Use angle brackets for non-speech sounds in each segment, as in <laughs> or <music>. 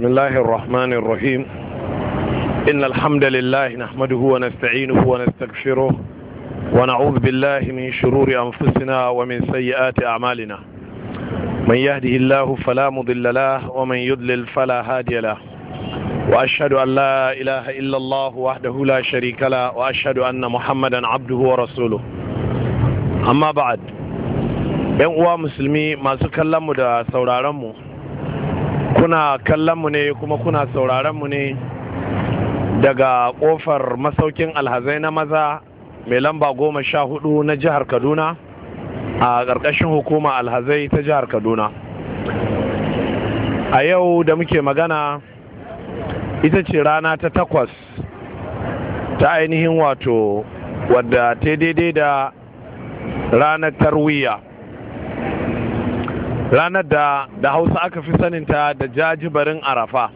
بسم الله الرحمن الرحيم إن الحمد لله نحمده ونستعينه ونستغفره ونعوذ بالله من شرور أنفسنا ومن سيئات أعمالنا من يهده الله فلا مضل له ومن يضلل فلا هادي له وأشهد أن لا إله إلا الله وحده لا شريك له وأشهد أن محمدا عبده ورسوله أما بعد ‘yan مسلمي musulmi masu kallonmu da sauraronmu kuna kallon mu ne kuma kuna sauraron mu ne daga kofar masaukin alhazai na maza mai lamba goma sha hudu na jihar kaduna a ƙarƙashin hukuma alhazai ta jihar kaduna a yau da muke magana ita ce rana ta takwas ta ainihin wato wadda ta daidai da ranar tarwiyya ranar da da hausa aka fi saninta da jajibarin arafa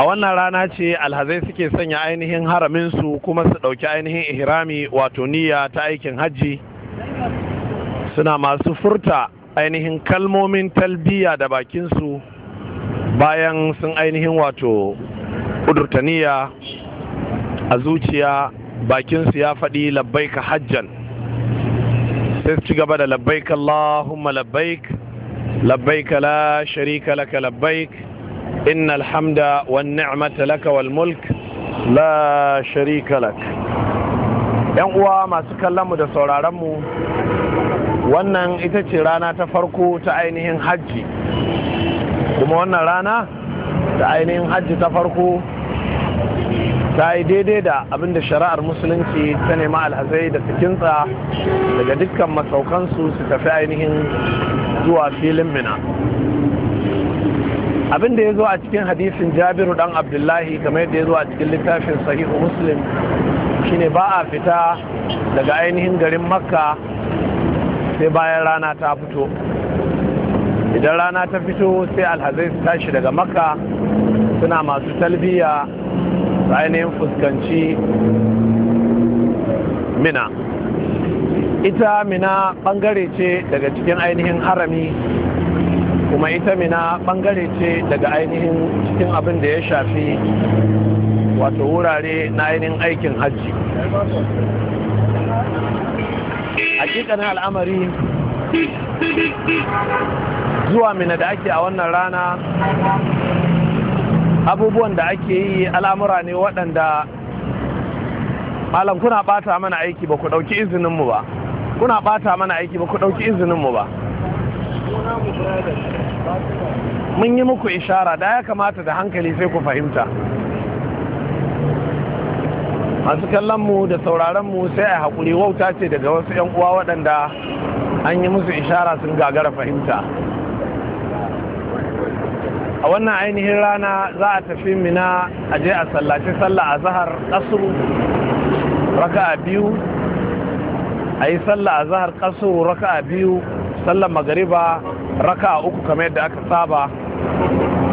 a wannan rana ce alhazai suke sanya ainihin haraminsu kuma su ɗauki ainihin ihrami wato niyya ta aikin hajji suna masu furta ainihin kalmomin talbiya da bakinsu bayan sun ainihin wato kudurtaniya a zuciya bakinsu ya faɗi ka hajjan sai su ci gaba da labbaik Allahumma labbaik labbaik la sharika laka labbaik innal hamda wan ni'mata laka wal mulk la sharika lak yan uwa masu kallon mu da sauraron mu wannan ita ce rana ta farko ta ainihin hajji kuma wannan rana ta ainihin hajji ta farko ta yi daidai da abin da shari'ar musulunci ta nema alhazai da su daga dukkan masaukansu su tafi ainihin zuwa filin mina abin da ya zo a cikin hadisin jabiru dan abdullahi kamar yadda ya zo a cikin littafin sahihu muslim shine ba a fita daga ainihin garin makka sai bayan rana ta fito idan rana ta fito sai alhazai su tashi daga makka suna masu talbiya su ainihin fuskanci mina ita mina bangare ce daga cikin ainihin harami kuma ita mina bangare ce daga ainihin cikin abin da ya shafi wato wurare na ainihin aikin hajji na, al'amari zuwa mina da ake a wannan rana abubuwan da ake yi al'amura ne waɗanda malam kuna ɓata mana aiki ba ku ɗauki izininmu ba kuna ɓata mana aiki ba ku ɗauki izininmu ba mun yi muku ishara da ya kamata da hankali sai ku fahimta masu kallonmu da sauraronmu sai a haƙuri wauta ce daga wasu 'yan uwa waɗanda an yi musu ishara sun gagara fahimta a wannan ainihin rana za a tafi mina a je a sallaci sallah a zahar kasuru raka'a biyu a yi sallah a zahar kasuru raka'a biyu sallah magariba raka'a uku kamar yadda aka saba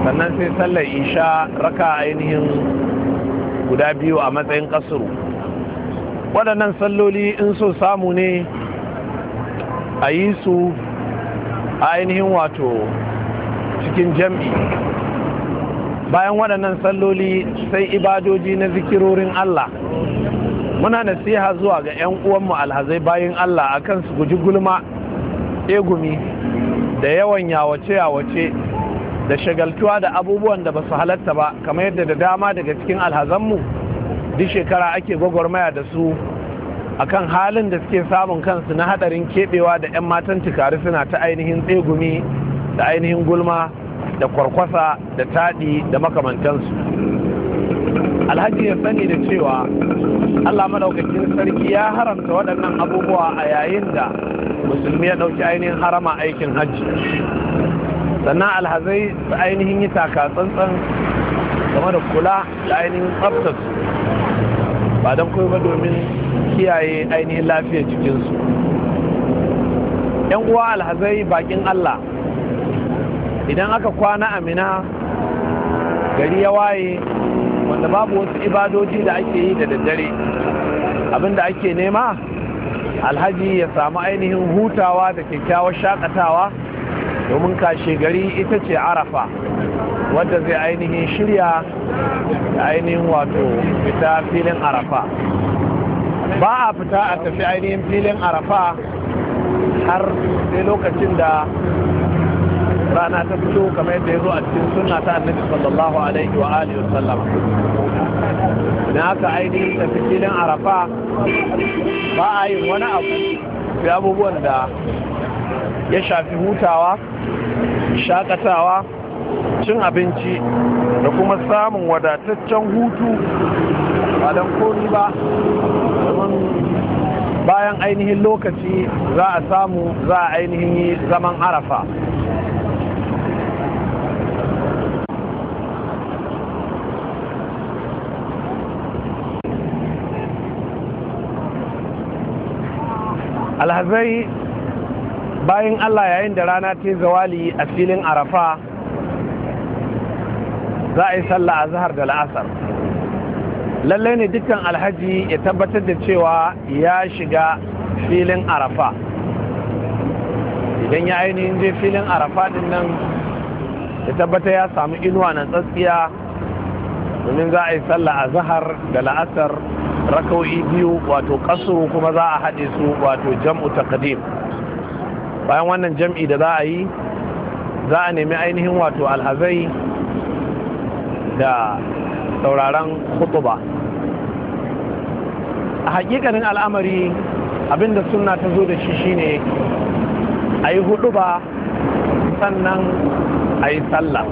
sannan sai sallar isha raka'a ainihin guda biyu a matsayin kasuru waɗannan salloli in so samu ne a yi su a ainihin wato cikin jam'i bayan waɗannan salloli sai ibadoji na zikirorin Allah muna nasiha zuwa ga 'yan uwanmu alhazai bayan Allah akan su guji gulma egumi da yawan yawace-yawace da shagaltuwa da abubuwan da ba su halatta ba kamar yadda da dama daga cikin alhazanmu duk shekara ake gwagwarmaya da su akan halin da suke samun kansu na hadarin kebewa da 'yan matan tukari suna ta ainihin tsegumi da ainihin gulma da kwarkwasa da taɗi da makamantansu alhaji ya sani da cewa allah maɗaukacin sarki ya haramta waɗannan abubuwa a yayin da musulmi ya ɗauki ainihin harama aikin hajji sannan alhazai su ainihin yi taka tsantsan game da kula da ainihin tsaftarsu ba don kai ba domin kiyaye ainihin lafiyar jikinsu yan uwa alhazai bakin allah idan aka kwana a mina gari ya waye wanda babu wasu ibadoji da ake yi da daddare abinda ake nema alhaji ya samu ainihin hutawa da kyakkyawar shakatawa domin kashe gari ita ce arafa wadda zai ainihin shirya da ainihin wato fita filin arafa ba a fita a tafi ainihin filin arafa har sai lokacin da rana ta fito kamar yadda ya zo a cikin sunna ta annabi sallallahu alaihi wa alihi wa sallam na haka ainihin tafi filin arafa ba a yin wani abu fi abubuwan da ya shafi hutawa shakatawa cin abinci da kuma samun wadataccen hutu ba don komi ba bayan ainihin lokaci za a samu za a ainihin zaman arafa alhazai bayan allah yayin da rana ta zawali a filin arafa za a yi sallah a zahar da la'asar lallai ne dukkan alhaji ya tabbatar da cewa ya shiga filin arafa idan ya ainihin je filin arafa din nan ya tabbata ya samu inuwa na tsatsiya domin za a yi sallah a zahar da la'asar raka'o'i biyu wato kasuru kuma za a haɗe su wato jam'u taqdim bayan wannan jam'i da za a yi za a nemi ainihin wato alhazai da sauraron ba, a hakikanin al'amari abinda suna ta zo da shi shine a yi ba sannan a yi sallah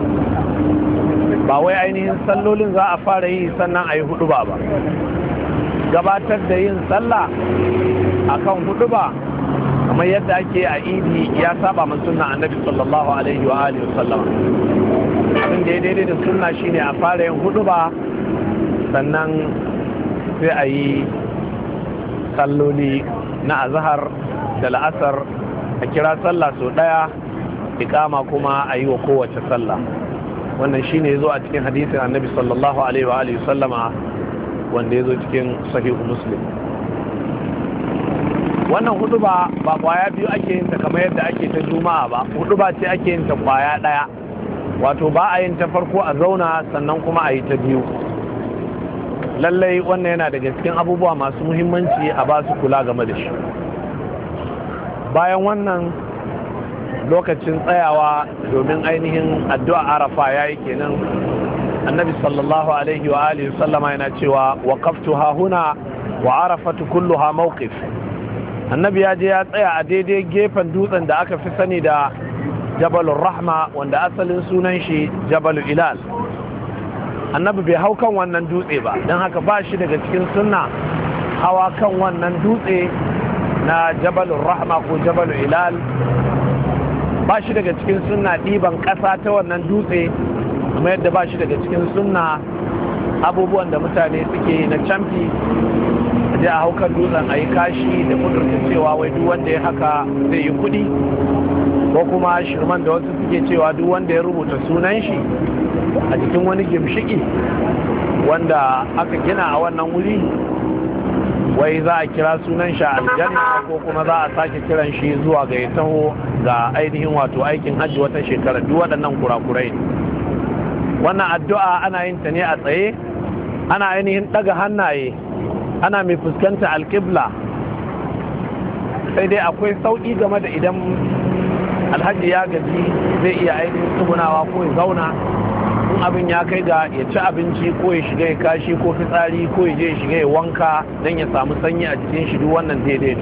ba wai ainihin sallolin za a fara yi sannan a yi ba ba gabatar da yin sallah akan hudu ba kamar yadda ake a idi ya saba ma sunna annabi sallallahu alaihi wa alihi wasallam abin da ya daidai da sunna shine a fara yin hudu ba sannan sai a yi salloli na azahar da la'asar a kira sallah sau daya ikama kuma a yi wa kowace sallah wannan shine zo a cikin hadisin annabi sallallahu alaihi wa alihi wasallama wanda ya zo cikin sahihu muslim wannan huduba ba kwaya biyu ake yin ta kamar yadda ake ta juma'a ba ba ce ake yin ta kwaya daya wato ba a yin ta farko a zauna sannan kuma a yi ta biyu lallai wannan yana daga cikin abubuwa masu muhimmanci a ba su kula game da shi bayan wannan lokacin tsayawa domin ainihin addu'a arafa ya yi kenan annabi sallallahu alaihi wa alihi sallama yana cewa waqaftu ha huna wa arafatu kulluha mawqif annabi ya je ya tsaya a daidai gefen dutsen da aka fi sani da jabalur rahma wanda asalin sunan shi jabalul ilal annabi bai hau kan wannan dutse ba don haka ba shi daga cikin sunna hawa kan wannan dutse na jabalur rahma ko jabalul ilal ba shi daga cikin sunna ɗiban ƙasa ta wannan dutse kuma yadda ba shi daga cikin sunna abubuwan da mutane suke na camfi je a haukar dutsen a yi kashi da kudurkin cewa wai duk wanda ya haka zai yi kudi ko kuma shirman da wasu suke cewa duk wanda ya rubuta sunan shi a jikin wani gimshiki wanda aka gina a wannan wuri wai za a kira sunan shi aljanna ko kuma za a sake kiran shi zuwa ga ya taho ga ainihin wato aikin hajji wata shekara duk waɗannan kurakurai ne wannan addu'a ana yin ta ne a tsaye ana ainihin ɗaga hannaye ana mai fuskanta alƙibla sai dai akwai sauƙi game da idan alhaji ya gaji zai iya ainihin tsugunawa ko ya zauna in abin ya kai ga ya ci abinci ko ya shiga ya kashi ko fitsari ko ya je ya shiga ya wanka don ya samu sanyi a jikin shi duk wannan daidai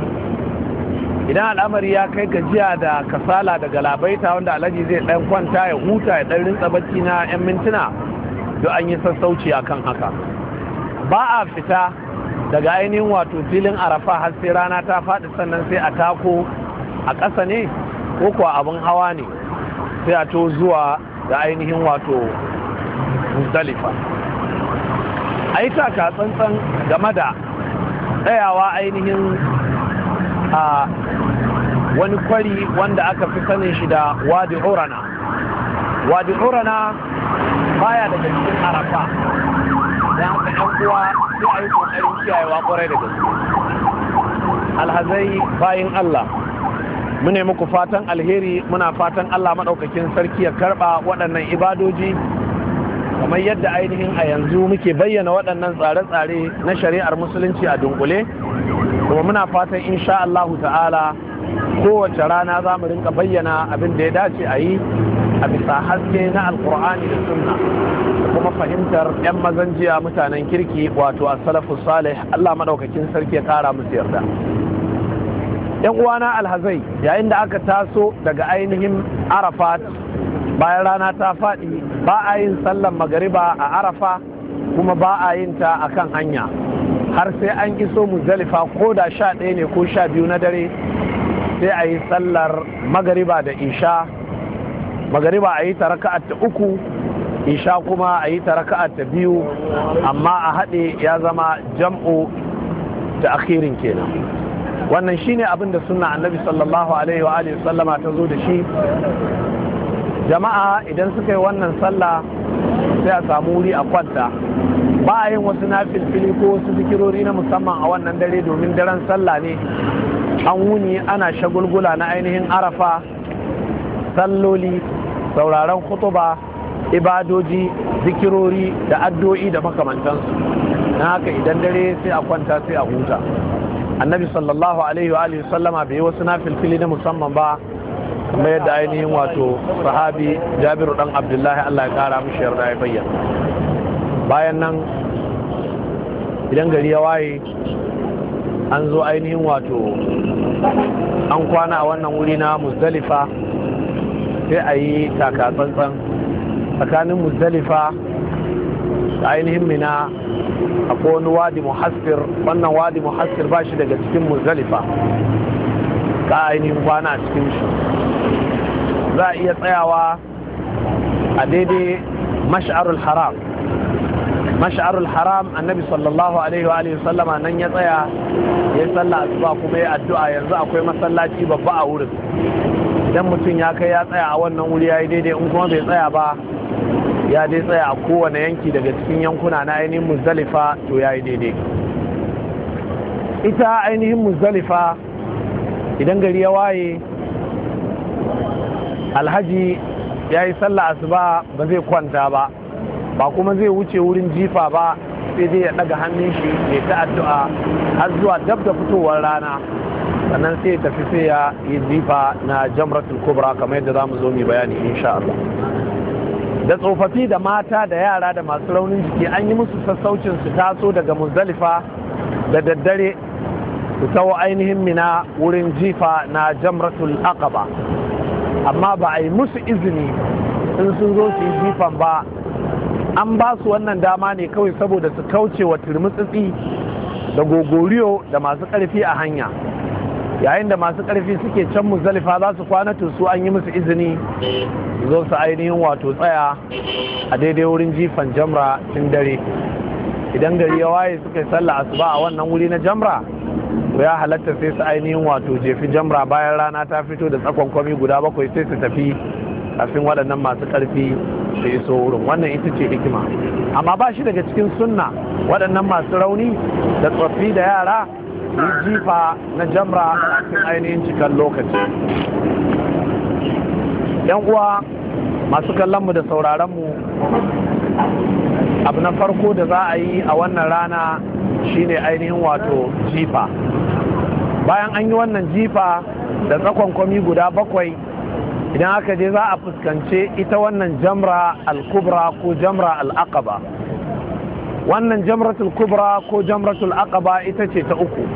idan al'amari ya kai gajiya da kasala da galabaita wanda alhaji zai dan kwanta ya huta ya dan rinsa bacci na yan mintuna don an yi sassauci a kan haka ba a fita daga ainihin wato filin arafa har sai rana ta faɗi sannan sai a tako a ƙasa ne ko kuwa abin hawa ne sai a to zuwa da ainihin wato muzdalifa a yi tsantsan game da tsayawa ainihin a wani kwari wanda aka fi sanin shi da wadi urana wadi urana baya da cikin arafa don haka yan uwa sai a yi kokarin kiyayewa kwarai da gaske alhazai bayan allah ne muku fatan alheri muna fatan allah maɗaukakin sarki ya karɓa waɗannan ibadoji kamar yadda ainihin a yanzu muke bayyana waɗannan tsare-tsare na shari'ar musulunci a dunkule kuma muna fatan insha Allahu ta'ala kowace rana za mu rinka bayyana abin da ya dace a yi a bisa haske na alkur'ani da sunna da kuma fahimtar 'yan mazan jiya mutanen kirki wato a salafu salih allah maɗaukakin sarki ya kara musu yarda yan uwana alhazai yayin da aka taso daga ainihin arafat bayan rana ta faɗi ba a yin sallar magariba a arafa kuma ba a yin ta a kan hanya har sai an iso muzalifa ko da sha ɗaya ne ko sha biyu na dare sai a yi sallar magariba da isha magariba a yi ta raka'a ta uku isha kuma a yi ta raka'a biyu amma a haɗe ya zama jam'u ta akhirin kenan wannan shine abin da sunna annabi sallallahu alaihi wa sallama ta zo da shi jama'a idan suka yi wannan sallah sai a samu wuri a kwanta ba a yin wasu nafilfili ko wasu zikirori na musamman a wannan dare domin daren sallah ne an wuni ana shagulgula na ainihin arafa salloli sauraron kutuba ibadoji zikirori da addu'o'i da makamantansu na haka idan dare sai a kwanta sai a huta annabi sallallahu alaihi wa sallama bai wasu nafilfili na musamman ba kuma yadda ainihin wato sahabi jabiru dan abdullahi allah ya kara mishi yarda ya bayyana bayan nan idan gari ya waye an zo ainihin wato an kwana a wannan wuri na muzdalifa sai a yi taka tsantsan tsakanin muzdalifa da ainihin mina a wani wadi muhassir wannan wadi muhassir ba shi daga cikin muzdalifa ka ainihin kwana a cikin shi za a iya tsayawa a daidai mash'arul haram mash'arul haram annabi sallallahu alaihi wa sallama nan ya tsaya ya yi sallah asuba kuma ya addu'a yanzu akwai masallaci babba a wurin idan mutum ya kai ya tsaya a wannan wuri ya yi daidai in kuma bai tsaya ba ya dai tsaya a kowane yanki daga cikin yankuna na ainihin muzdalifa to ya yi daidai ita ainihin muzdalifa idan gari ya waye alhaji ya yi sallah asuba ba zai kwanta ba ba kuma zai wuce wurin jifa ba sai zai ya daga hannun shi mai ta addu'a har zuwa dab da fitowar rana sannan sai ya tafi sai ya yi jifa na jamratul kubra kamar yadda zamu zo mu bayani insha Allah da tsofaffi da mata da yara da masu raunin jiki an yi musu sassaucin su taso daga muzdalifa da daddare su tawo ainihin mina wurin jifa na jamratul aqaba amma ba a yi musu izini in sun zo su yi jifan ba an ba su wannan dama ne kawai saboda su kauce wa turmutsitsi da gogoriyo da masu ƙarfi a hanya yayin da masu ƙarfi suke can muzalifa za su kwana to su an yi musu izini zo su ainihin wato tsaya a daidai wurin jifan jamra tun dare idan gari ya waye suka yi sallah asuba a wannan wuri na jamra to ya halatta sai su ainihin wato jefi jamra bayan rana ta fito da tsakon kwami guda bakwai sai su tafi kafin waɗannan masu ƙarfi su iso wurin wannan ita ce hikima amma ba shi daga cikin sunna waɗannan masu rauni da tsoffi da yara yi jifa na jamra a cikin ainihin cikin lokaci yan uwa masu kallonmu da sauraronmu abu na farko da za a yi a wannan rana shine ainihin wato jifa bayan an yi wannan jifa da tsakon kwami guda bakwai idan aka je za a fuskance ita wannan jamra al-kubra ko jamra al-aqaba wannan jamratul kubra ko jamratul aqaba ita ce ta uku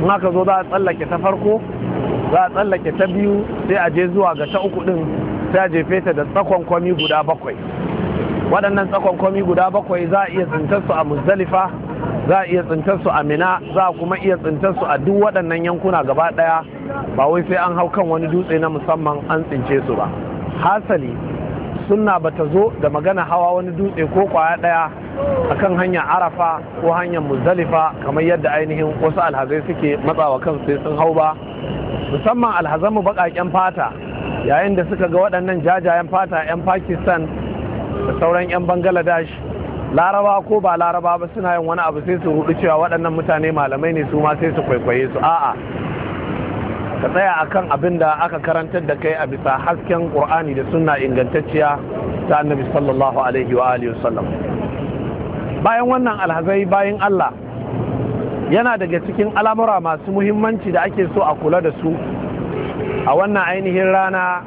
in aka zo za a tsallake ta farko za a tsallake ta biyu sai a je zuwa ga ta uku din sai a jefe ta da tsakon kwami guda bakwai waɗannan tsakon kwami guda bakwai za a iya tsintar su a muzdalifa za a iya tsintar su a mina za a kuma iya tsintar su a duk waɗannan yankuna gaba ɗaya ba wai sai an hau kan wani dutse na musamman an tsince su ba hasali sunna ba ta zo da magana hawa wani dutse ko kwaya ɗaya a kan hanyar arafa ko hanyar muzdalifa kamar yadda ainihin wasu alhazai suke matsawa kan sai sun hau ba musamman alhazanmu baƙaƙen fata yayin da suka ga waɗannan jajayen fata 'yan pakistan da sauran 'yan bangladesh laraba ko ba laraba ba suna yin wani abu sai su rudu cewa waɗannan mutane malamai ne su ma sai su kwaikwaye su a'a ka tsaya akan abin da aka karantar da kai a bisa hasken qur'ani da sunna ingantacciya ta annabi sallallahu alaihi wa alihi wasallam bayan wannan alhazai bayan Allah yana daga cikin al'amura masu muhimmanci da ake so a kula da su a wannan ainihin rana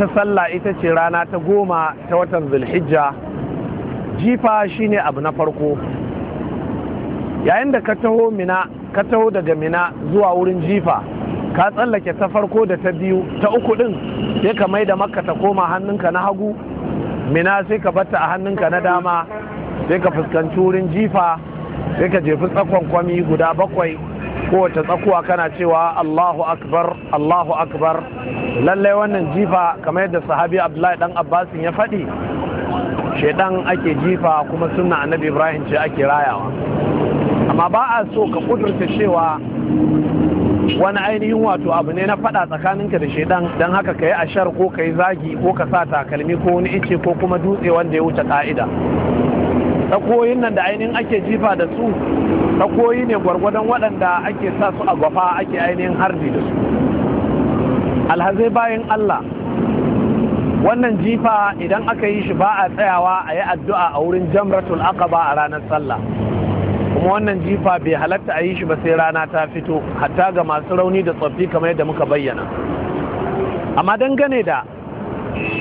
ta sallah ita ce rana ta goma ta watan zulhijja jifa shine abu na farko yayin da ka taho mina ka taho daga mina zuwa wurin jifa ka tsallake ta farko da ta biyu ta uku din sai ka mai da makka ta koma hannunka na hagu mina sai ka batta a hannunka na dama sai ka fuskanci wurin jifa sai ka jefi tsakon kwami guda bakwai kowace tsakuwa kana cewa Allahu akbar Allahu akbar lallai wannan jifa kamar yadda sahabi Abdullahi dan Abbasin ya faɗi shaidan ake jifa kuma sunna annabi ibrahim ce ake rayawa amma ba a so ka kudurta cewa wani ainihin wato abu ne na fada tsakaninka da shaidan don haka ka yi ashar ko ka yi zagi ko ka sa takalmi ko wani ice ko kuma dutse wanda ya wuce ka'ida tsakoyin nan da ainihin ake jifa da su tsakoyi ne gwargwadon waɗanda ake sa su a gwafa ake ainihin harbi da su alhazai bayan allah wannan jifa idan aka yi shi ba a tsayawa a yi addu'a a wurin jamratul aqaba a ranar sallah kuma wannan jifa bai halatta a yi shi ba sai rana ta fito hatta ga masu rauni da tsoffi kamar yadda muka bayyana amma dangane da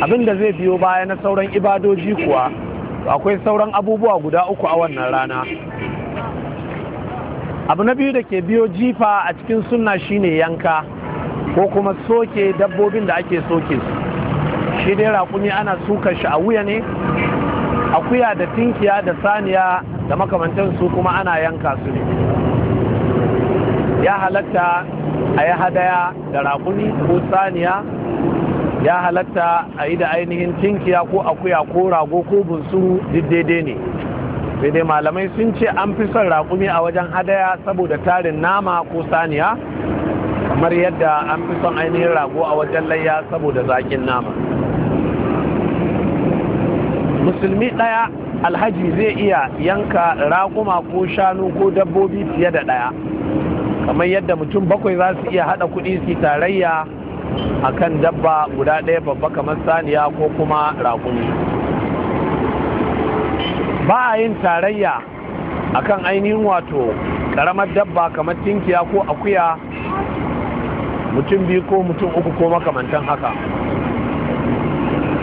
abin da zai biyo baya na sauran ibadoji kuwa akwai sauran abubuwa guda uku a wannan rana abu na biyu da ke biyo jifa a cikin sunna shine yanka ko kuma soke dabbobin da ake soke su shi dai raƙumi ana suka shi a wuya ne akuya da tinkiya da saniya da makamantan su kuma ana yanka su ne ya halatta a yi hadaya da raƙumi ko saniya ya halatta a yi da ainihin tinkiya ko akuya ko rago ko bunsuru duk daidai ne sai dai malamai sun ce an fi son raƙumi a wajen hadaya saboda tarin nama ko saniya kamar yadda an fi son ainihin rago a wajen layya saboda zaƙin nama musulmi ɗaya alhaji zai iya yanka raƙuma ko shanu ko dabbobi fiye da ɗaya kamar yadda mutum bakwai za su iya haɗa kuɗi su tarayya a kan dabba guda ɗaya babba kamar saniya ko kuma raƙumi ba a yin tarayya a kan ainihin wato ƙaramar dabba kamar tinkiya ko akuya mutum biyu ko mutum uku ko makamantan haka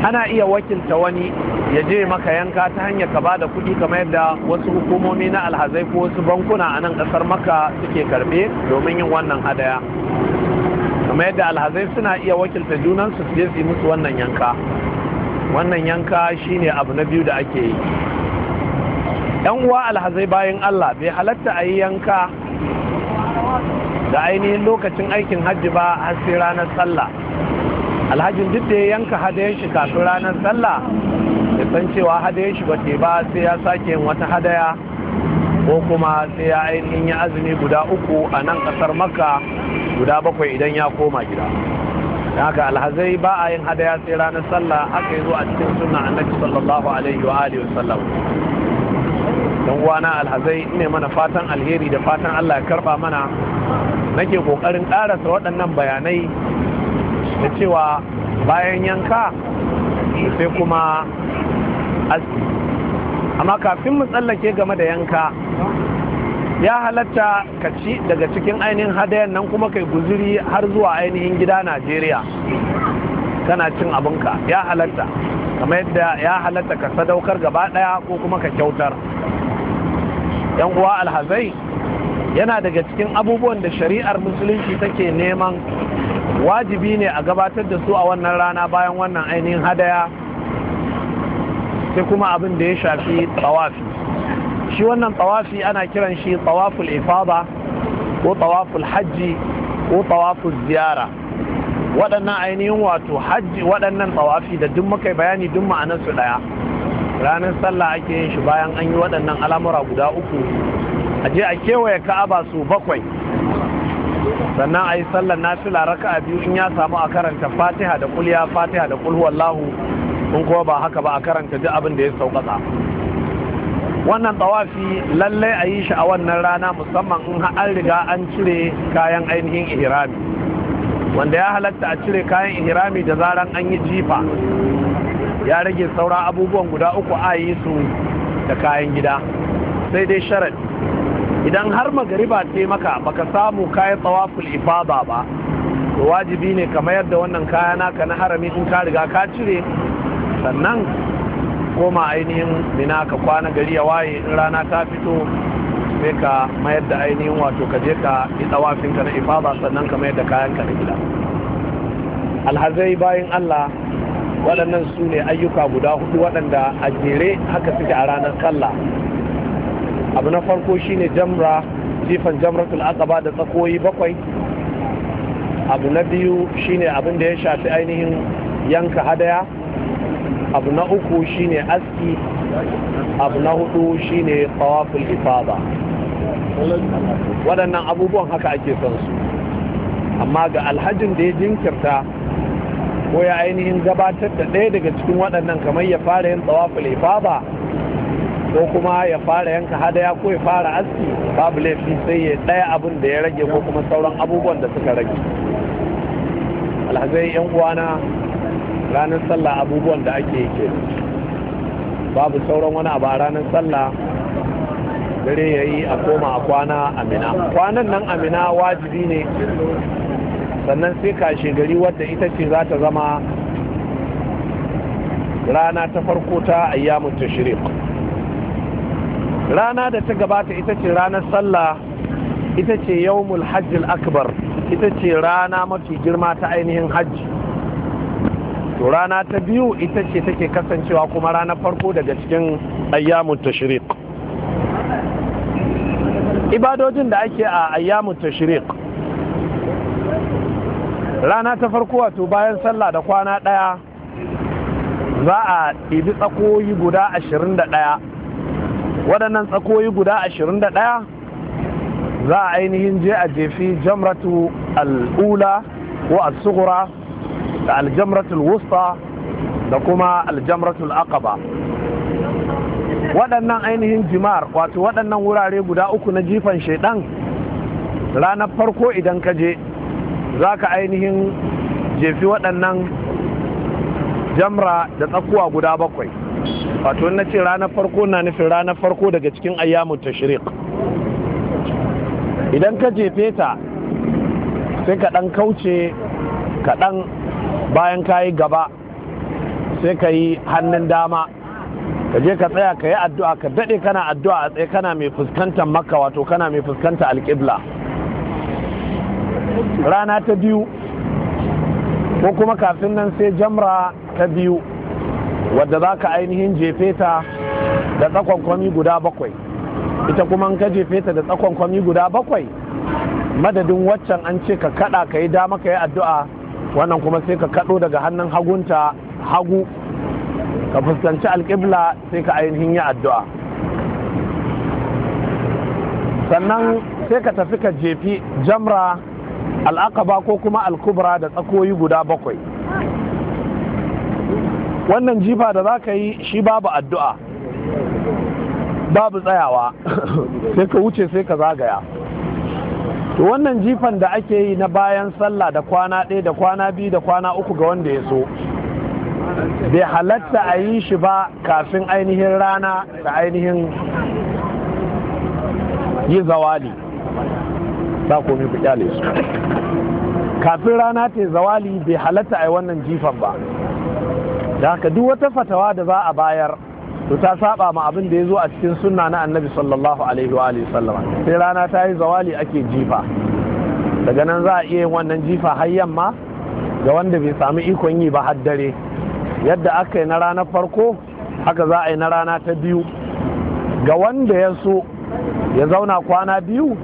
ana iya wakilta wani ya je maka yanka ta hanyar ka bada kuɗi kamar yadda wasu hukumomi na alhazai ko wasu bankuna a nan ƙasar maka suke karɓe domin yin wannan hadaya kamar yadda alhazai suna iya wakilta junansu su je su musu wannan yanka wannan yanka shine abu na biyu da ake yi yan uwa alhazai bayan allah bai halatta a yi yanka da ainihin lokacin aikin hajji ba har sai ranar sallah alhajin duk da ya yanka hadayen shi kafin ranar sallah ya san cewa hadayen shi ba ba sai ya sake yin wata hadaya ko kuma sai ya ainihin ya azumi guda uku a nan kasar makka guda bakwai idan ya koma gida haka alhazai ba a yin hadaya sai ranar sallah aka yi zo a cikin sunna annabi sallallahu alaihi wa alihi wasallam don uwana alhazai ne mana fatan alheri da fatan Allah ya karba mana nake kokarin karasa waɗannan bayanai da cewa bayan yanka sai kuma aski amma kafin mu tsallake game da yanka ya halatta ka ci daga cikin ainihin hadayan nan kuma kai guzuri har zuwa ainihin gida najeriya kana cin abinka ya halatta kamar yadda ya halatta ka sadaukar gaba daya ko kuma ka kyautar yan uwa alhazai yana daga cikin abubuwan da shari'ar musulunci take neman wajibi ne a gabatar da su a wannan rana bayan wannan ainihin hadaya sai kuma abin da ya shafi tsawafi shi wannan tsawafi ana kiran shi tsawaful ifada ko tsawaful hajji ko tsawaful ziyara waɗannan ainihin wato hajji waɗannan tsawafi da duk muka bayani duk su ɗaya ranar sallah ake yin shi bayan an yi waɗannan al'amura guda uku a je a kewaye ka'aba su bakwai sannan a yi sallar nafila a biyu in ya samu a karanta fatiha da kuliya fatiha da kulhu wallahu in kuma ba haka ba a karanta duk abin da ya sauƙaƙa wannan tsawafi lallai a yi shi a wannan rana musamman in an riga an cire kayan ainihin ihrami wanda ya halatta a cire kayan ihrami da zaran an yi jifa ya rage sauran abubuwan guda uku a yi su da kayan gida sai dai sharadi idan har magariba ce maka baka samu kayan tsawafin ifada ba wajibi ne ka mayar da wannan kaya naka na harami in ka riga ka cire sannan koma ainihin mina ka kwana gari ya waye in rana ta fito sai ka mayar da ainihin wato ka je ka yi tsawafinka na ifada sannan ka mayar da kayanka na gida alhazai bayan allah waɗannan su ne ayyuka guda hudu waɗanda a jere haka suke a ranar kalla abu na farko shine jamra jifan jamratul aqaba da tsakoyi bakwai abu na biyu shine abin da ya shafi ainihin yanka hadaya abu na uku shine aski abu na hudu shine tawaful ifada waɗannan abubuwan haka ake son su amma ga alhajin da ya jinkirta ko ya ainihin gabatar da ɗaya daga cikin waɗannan kamar ya fara yin tawaful ifada ko kuma ya fara yanka hadaya ko ya fara aski babu laifi sai ya ɗaya abin da ya rage ko kuma sauran abubuwan da suka rage alhazai yan uwana ranar sallah abubuwan da ake yi ke babu sauran wani abu a ranar sallah dare ya yi a koma a kwana amina kwanan nan amina wajibi ne sannan sai kashe gari wadda ita ce za ta zama rana ta farko ta ayyamun tashirin rana da ta gabata ita ce ranar sallah ita ce yawmul hajjil akbar ita ce rana mafi girma ta ainihin hajji to rana ta biyu ita ce take kasancewa kuma ranar farko daga cikin ayyamun tashriq ibadojin da ake a ayyamun tashriq rana ta farko wato bayan sallah da kwana ɗaya za a ibi tsakoyi guda ashirin da ɗaya waɗannan tsakoyi guda 21 za a ainihin je a jefi jamratu al'ula ko al sugura da aljamratul wusta da kuma aljamratul aqaba waɗannan ainihin jimar wato waɗannan wurare guda uku na jifan shaidan ranar farko idan ka je za ka ainihin jefi waɗannan jamra da tsakuwa guda bakwai wato na ce ranar farko na nufin ranar farko daga cikin ayyamun tashriq idan ka jefe ta sai ka ɗan kauce kaɗan bayan ka yi gaba sai ka yi hannun dama ka je ka tsaya ka yi addu'a ka daɗe kana addu'a a tsaye kana mai fuskantar makka wato kana mai fuskantar alƙibla rana ta biyu ko kuma kafin nan sai jamra ta biyu wadda za ka ainihin jefe ta da tsakon kwami guda bakwai ita kuma ka jefe ta da tsakon kwami guda bakwai madadin waccan an ce ka kada ka yi dama ka yi addu'a wannan kuma sai ka kado daga hannun hagunta hagu ka fuskanci alƙibla sai ka ainihin yi addu'a sannan sai ka tafi ka jefi jamra al'akaba ko kuma alkubra da tsakoyi guda bakwai wannan jifa da za ka yi shi babu addu'a babu tsayawa <laughs> sai ka wuce sai ka zagaya to wannan jifan da ake yi na bayan sallah da kwana ɗaya da kwana biyu da kwana uku ga wanda ya so bai halatta a yi shi ba kafin ainihin rana da ainihin yi zawali ta komi ku kyale su kafin rana ta zawali bai halatta a yi wannan jifan ba da haka duk wata fatawa da za a bayar to ta saba ma abin da ya zo a cikin sunna na annabi sallallahu alaihi wa sallama sai rana ta yi zawali ake jifa daga nan za a iya yin wannan jifa har yamma ga wanda bai samu ikon yi ba har dare yadda aka yi na ranar farko haka za a yi na rana ta biyu ga wanda ya so ya zauna kwana biyu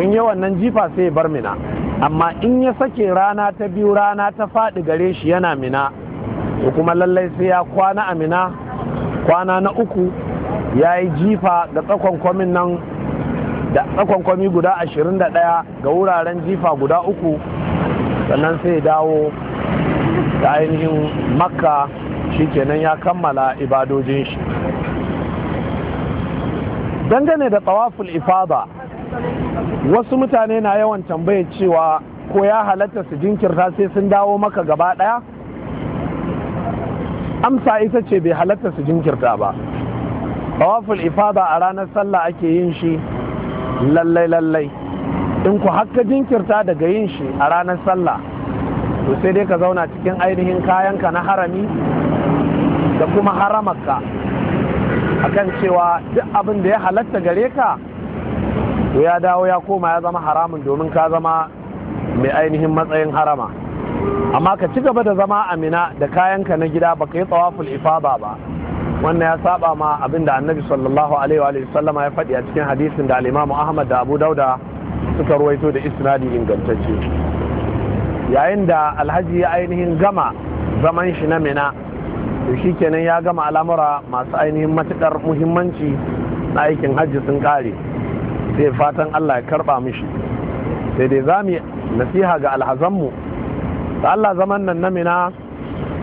in yi wannan jifa sai ya bar mina amma in ya sake rana ta biyu rana ta faɗi gare shi yana mina ko kuma lallai sai ya kwana amina kwana na uku ya yi jifa da tsakon kwamin nan da tsakon kwami guda 21 ga wuraren jifa guda uku sannan sai dawo da ainihin makka shikenan ya kammala ibadojin shi dangane da tsawaful ifada wasu mutane na yawan tambaye cewa ko ya halatta su jinkirta sai sun dawo maka gaba daya amsa isa ce bai halatta su jinkirta ba tawaful ifada a ranar sallah ake yin shi lallai lallai in ku haka jinkirta daga yin shi a ranar sallah to sai dai ka zauna cikin ainihin kayanka na harami da kuma haramarka akan cewa duk abin da ya halatta gare ka to ya dawo ya koma ya zama haramun domin ka zama mai ainihin matsayin harama amma ka ci gaba da zama a Minna da kayanka na gida baka yi tsawaful ifaba ba wannan ya saba ma abin da annabi sallallahu alaihi wa sallama ya faɗi a cikin hadisin da alimamu ahmad da abu dauda suka ruwaito da isnadi ingantacce yayin da alhaji ya ainihin gama zaman shi na mina to shi kenan ya gama al'amura masu ainihin matuƙar muhimmanci na aikin hajji sun kare. sai fatan allah ya karɓa mishi sai dai za mu nasiha ga alhazanmu da Allah zaman nan na mina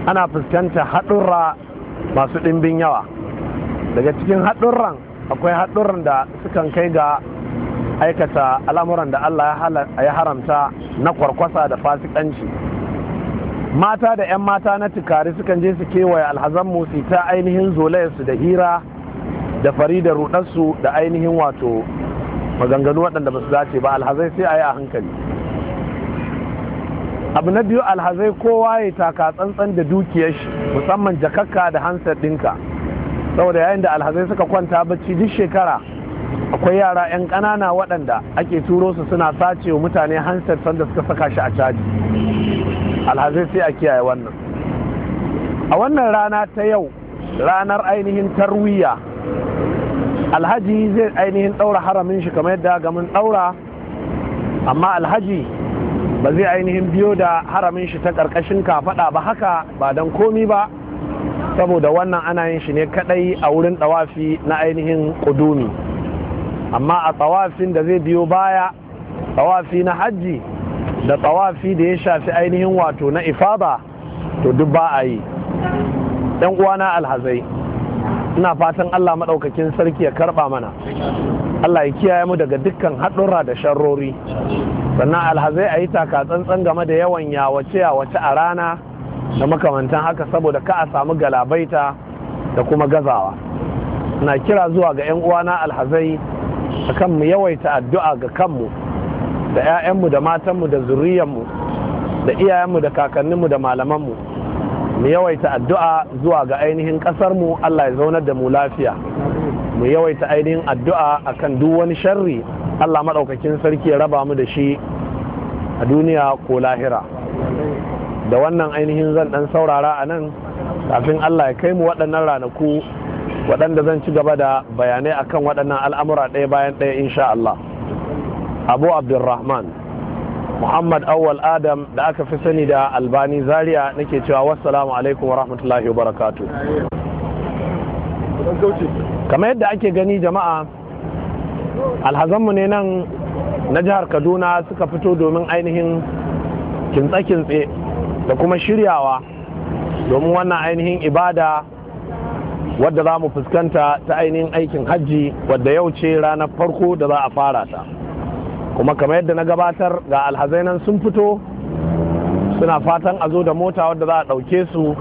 ana fuskanta haɗurra masu ɗimbin yawa daga cikin haɗurran akwai haɗurran da sukan kai ga aikata al'amuran da Allah ya haramta na kwarkwasa da fasikanci mata da 'yan mata na tukari sukan je su kewaye alhazan motsi ta ainihin zolayarsu da hira da fari da rudarsu da ainihin wato maganganu waɗanda ba su dace ba alhazai sai a yi a hankali abu na biyu alhazai kowa ya taka tsantsan da dukiyar shi musamman jakakka da hansar ɗinka saboda yayin da alhazai suka kwanta bacci duk shekara akwai yara 'yan ƙanana waɗanda ake turo su suna sace wa mutane hansar sanda suka saka shi a caji alhazai sai a kiyaye wannan a wannan rana ta yau ranar ainihin tarwiya alhaji zai ainihin ɗaura haramin shi kamar yadda ga mun ɗaura amma alhaji ba zai ainihin biyo da haramin shi ta ƙarƙashin kafaɗa ba haka ba don komi ba saboda wannan ana yin shi ne kadai a wurin ɗawafi na ainihin ƙudumi amma a tsawafin da zai biyo baya tsawafi na hajji da tsawafi da ya shafi ainihin wato na Ifaba, to duk ba a yi ɗan uwana alhazai ina fatan allah maɗaukakin sarki ya karɓa mana allah ya kiyaye mu daga dukkan haɗurra da sharrori sannan alhazai a yi taka tsantsan game da yawan yawace yawace a rana da makamantan haka saboda ka a samu galabaita da kuma gazawa na kira zuwa ga 'yan uwana alhazai a kan mu yawaita addu'a ga kanmu da 'ya'yanmu da matanmu da zurriyanmu da iyayenmu da kakanninmu da malamanmu mu yawaita addu'a zuwa ga ainihin ƙasarmu allah ya zaunar da mu lafiya mu yawaita ainihin addu'a akan duk wani sharri Allah maɗaukakin sarki ya raba mu da shi a duniya ko lahira da wannan ainihin zan ɗan saurara a nan kafin Allah ya kai mu waɗannan ranaku waɗanda zan ci gaba da bayanai akan waɗannan al'amura ɗaya bayan ɗaya insha Allah abu abdulrahman muhammad awwal adam da aka fi sani da albani zaria nake cewa wassalamu alaikum wa rahmatullahi wa barakatu kamar yadda ake gani jama'a alhazanmu ne nan na jihar kaduna suka fito domin ainihin kintse-kintse da kuma shiryawa domin wannan ainihin ibada wadda za mu fuskanta ta ainihin aikin hajji wadda yau ce ranar farko da za a fara ta kuma kamar yadda na gabatar ga alhazai nan sun fito suna fatan a zo da mota wadda za a ɗauke su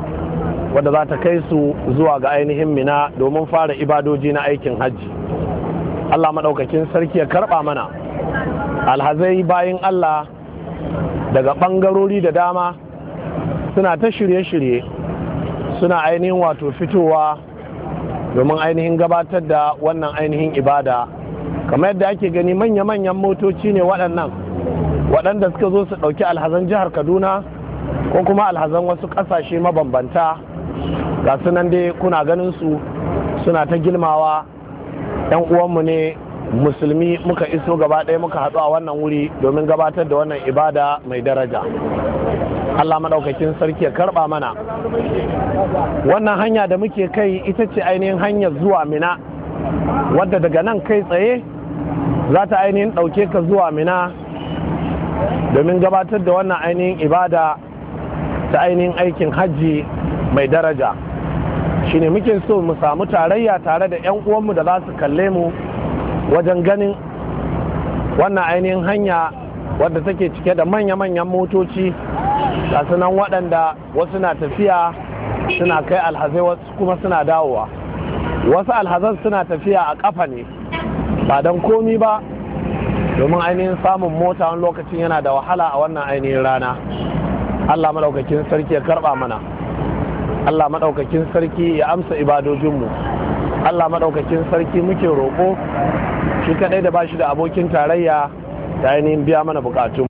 wadda za ta kai su zuwa ga ainihin mina domin fara ibadoji na aikin hajji Allah maɗaukakin sarki ya karɓa mana alhazai bayan Allah daga ɓangarori da dama suna ta shirye-shirye suna ainihin wato fitowa domin ainihin gabatar da wannan ainihin ibada kamar yadda ake gani manya-manyan motoci ne waɗannan waɗanda suka zo su ɗauki alhazan jihar kaduna ko kuma alhazan wasu ƙasashe mabambanta ga sunan dai kuna ganin su suna ta gilmawa. yan uwanmu ne musulmi muka iso gaba ɗaya muka haɗu a wannan wuri domin gabatar da wannan ibada mai daraja Allah maɗaukakin sarki ya karɓa mana wannan hanya da muke kai ita ce ainihin hanyar zuwa mina wadda daga nan kai tsaye za ta ainihin ɗauke ka zuwa mina domin gabatar da wannan ainihin ibada ta ainihin aikin hajji mai daraja shine muke so mu samu tarayya tare da 'yan uwanmu da za su kalle mu wajen ganin wannan ainihin hanya wadda take cike da manya-manyan motoci ga sunan waɗanda wasu na tafiya suna kai alhazai wasu kuma suna dawowa wasu alhazan suna tafiya a ƙafa ne ba don komi ba domin ainihin samun mota wani lokacin yana da wahala a wannan ainihin rana allah maɗaukakin sarki ya karɓa mana Allah maɗaukakin sarki ya amsa ibadojinmu Allah maɗaukakin sarki muke roƙo shi kaɗai da bashi da abokin tarayya da ainihin biya mana buƙatun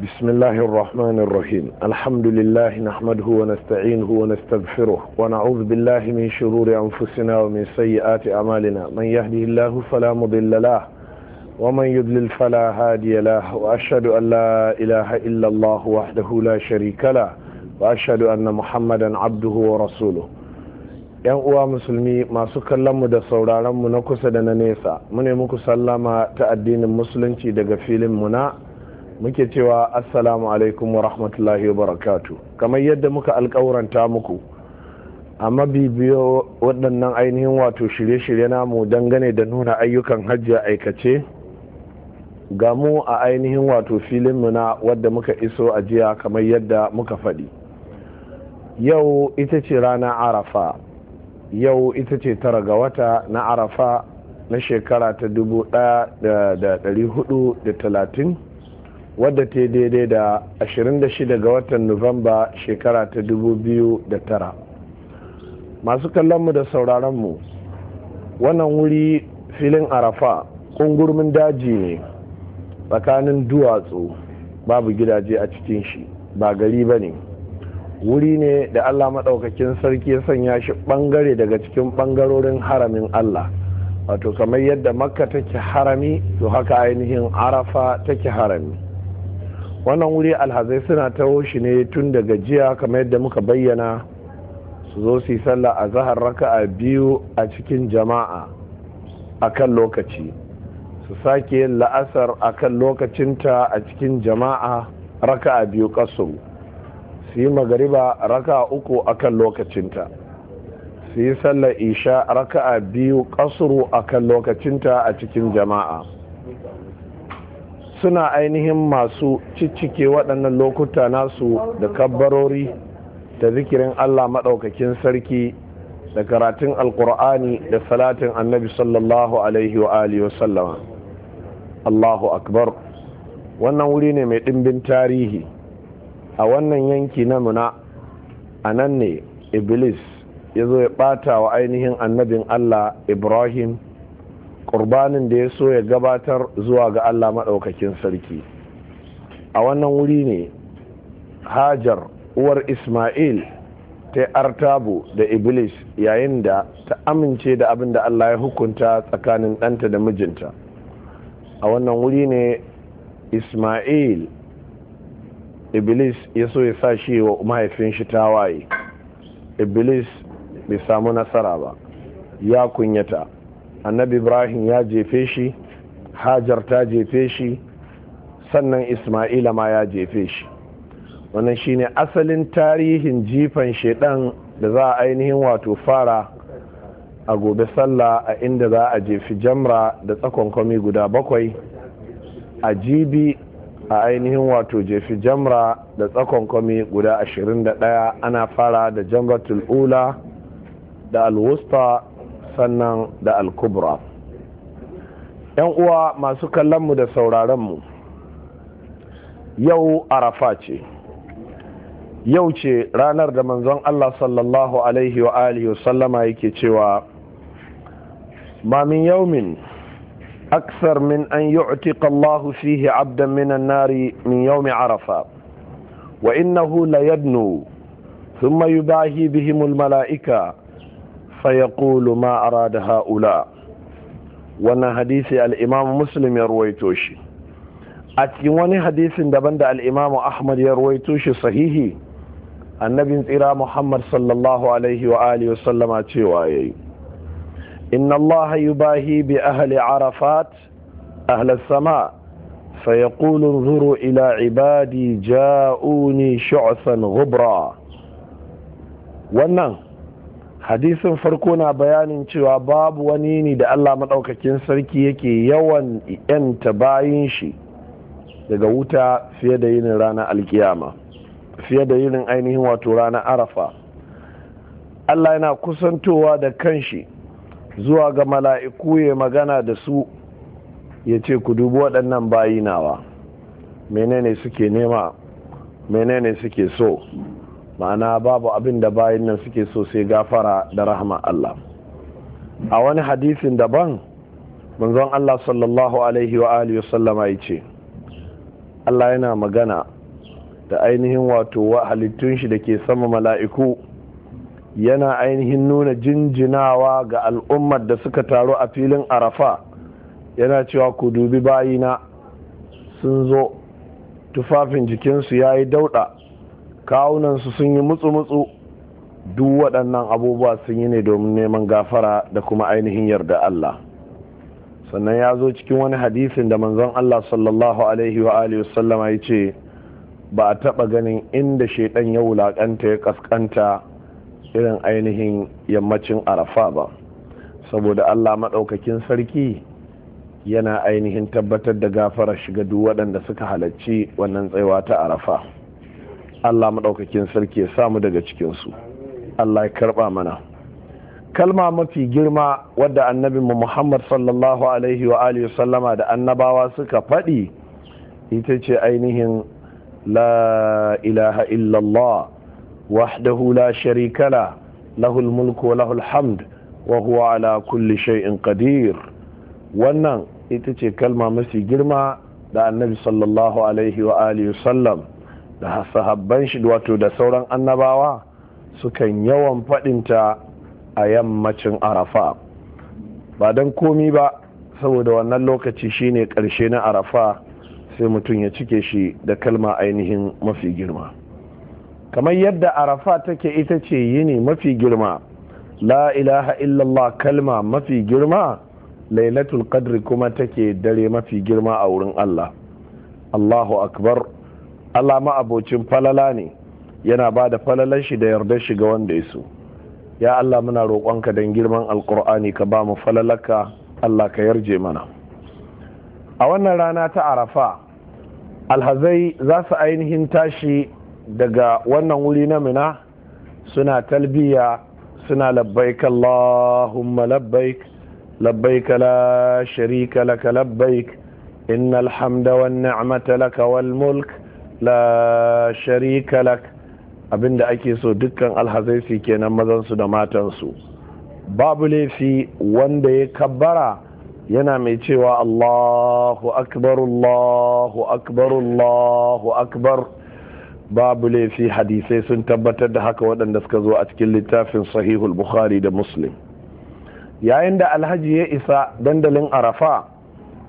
بسم الله الرحمن الرحيم الحمد لله نحمده ونستعينه ونستغفره ونعوذ بالله من شرور أنفسنا ومن سيئات أعمالنا من يهده الله فلا مضل له ومن يضلل فلا هادي له وأشهد أن لا إله إلا الله وحده لا شريك له وأشهد أن محمدا عبده ورسوله yan uwa musulmi masu kallonmu da sauraronmu na kusa da na nesa mune muku sallama ta addinin musulunci daga filin muna muke cewa assalamu alaikum wa rahmatullahi wa barakatu kamar yadda muka alkawuranta muku a mabibiyo waɗannan ainihin wato shirye-shirye namu dangane da nuna ayyukan hajji aikace ga mu a ainihin wato filin muna wadda muka iso a jiya kamar yadda muka faɗi yau ita ce rana arafa yau ita ce tara ga wata na arafa na shekara ta hudu 1430 wadda ta daidai da 26 ga watan novemba shekara ta dubu biyu da tara masu kallonmu da sauraronmu wannan wuri filin arafa kungurmin daji ne tsakanin duwatsu babu gidaje a cikin shi ba gari ba ne wuri ne da Allah maɗaukakin sarki ya sanya shi ɓangare daga cikin ɓangarorin haramin Allah wato kamar yadda makka take harami to haka ainihin arafa take harami wannan wuri alhazai suna taho shi ne tun daga jiya kamar yadda muka bayyana su zo su yi sallah a zahar raka'a biyu a cikin jama'a a kan lokaci su sake yin la'asar a kan lokacinta a cikin jama'a raka'a biyu kasuru su yi magariba raka uku akan lokacinta su yi sallar isha raka'a biyu kasuru akan lokacinta a cikin jama'a suna ainihin masu ciccike waɗannan lokuta nasu da kabbarori da zikirin allah maɗaukakin sarki da karatun alkur'ani da salatin annabi sallallahu alaihi wa alihi wasallama allahu akbar wannan wuri ne mai ɗimbin tarihi a wannan yanki na muna a nan ne iblis ya zo ya ɓata wa ainihin annabin allah ibrahim ƙurbanin da ya so ya gabatar zuwa ga allah maɗaukakin sarki a wannan wuri ne hajar uwar ismail ta artabu da iblis yayin da ta amince da abin da allah ya hukunta tsakanin ɗanta da mijinta a wannan wuri ne ismail iblis ya so ya sa shi wa mahaifin shi tawaye iblis bai samu nasara ba ya kunyata annabi ibrahim ya jefe shi hajar ta jefe shi sannan isma'ila ma ya jefe shi wannan shine asalin tarihin jifan shaiɗan da za a ainihin wato fara a gobe sallah a inda za a jefi jamra da tsakon kwami guda bakwai a jibi a ainihin wato jefi jamra da tsakon kwami guda 21 ana fara da jamratul ula da alwusta sannan da alkubra yan uwa masu kallonmu da sauraronmu yau arafa ce yau ce ranar da manzon allah sallallahu alaihi wa alihi wasallama yake cewa ma min yaumin أكثر من أن يعتق الله فيه عبدا من النار من يوم عرفة وإنه ليدنو ثم يباهي بهم الملائكة فيقول ما أراد هؤلاء وانا حديث الإمام مسلم يرويتوشي أتيواني حديث دبند الإمام أحمد يرويتوشي صحيحي النبي إلى محمد صلى الله عليه وآله وسلم أتيوائي إن الله يباهي بأهل عرفات أهل السماء فيقول انظروا إلى عبادي جاءوني شعثا غبرا wannan hadisin farko na bayanin cewa babu wani ne da Allah maɗaukakin sarki yake yawan yanta bayin shi daga wuta fiye da yinin ranar alkiyama fiye da yinin ainihin wato ranar arafa Allah yana kusantowa da kanshi zuwa ga mala'iku ya magana da su ya ce ku dubi waɗannan bayi nawa menene suke nema menene suke so ma'ana babu abin da bayin nan suke so sai gafara da rahama Allah a wani hadisin daban manzon Allah sallallahu alaihi wa alihi sallama ya ce Allah yana magana da ainihin wato wa halittun shi da ke sama mala'iku yana ainihin nuna jinjinawa ga al'ummar da suka taru a filin arafa yana cewa ku dubi bayina sun zo tufafin jikinsu ya yi dauɗa kawunansu sun yi mutsu-mutsu duk waɗannan abubuwa sun yi ne domin neman gafara da kuma ainihin yarda Allah sannan ya zo cikin wani hadisin da manzon Allah sallallahu alaihi wa alihi wasallama ya ce ba a taɓa ganin inda shaidan ya wulaƙanta ya ƙasƙanta irin ainihin yammacin arafa ba saboda allah maɗaukakin sarki yana ainihin tabbatar da gafara shiga duk waɗanda suka halarci wannan tsaiwa ta arafa allah maɗaukakin sarki ya samu daga cikinsu allah ya karɓa mana kalma mafi girma wadda annabi muhammad sallallahu alaihi wa alihi sallama da annabawa suka faɗi ita ce ainihin la ilaha illallah وحده لا شريك له له الملك وله الحمد وهو على كل شيء قدير wannan ita ce kalma mafi girma da annabi sallallahu alaihi wa alihi sallam da sahabban shi wato da sauran annabawa sukan yawan faɗinta a yammacin arafa ba don komi ba saboda wannan lokaci shine ƙarshe na arafa sai mutum ya cike shi da kalma ainihin mafi girma kamar yadda arafa take ita ce yini mafi girma la ilaha illallah kalma mafi girma lailatul qadri kuma take dare mafi girma a wurin allah allahu akbar allah ma'abocin falala ne yana ba da falalar shi da yarda shi ga wanda ya so ya allah muna roƙonka don girman alkur'ani ka ba mu falalaka allah ka yarje mana a wannan rana ta arafa alhazai za su ainihin tashi daga wannan wuri na mina suna talbiya suna labbaik Allahumma labbaik labbaik la sharika laka labbaik innal hamda wan ni'mata laka wal mulk la sharika lak abinda ake so dukkan alhazai su kenan mazan su da matan su babu laifi wanda ya kabbara yana mai cewa Allahu akbar Allahu akbar Allahu akbar babu laifi hadisai sun tabbatar da haka waɗanda suka zo a cikin littafin sahihul bukhari da muslim yayin da alhaji ya isa dandalin arafa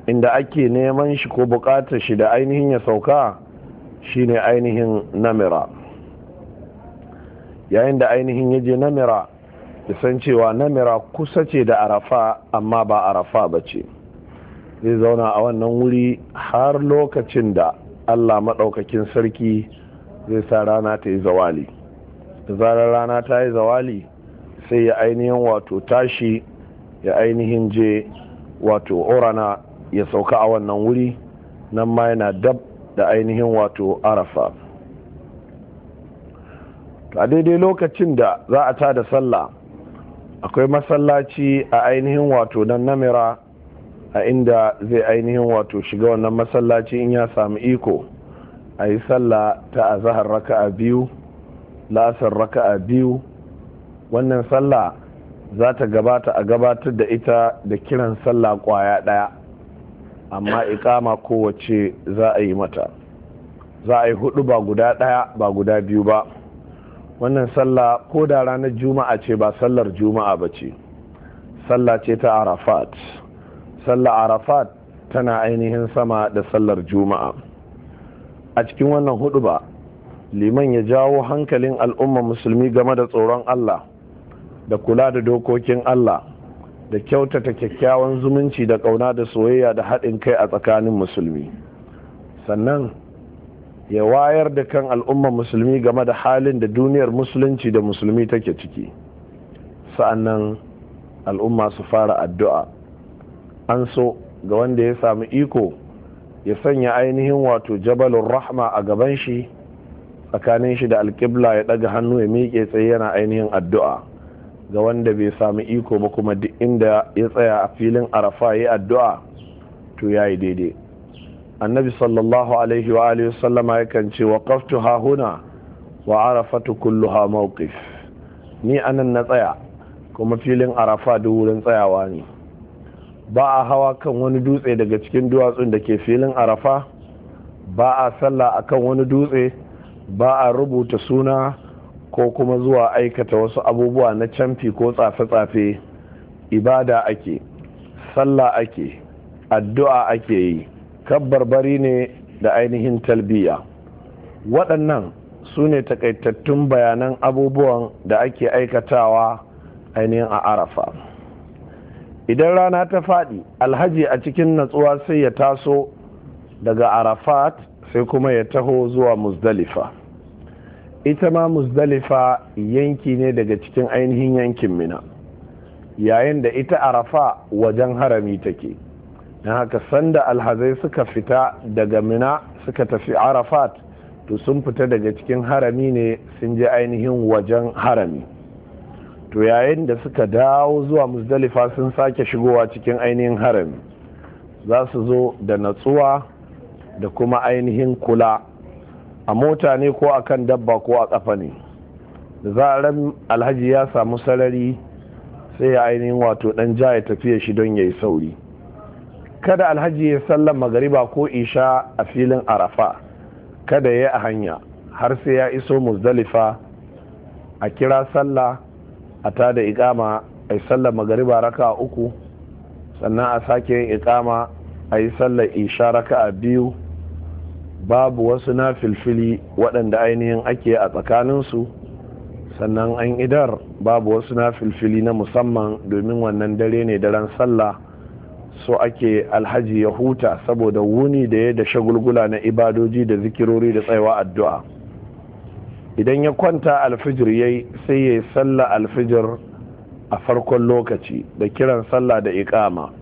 inda ake neman shi ko buƙatar shi da ainihin ya sauka shine ainihin namira yayin da ainihin ya je namira san cewa namira kusa ce da arafa amma ba arafa ba ce zai zauna a wannan wuri har lokacin da allah maɗaukakin sarki zai sa rana ta yi zawali da zarar rana ta yi zawali sai ya ainihin wato tashi ya ainihin je wato orana ya sauka a wannan wuri nan ma yana dab da ainihin wato arafa a daidai lokacin da za a ta da sallah akwai masallaci a ainihin wato nan namira a inda zai ainihin wato shiga wannan masallaci in ya samu iko a yi sallah ta azahar raka'a biyu la'asar raka'a biyu wannan sallah za ta gabata a gabatar da ita da kiran sallah kwaya ɗaya amma ikama kowace za a yi mata za a yi hudu ba guda ɗaya ba guda biyu ba wannan sallah ko da ranar juma'a ce ba sallar juma'a ba ce sallah ce ta arafat sallah arafat tana ainihin sama da sallar juma'a a cikin wannan hudu ba liman ya jawo hankalin al'ummar musulmi game da tsoron Allah da kula da dokokin Allah da kyautata kyakkyawan zumunci da ƙauna da soyayya da haɗin kai a tsakanin musulmi sannan ya wayar da kan al'ummar musulmi game da halin da duniyar musulunci da musulmi take ciki sa'annan al'umma su fara addu'a an so ga wanda ya samu iko ya sanya ainihin wato jabalun rahma a gaban shi tsakanin shi da alƙibla ya ɗaga hannu ya miƙe tsaye yana ainihin addu'a ga wanda bai sami iko ba kuma duk inda ya tsaya a filin arafa ya yi addu'a to ya yi daidai annabi sallallahu alaihi wa alihi sallama yakan ce wa kaftu ha huna wa arafatu ha mawqif ni anan na tsaya kuma filin arafa duk wurin tsayawa ne ba a hawa kan wani dutse daga cikin duwatsun da ke filin arafa ba a sallah a kan wani dutse ba a rubuta suna ko kuma zuwa aikata wasu abubuwa na camfi ko tsafe-tsafe ibada ake sallah ake addu'a ake yi kabbarbari ne da ainihin talbiya waɗannan su ne takaitattun bayanan abubuwan da ake aikatawa ainihin a arafa idan rana ta faɗi alhaji a cikin natsuwa sai ya taso daga arafat sai kuma ya taho zuwa muzdalifa ita ma muzdalifa yanki ne daga cikin ainihin yankin mina yayin da ita arafa wajen harami take don haka sanda alhazai suka fita daga mina suka tafi arafat to sun fita daga cikin harami ne sun je ainihin wajen harami to yayin da suka dawo zuwa muzdalifa sun sake shigowa cikin ainihin harami za su zo da natsuwa da kuma ainihin kula a mota ne ko a kan dabba ko a ƙafa ne da ran alhaji ya samu sarari sai ya ainihin wato ɗan ja ya tafiya shi don ya yi sauri kada alhaji ya sallan magariba ko isha a filin arafa kada ya yi a hanya har sai ya iso muzdalifa a kira sallah a tada da ikama a yi sallar magariba raka a uku sannan a sake yin ikama a yi sallar isha raka a biyu babu wasu na filfili waɗanda ainihin ake a tsakaninsu sannan an idar babu wasu na filfili na musamman domin wannan dare ne daren sallah so ake alhaji ya huta saboda wuni da ya da shagulgula na ibadoji da zikirori da tsayawa addu'a idan ya kwanta alfijir ya yi sai ya yi sallah alfijir a farkon lokaci da kiran sallah da ikama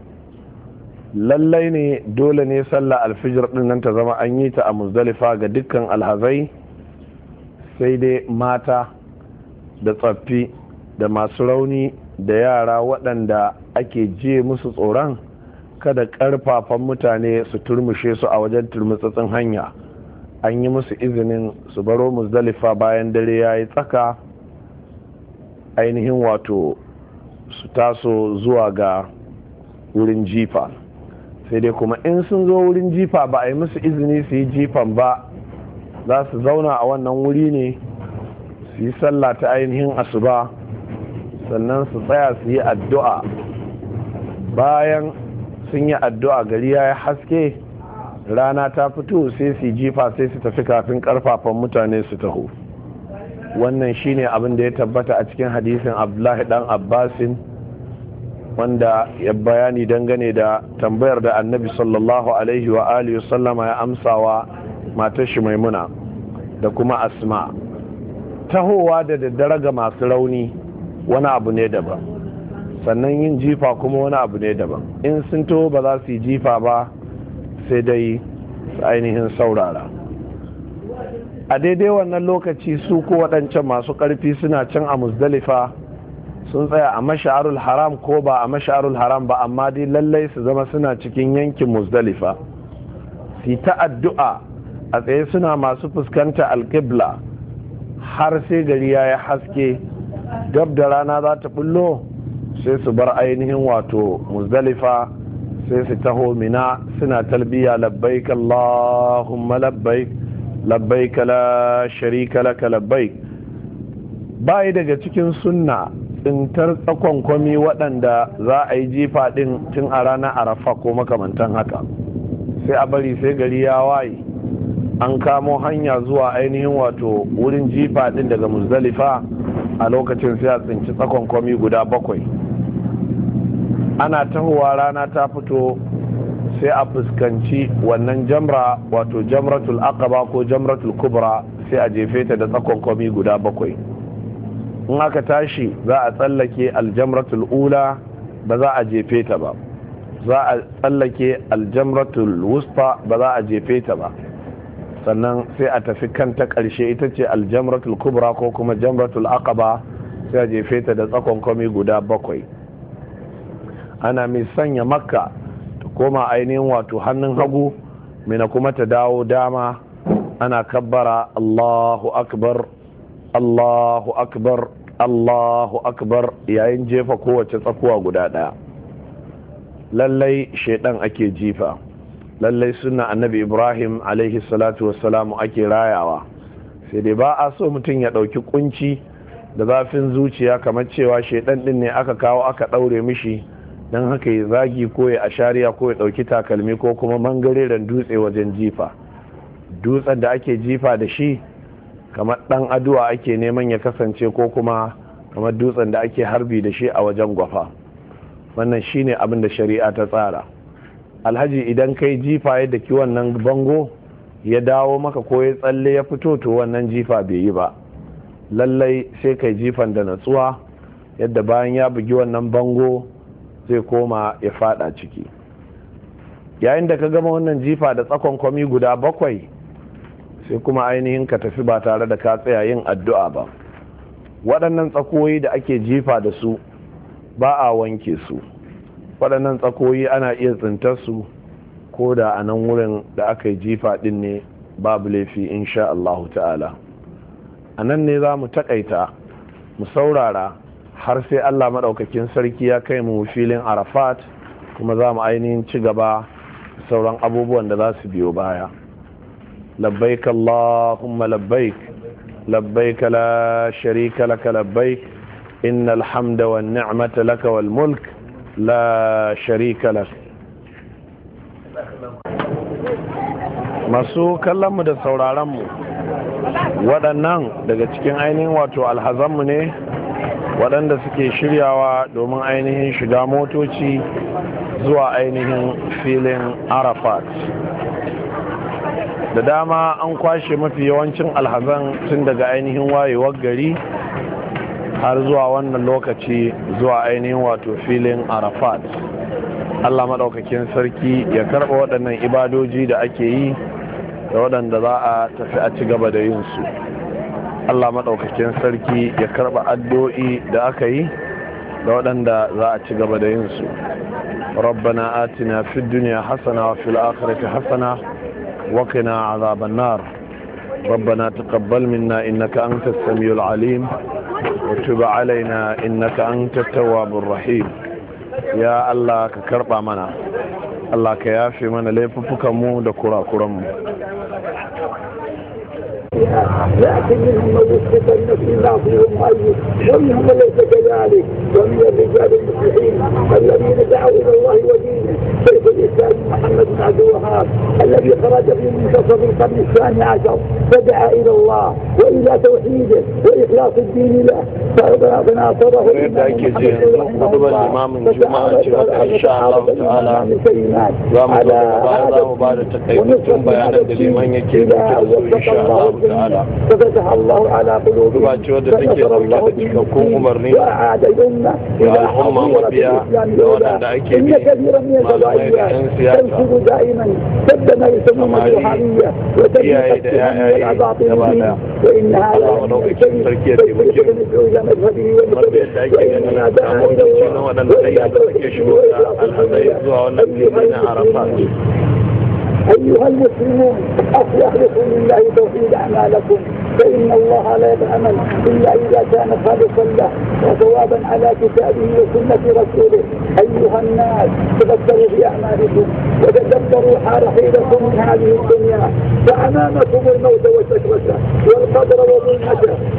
lallai ne dole ne sallah alfijir din nan ta zama an yi ta a muzdalifa ga dukkan alhazai sai dai mata da tsaffi da masu rauni da yara waɗanda ake je musu tsoron kada ƙarfafan mutane su turmushe su a wajen turmutsatsin hanya an yi musu izinin su baro muzdalifa bayan dare ya yi tsaka ainihin wato su taso zuwa ga wurin jifa sai dai kuma in sun zo wurin jifa ba a yi musu izini su yi jifan ba za su zauna a wannan wuri ne su yi sallah ta ainihin asuba sannan su tsaya su yi addu'a bayan sun yi addu'a gari ya yi haske rana ta fito sai su jifa sai su tafi kafin karfafan mutane su taho wannan shine abin da ya tabbata a cikin hadisin abdullahi dan abbasin wanda ya bayani dangane da tambayar da annabi sallallahu alaihi wa alihi sallama ya amsawa matar shi maimuna da kuma asma tahowa da daddare ga masu rauni wani abu ne daban sannan yin jifa kuma wani abu ne daban in sun taho ba za su yi jifa ba sai dai su ainihin saurara a daidai wannan lokaci su ko waɗancan masu ƙarfi suna can a musdalifa sun tsaya a masha'arul haram ko ba a masha'arul haram ba amma dai lallai su zama suna cikin yankin musdalifa su ta addu'a a tsaye suna masu fuskanta alƙibla har sai gari ya yi haske gab da rana za ta bullo sai su bar ainihin wato musdalifa sai su taho mina suna talbiya labbaik Allahumma labbaik labbaik la sharika laka labbaik bai daga cikin sunna tsintar tsakon kwami waɗanda za a yi jifa ɗin tun a ranar arafa ko makamantan haka sai a bari sai gari ya waye an kamo hanya zuwa ainihin wato wurin jifa ɗin daga muzdalifa a lokacin sai a tsinci tsakon kwami guda bakwai ana tahowa rana ta fito sai a fuskanci wannan jamra wato jamratul akaba ko jamratul kubra sai a jefe ta da tsakon komi guda bakwai in aka tashi za a tsallake aljamratul ula ba za a jefe ta ba za a tsallake aljamratul wusta ba za a jefe ta ba sannan sai a tafi kan ta ƙarshe ita ce aljamratul kubra ko kuma jamratul akaba sai a jefe ta da tsakon komi guda bakwai ana mai sanya makka ta koma ainihin wato hannun hagu na kuma ta dawo dama ana kabbara allahu akbar allahu akbar allahu akbar yayin jefa kowace tsakuwa guda ɗaya lallai shaidan ake jifa lallai suna annabi ibrahim alaihi salatu wassalamu ake rayawa sai dai ba a so mutum ya ɗauki kunci da zafin zuciya kamar cewa shaidan ɗin ne aka kawo aka ɗaure mishi don haka ya zagi ko ya ashariya ko ya ɗauki takalmi ko kuma mangareren dutse wajen jifa dutsen da ake jifa da shi kamar ɗan aduwa ake neman ya kasance ko kuma kamar dutsen da ake harbi da shi a wajen gwafa wannan shine abin da shari'a ta tsara alhaji idan kai jifa yadda ki wannan bango ya dawo maka ko ya tsalle ya fito to wannan jifa bai yi ba lallai sai kai jifan da natsuwa yadda bayan ya bugi wannan bango zai koma ya fada ciki yayin da ka gama wannan jifa da tsakon kwami guda bakwai sai kuma ainihin ka tafi ba tare da ka tsaya yin addu'a ba waɗannan tsakoyi da ake jifa da su ba a wanke su waɗannan tsakoyi ana iya tsintar su ko da a nan wurin da aka yi jifa ɗin ne babu laifi insha Allahu ta'ala a nan ne za mu taƙaita mu saurara har sai Allah maɗaukakin sarki ya kai mu filin arafat kuma za mu ainihin ci gaba sauran abubuwan da za su biyo baya labbaik Allahumma labbaik labbaik la sharika laka labbaik innal hamda wan ni'mata laka wal mulk la sharika lak masu kallon mu da sauraron mu waɗannan daga cikin ainihin wato mu ne waɗanda suke shiryawa domin ainihin shiga motoci zuwa ainihin filin arafat da dama an kwashe mafi yawancin alhazan tun daga ainihin wayewar gari har zuwa wannan lokaci zuwa ainihin wato filin arafat allah maɗaukakin sarki ya karɓa waɗannan ibadoji da ake yi da waɗanda za a tafi a ci gaba da yin su Allah maɗaukakin sarki ya karɓa addu'o'i da aka yi da waɗanda za a ci gaba da yin su rabbana atina fid dunya hasana wa fil akhirati hasana wa qina azaban nar ربنا تقبل منا إنك أنت السميع العليم وتب علينا إنك أنت التواب الرحيم يا الله كربا Allah ka yafe mana laifuffukanmu da kuranmu. بها لكن منهم من يسقط النفس يعطيهم اي ومنهم من ليس كذلك ومن الرجال المصلحين الذين دعوا الى الله ودينه الإسلام محمد بن عبد الوهاب الذي خرج في منتصف القرن الثاني عشر فدعا إلى الله وإلى توحيده وإخلاص الدين له فناصره الله على الكلمات على الأمة إلى حضور الإسلام إن كثيرا من الفضائيات تنشد دائما سد ما يسمى الروحانية وتنشد على باطنه وإن هذا فيجب يعني إلى مذهبه وإن أباء يعني وإن أباء أيها المسلمون أخلصوا لله توحيد أعمالكم فإن الله لا يتعمل إلا إذا كان خالصا له وجوابا على كتابه وسنة رسوله أيها الناس تفكروا في أعمالكم وتدبروا حال حيلكم من هذه الدنيا فأمامكم الموت وسكرته والقدر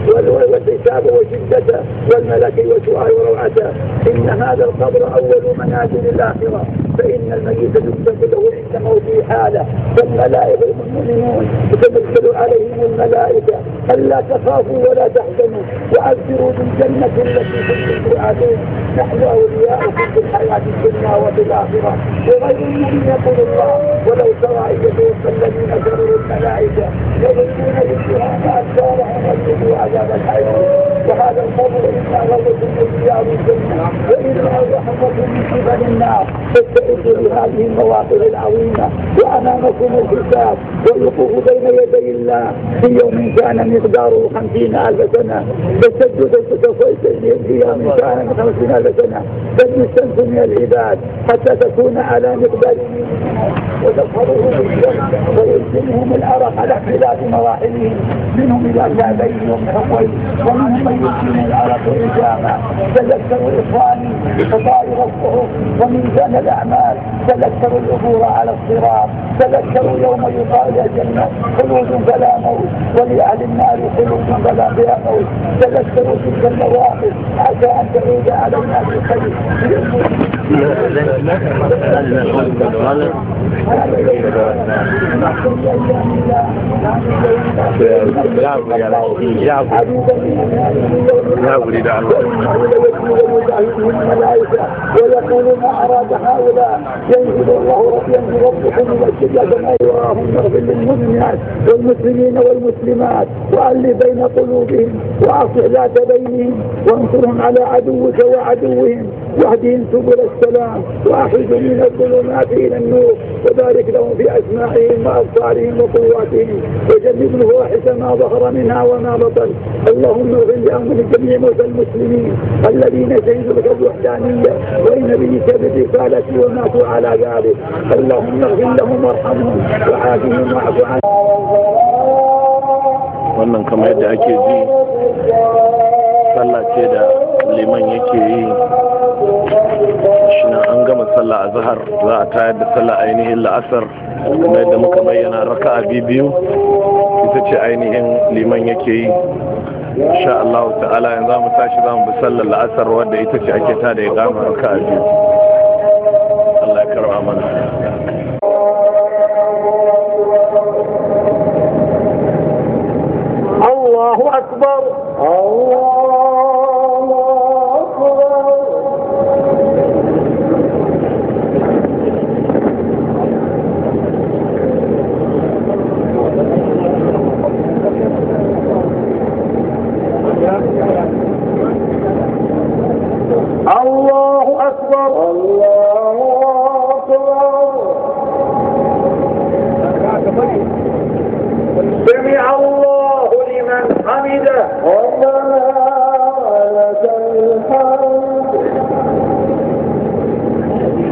وظلمته والحساب وشدته والملك وشعاع وروعته إن هذا القبر أول منازل الآخرة فإن الميت ينزل واحتموا في حالة فالملائكة المؤمنون تتنزل عليهم الملائكة ألا تخافوا ولا تحزنوا وأبشروا بالجنة التي كنتم توعدون نحن أولياؤكم في الحياة الدنيا وفي الآخرة وغير المؤمن يقول الله ولو ترى إذ يتوفى الذين كفروا الملائكة يضربون بالسهام أبصارهم ويجدوا عذاب الحياة وهذا القبر إن أغلقكم إياه الجنة وإن أغلقكم من قبل النار في هذه المواقف العظيمة وأمامكم الحساب والوقوف بين يدي الله في يوم كان مقداره خمسين ألف سنة فالسد في يوم كان خمسين ألف سنة تجني من العباد حتى تكون على مقدار ويلزمهم الأرق على اختلاف مراحلهم منهم إلى كعبين وحوي ومنهم من يلزم الأرق الاجابه تذكروا إخواني فطائر الصحف كان الاعمى الأعمال تذكروا العبور على الصراط تذكروا يوم يقال الجنة خلود بلا موت ولأهل النار خلود بلا بلا موت تذكروا تلك المواقف عسى أن تعود علينا بالخير ويقول ما أراد هؤلاء ينزل الله من بربهم وشدة أيواهم واغفر للمؤمنات والمسلمين والمسلمات وألف بين قلوبهم وأصلح ذات بينهم وانصرهم على عدوك وعدوهم واهدهم سبل السلام وأخرجهم من الظلمات إلى النور وبارك لهم في أسماعهم وأبصارهم وقواتهم وجنب الفواحش ما ظهر منها وما بطن اللهم اغفر لأمر جميع موتى المسلمين الذين شهدوا لك الوحدانية ونبيك بالرسالة والناس على ذلك اللهم اغفر لهم وارحمهم وعافهم واعف عنهم wannan kamar yadda ake ji sallah ce da liman yake yi shina an gama sallah a zahar za a tayar da sallah ainihin la'asar kamar yadda muka bayyana raka a biyu ita ce ainihin liman yake yi insha Allah ta'ala yanzu za mu tashi za mu bi sallar la'asar wadda ita ce ake ta da ya gama raka a biyu ويذكر عمله الله أكبر الله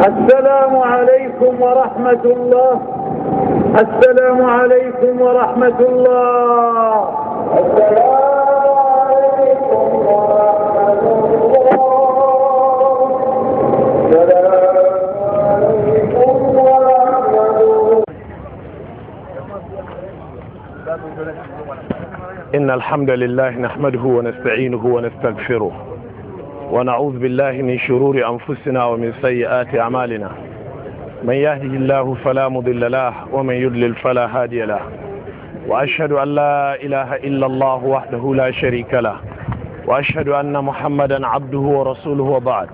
السلام عليكم ورحمة الله السلام عليكم ورحمة الله السلام عليكم ورحمة الله إن الحمد لله نحمده ونستعينه ونستغفره ونعوذ بالله من شرور أنفسنا ومن سيئات أعمالنا من يهده الله فلا مضل له ومن يضلل فلا هادي له وأشهد أن لا إله إلا الله وحده لا شريك له وأشهد أن محمدا عبده ورسوله وبعد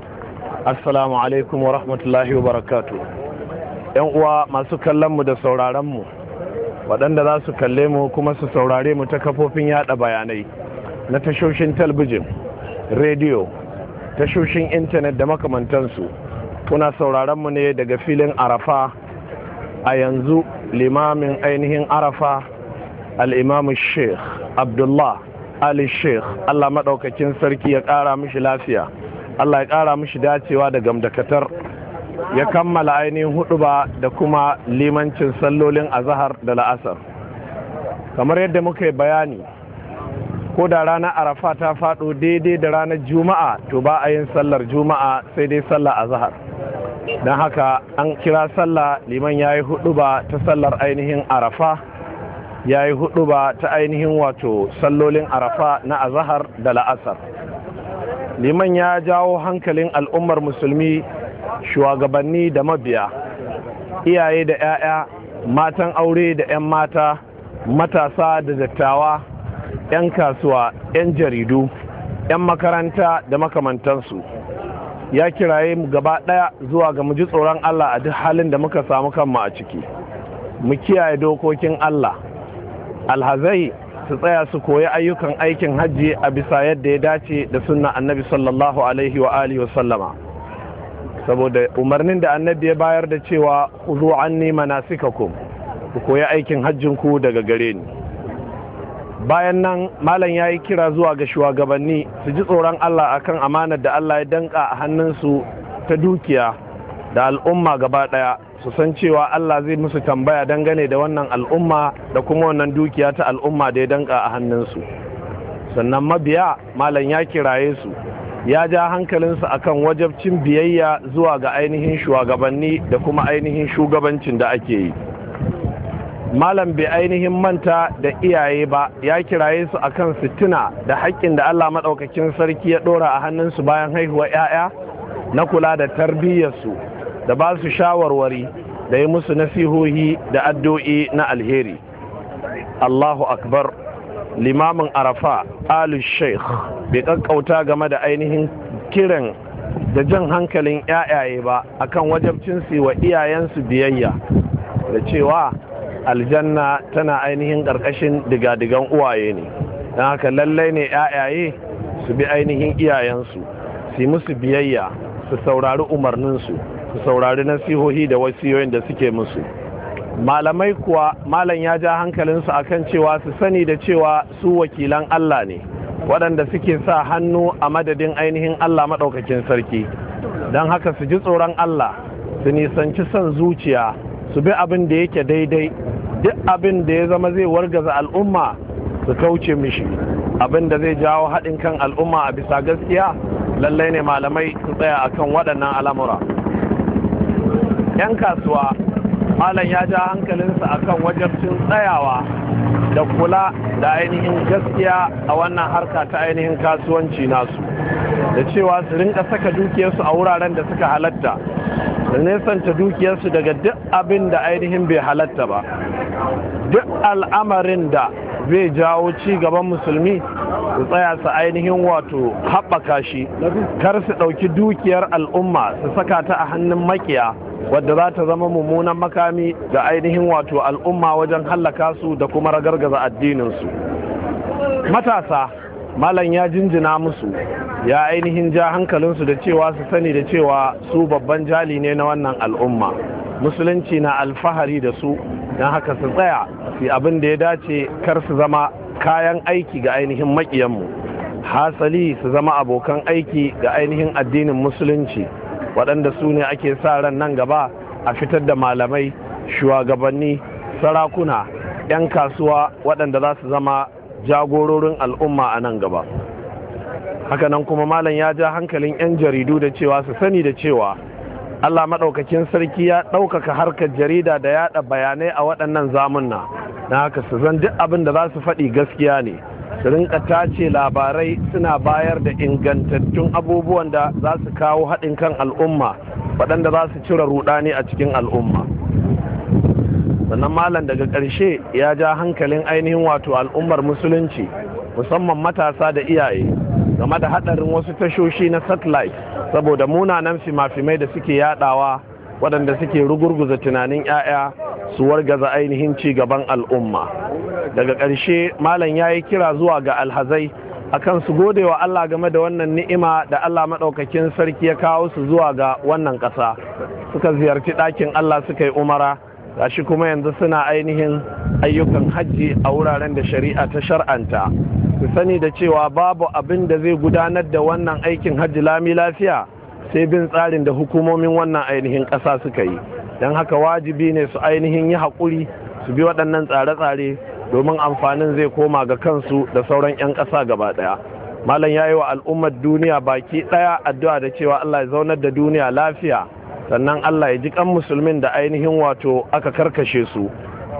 السلام عليكم ورحمة الله وبركاته ‘yan uwa masu kallonmu da sauraronmu waɗanda za su kalle mu kuma su saurare mu ta kafofin yada bayanai na tashoshin talbijin rediyo tashoshin intanet da makamantansu kuna sauraron mu ne daga filin arafa a yanzu limamin ainihin arafa al'imamu sheikh abdullah ali sheikh allah maɗaukakin sarki ya ƙara mishi lafiya allah ya ƙara mishi dacewa da gamdakatar ya kammala ainihin huɗuba da kuma limancin sallolin azahar da la'asar kamar yadda muka yi bayani ko da ranar arafa ta faɗo daidai da ranar juma'a to ba a yin sallar juma'a sai dai sallar azahar. don haka an kira sallah liman ya yi ba ta sallar ainihin arafa ya yi ba ta ainihin wato sallolin arafa na azahar da la'asar liman ya jawo hankalin al'ummar musulmi shugabanni da mabiya iyaye da 'ya'ya matan aure da 'yan mata matasa da dattawa 'yan kasuwa 'yan jaridu 'yan makaranta da makamantansu ya kiraye mu gaba ɗaya zuwa ga muji tsoron Allah a duk halin da muka samu kanmu a ciki mu kiyaye dokokin Allah alhazai su tsaya su koyi ayyukan aikin hajji a bisa yadda ya dace da sunna annabi sallallahu alaihi wa alihi wa sallama saboda umarnin da annabi ya bayar da cewa ku zo an nema nasikakum ku koyi aikin hajjinku daga gare ni bayan nan malam ya yi kira zuwa ga shugabanni su ji tsoron allah akan amanar da allah ya danka a hannunsu ta dukiya da al'umma gaba daya su san cewa allah zai musu tambaya dangane da wannan al'umma da kuma wannan dukiya ta al'umma da ya danka a hannunsu sannan mabiya malam ya kiraye su ya ja hankalinsu akan wajabcin biyayya zuwa ga ainihin shugabanni da kuma ainihin shugabancin da ake yi malam bai ainihin manta da iyaye ba ya kiraye su akan sitina tuna da haƙƙin da allah maɗaukakin sarki ya ɗora a hannunsu bayan haihuwa 'ya'ya na kula da tarbiyyarsu da ba su shawarwari da yi musu nasihohi da addu'i na alheri allahu akbar limamin arafa alu sheikh bai ƙaƙƙauta game da ainihin kiran da jan hankalin 'ya'yaye ba akan wajabcinsu wa iyayensu biyayya da cewa aljanna tana ainihin ƙarƙashin digadigan uwaye ne don haka lallai ne 'ya'yaye su bi ainihin iyayensu su musu biyayya su saurari umarninsu su saurari nasihohi da wasiyoyin da suke musu malamai kuwa malam ya ja hankalinsu kan cewa su sani da cewa su wakilan allah ne waɗanda suke sa hannu a madadin ainihin allah maɗaukakin sarki don haka su ji tsoron allah su nisanci son zuciya su bi abin da yake daidai duk abin da ya zama zai wargaza al'umma su kauce mishi abin da zai jawo haɗin kan al'umma a bisa gaskiya lallai ne malamai su tsaya akan waɗannan al'amura 'yan kasuwa malam ya ja hankalinsa akan wajabcin tsayawa da kula da ainihin gaskiya a wannan harka ta ainihin kasuwanci nasu da cewa su rinka saka dukiyarsu a wuraren da suka halatta da nesanta dukiyarsu daga duk abin da ainihin bai halatta ba duk al'amarin da zai jawo ci gaban musulmi su tsaya su ainihin wato haɓaka shi kar su ɗauki dukiyar al'umma su saka ta a hannun makiya wadda za ta zama mummunan makami ga ainihin wato al'umma wajen hallaka su da kuma ragargaza addininsu matasa malam ya jinjina musu ya ainihin ja hankalinsu da cewa su sani da cewa su babban jali ne na wannan al'umma musulunci na alfahari da su don haka su tsaya su abin da ya dace kar su zama kayan aiki ga ainihin makiyanmu hasali su zama abokan aiki ga ainihin addinin musulunci waɗanda su ne ake sa ran nan gaba a fitar da malamai shugabanni sarakuna 'yan kasuwa waɗanda za su zama jagororin al'umma a nan gaba hakanan kuma malam ya ja hankalin 'yan jaridu da cewa su sani da cewa Allah maɗaukakin sarki ya ɗaukaka harkar jarida da yaɗa bayanai a waɗannan zamunna na haka su zan duk abin da za su faɗi gaskiya ne su rinka tace labarai suna bayar da ingantattun abubuwan da za su kawo haɗin kan al'umma waɗanda za su cire ruɗani a cikin al'umma sannan malam daga ƙarshe ya ja hankalin ainihin wato al'ummar musulunci musamman matasa da iyaye game da haɗarin wasu tashoshi na satellite saboda munanan fimafimai da suke yadawa waɗanda suke rugurguza tunanin 'ya'ya su wargaza ainihin ci gaban al'umma daga ƙarshe malam ya yi kira zuwa ga alhazai akan su gode wa Allah game da wannan ni'ima da Allah maɗaukakin sarki ya kawo su zuwa ga wannan ƙasa suka ziyarci ɗakin Allah suka yi umara gashi kuma yanzu suna ainihin ayyukan hajji a wuraren da shari'a ta shar'anta Su sani da cewa babu abin da zai gudanar da wannan aikin hajji lami lafiya sai bin tsarin da hukumomin wannan ainihin ƙasa suka yi don haka wajibi ne su ainihin yi haƙuri su bi waɗannan tsare-tsare domin amfanin zai koma ga kansu da sauran 'yan ƙasa gaba ɗaya malam ya yi wa al'ummar duniya baki ɗaya addu'a da cewa allah ya zaunar da duniya lafiya sannan allah ya ji kan musulmin da ainihin wato aka karkashe su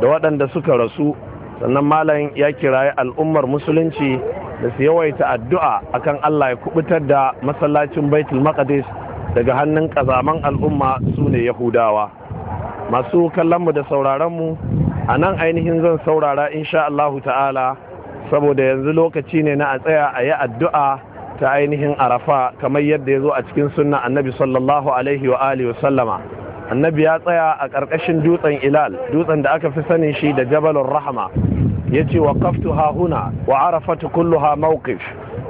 da waɗanda suka rasu sannan malam ya kiraye al'ummar musulunci da su yawaita addu'a akan Allah ya kubutar da masallacin baitul maqdis daga hannun kazaman al'umma su ne yahudawa masu kallonmu da sauraronmu a nan ainihin zan saurara insha Allahu ta'ala saboda yanzu lokaci ne na a tsaya a yi addu'a ta ainihin arafa kamar yadda ya zo a cikin sunna annabi sallallahu alaihi wa alihi wa sallama annabi ya tsaya a ƙarƙashin dutsen ilal dutsen da aka fi sanin shi da jabalun rahama ya ce wa kaftu ha huna wa arafatu ha mawqif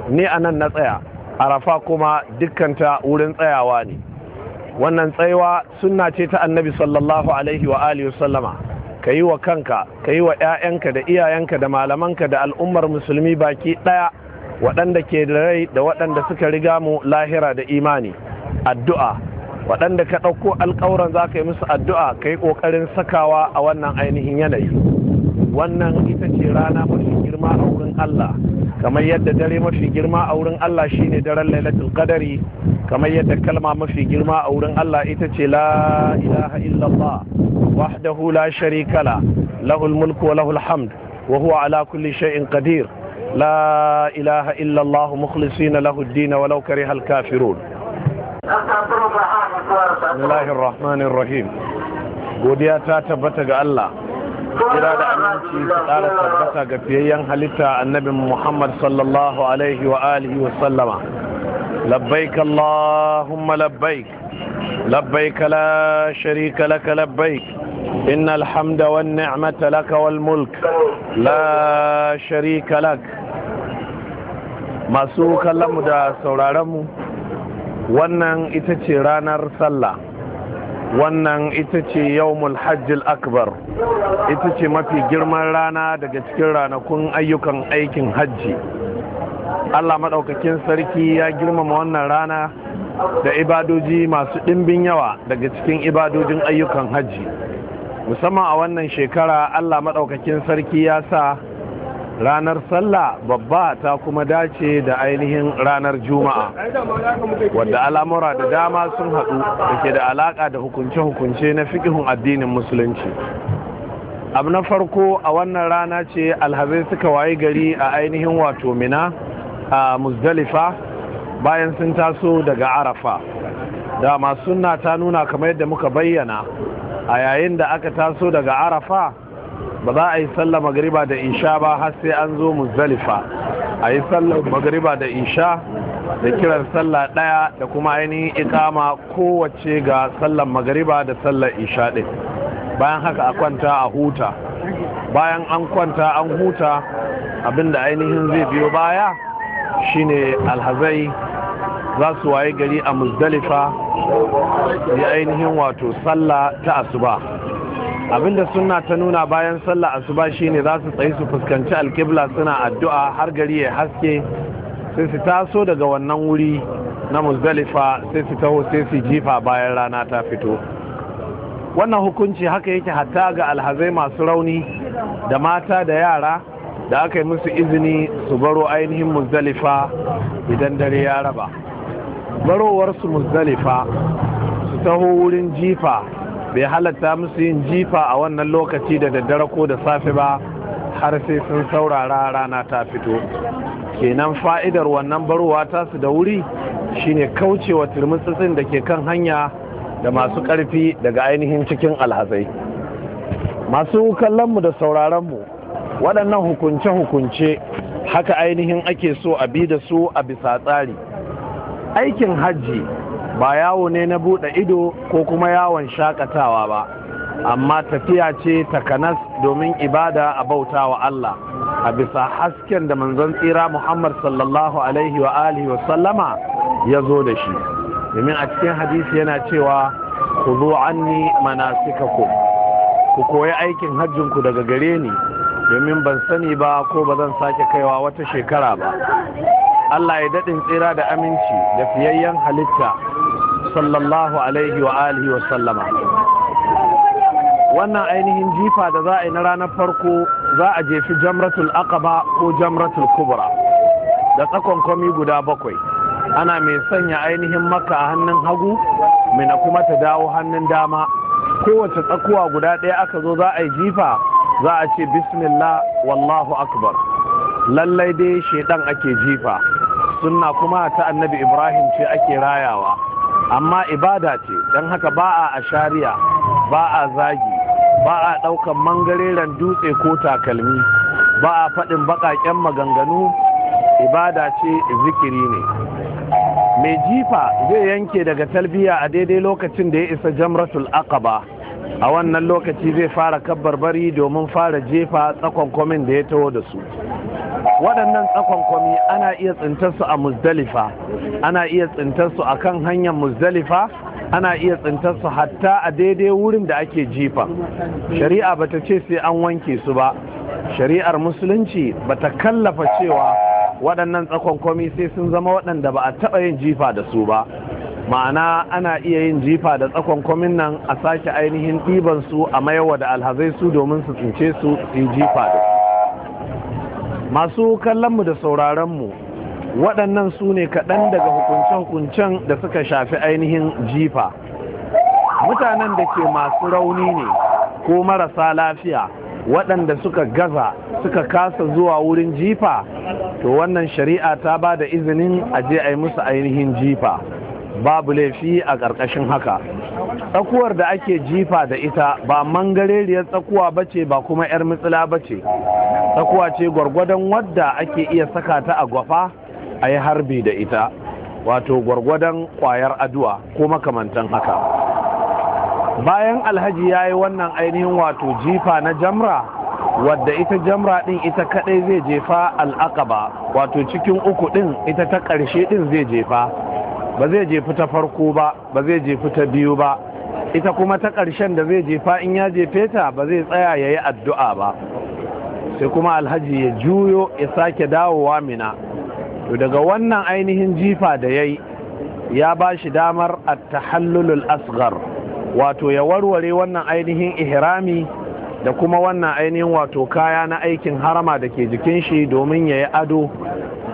ni a nan na tsaya arafa kuma dukkanta wurin tsayawa ne wannan tsayawa sunna ce ta annabi sallallahu alaihi wa alihi sallama ka yi wa kanka ka yi wa 'ya'yanka da iyayenka da malamanka da al'ummar musulmi baki ɗaya waɗanda ke da rai da waɗanda suka riga mu lahira da imani addu'a waɗanda ka ɗauko alkawuran za ka yi musu addu'a ka yi ƙoƙarin sakawa a wannan ainihin yanayi wannan ita ce rana mafi girma a wurin Allah kamar yadda dare mafi girma a wurin Allah shine daren lailatul qadari kamar yadda kalma mafi girma a wurin Allah ita ce la ilaha illallah wahdahu la sharika la lahul mulku wa lahul hamd wa huwa ala kulli shay'in qadir la ilaha illallah mukhlisina lahu ad-din walau karihal kafirun Bismillahir Rahmanir Rahim. Godiya ta tabbata ga Allah. Kira da aminci ta tsara tabbata ga fiyayyen halitta annabi Muhammad sallallahu alaihi wa alihi wa sallama. Labbaik Allahumma labbaik. Labbaik la sharika laka labbaik. إن الحمد والنعمة لك والملك لا شريك لك masu kallonmu da sauraronmu wannan ita ce ranar sallah wannan ita ce yawmul hajjil akbar ita ce mafi girman rana daga cikin ranakun ayyukan aikin hajji allah maɗaukakin sarki ya girmama wannan rana da ibadoji masu ɗimbin yawa daga cikin ibadojin ayyukan hajji musamman a wannan shekara allah maɗaukakin sarki ya sa ranar sallah babba ta kuma dace da ainihin ranar juma'a wadda al'amura da dama sun haɗu da ke da alaƙa da hukunce-hukunce na fikihun addinin musulunci abu na farko a wannan rana ce alhazai suka wayi gari a ainihin wato mina a muzdalifa bayan sun taso daga arafa dama sunna ta nuna kamar yadda muka bayyana a yayin da aka taso daga arafa ba za a yi sallar magariba da isha ba har sai an zo muzalifa a yi sallar magariba da isha da kiran sallah ɗaya da kuma ainihin ikama kowace ga sallar magariba da sallar isha ɗin bayan haka a kwanta a huta bayan an kwanta an huta abinda ainihin zai biyo baya shine alhazai za su waye gari a muzdalifa da ainihin wato sallah ta asuba abinda suna ta nuna bayan sallah asuba shine za su tsaye su fuskanci alkibla suna addu'a har gari ya haske sai su taso daga wannan wuri na muzdalifa sai su taho sai su jifa bayan rana ta fito wannan hukunci haka yake hatta ga alhazai masu rauni da mata da yara da aka yi musu izini su baro ainihin muzdalifa idan dare ya raba barowarsu muzdalifa su taho wurin jifa bai halatta musu yin jifa a wannan lokaci da daddare ko da safe ba har sai sun saurara rana ta fito kenan fa'idar wannan barowa su da wuri shine kaucewa turmutsutsin da ke kan hanya da masu ƙarfi daga ainihin cikin alhazai masu kallonmu da sauraronmu waɗannan hukunce-hukunce haka ainihin ake so a bi da su a bisa tsari aikin hajji ba yawo ne na buɗe ido ko kuma yawon shakatawa ba amma tafiya ce takanas domin ibada a bauta wa Allah a bisa hasken da manzon tsira Muhammad sallallahu alaihi wa alihi wa sallama ya zo da shi domin a cikin hadisi yana cewa ku zo anni manasikakum ku koyi aikin hajjinku daga gare ni domin ban sani ba ko ba zan sake kaiwa wata shekara ba Allah ya daɗin tsira da aminci da fiyayyen halitta sallallahu alaihi wa alihi wa sallama wannan ainihin jifa da za a yi na ranar farko za a jefi jamratul aqaba ko jamratul kubra da tsakon komi guda bakwai ana mai sanya ainihin maka a hannun hagu mai na kuma ta dawo hannun dama kowace tsakuwa guda ɗaya aka zo za a yi jifa za a ce bismillah wallahu akbar lallai dai shaidan ake jifa sunna kuma ta annabi ibrahim ce ake rayawa amma ibada ce don haka ba a ashariya ba a zagi ba a ɗaukan mangareren dutse ko takalmi ba a faɗin baƙaƙen maganganu ibada ce zikiri ne mai jifa zai yanke daga talbiya a daidai lokacin da ya isa jamratul aqaba a wannan lokaci zai fara kabbar bari domin fara jefa tsakon komin da ya taho da su waɗannan tsakonkwami ana iya tsintarsu a muzdalifa ana iya tsintarsu a kan hanyar muzdalifa ana iya tsintarsu hatta a daidai wurin da ake jifa shari'a bata ce sai an wanke su ba shari'ar musulunci bata kallafa cewa waɗannan tsakonkwami sai sun zama waɗanda ba a taɓa yin jifa da su ba ma'ana ana iya yin jifa da kwamin nan a sake ainihin ɗiban su a mayawa da alhazai su domin su tsince su in jifa da su masu kallonmu da sauraronmu waɗannan su ne kaɗan daga hukuncen-hukuncen da suka shafi ainihin jifa mutanen da ke masu rauni ne ko marasa lafiya waɗanda suka gaza suka kasa zuwa wurin jifa to wannan shari'a ta ba da izinin a je a yi musu ainihin jifa babu laifi a ƙarƙashin haka tsakuwar da ake jifa da ita ba mangareriyar tsakuwa ba ce ba kuma 'yar mitsila ba ce tsakuwa ce gwargwadon wadda ake iya saka ta a gwafa a yi harbi da ita wato gwargwadon kwayar aduwa ko makamantan haka bayan alhaji ya yi wannan ainihin wato jifa na jamra wadda ita jamra ɗin ita kaɗai zai jefa al'aqaba wato cikin uku ɗin ita ta ƙarshe ɗin zai jefa ba zai jefi ta farko ba ba zai jefi ta biyu ba ita kuma ta ƙarshen da zai jefa in ya jefe ta ba zai tsaya ya yi addu'a ba sai kuma alhaji ya juyo ya sake dawowa mina to daga wannan ainihin jifa da ya yi ya ba shi damar a asgar wato ya warware wannan ainihin ihrami da kuma wannan ainihin wato kaya na aikin harama da ke jikin shi domin ya yi ado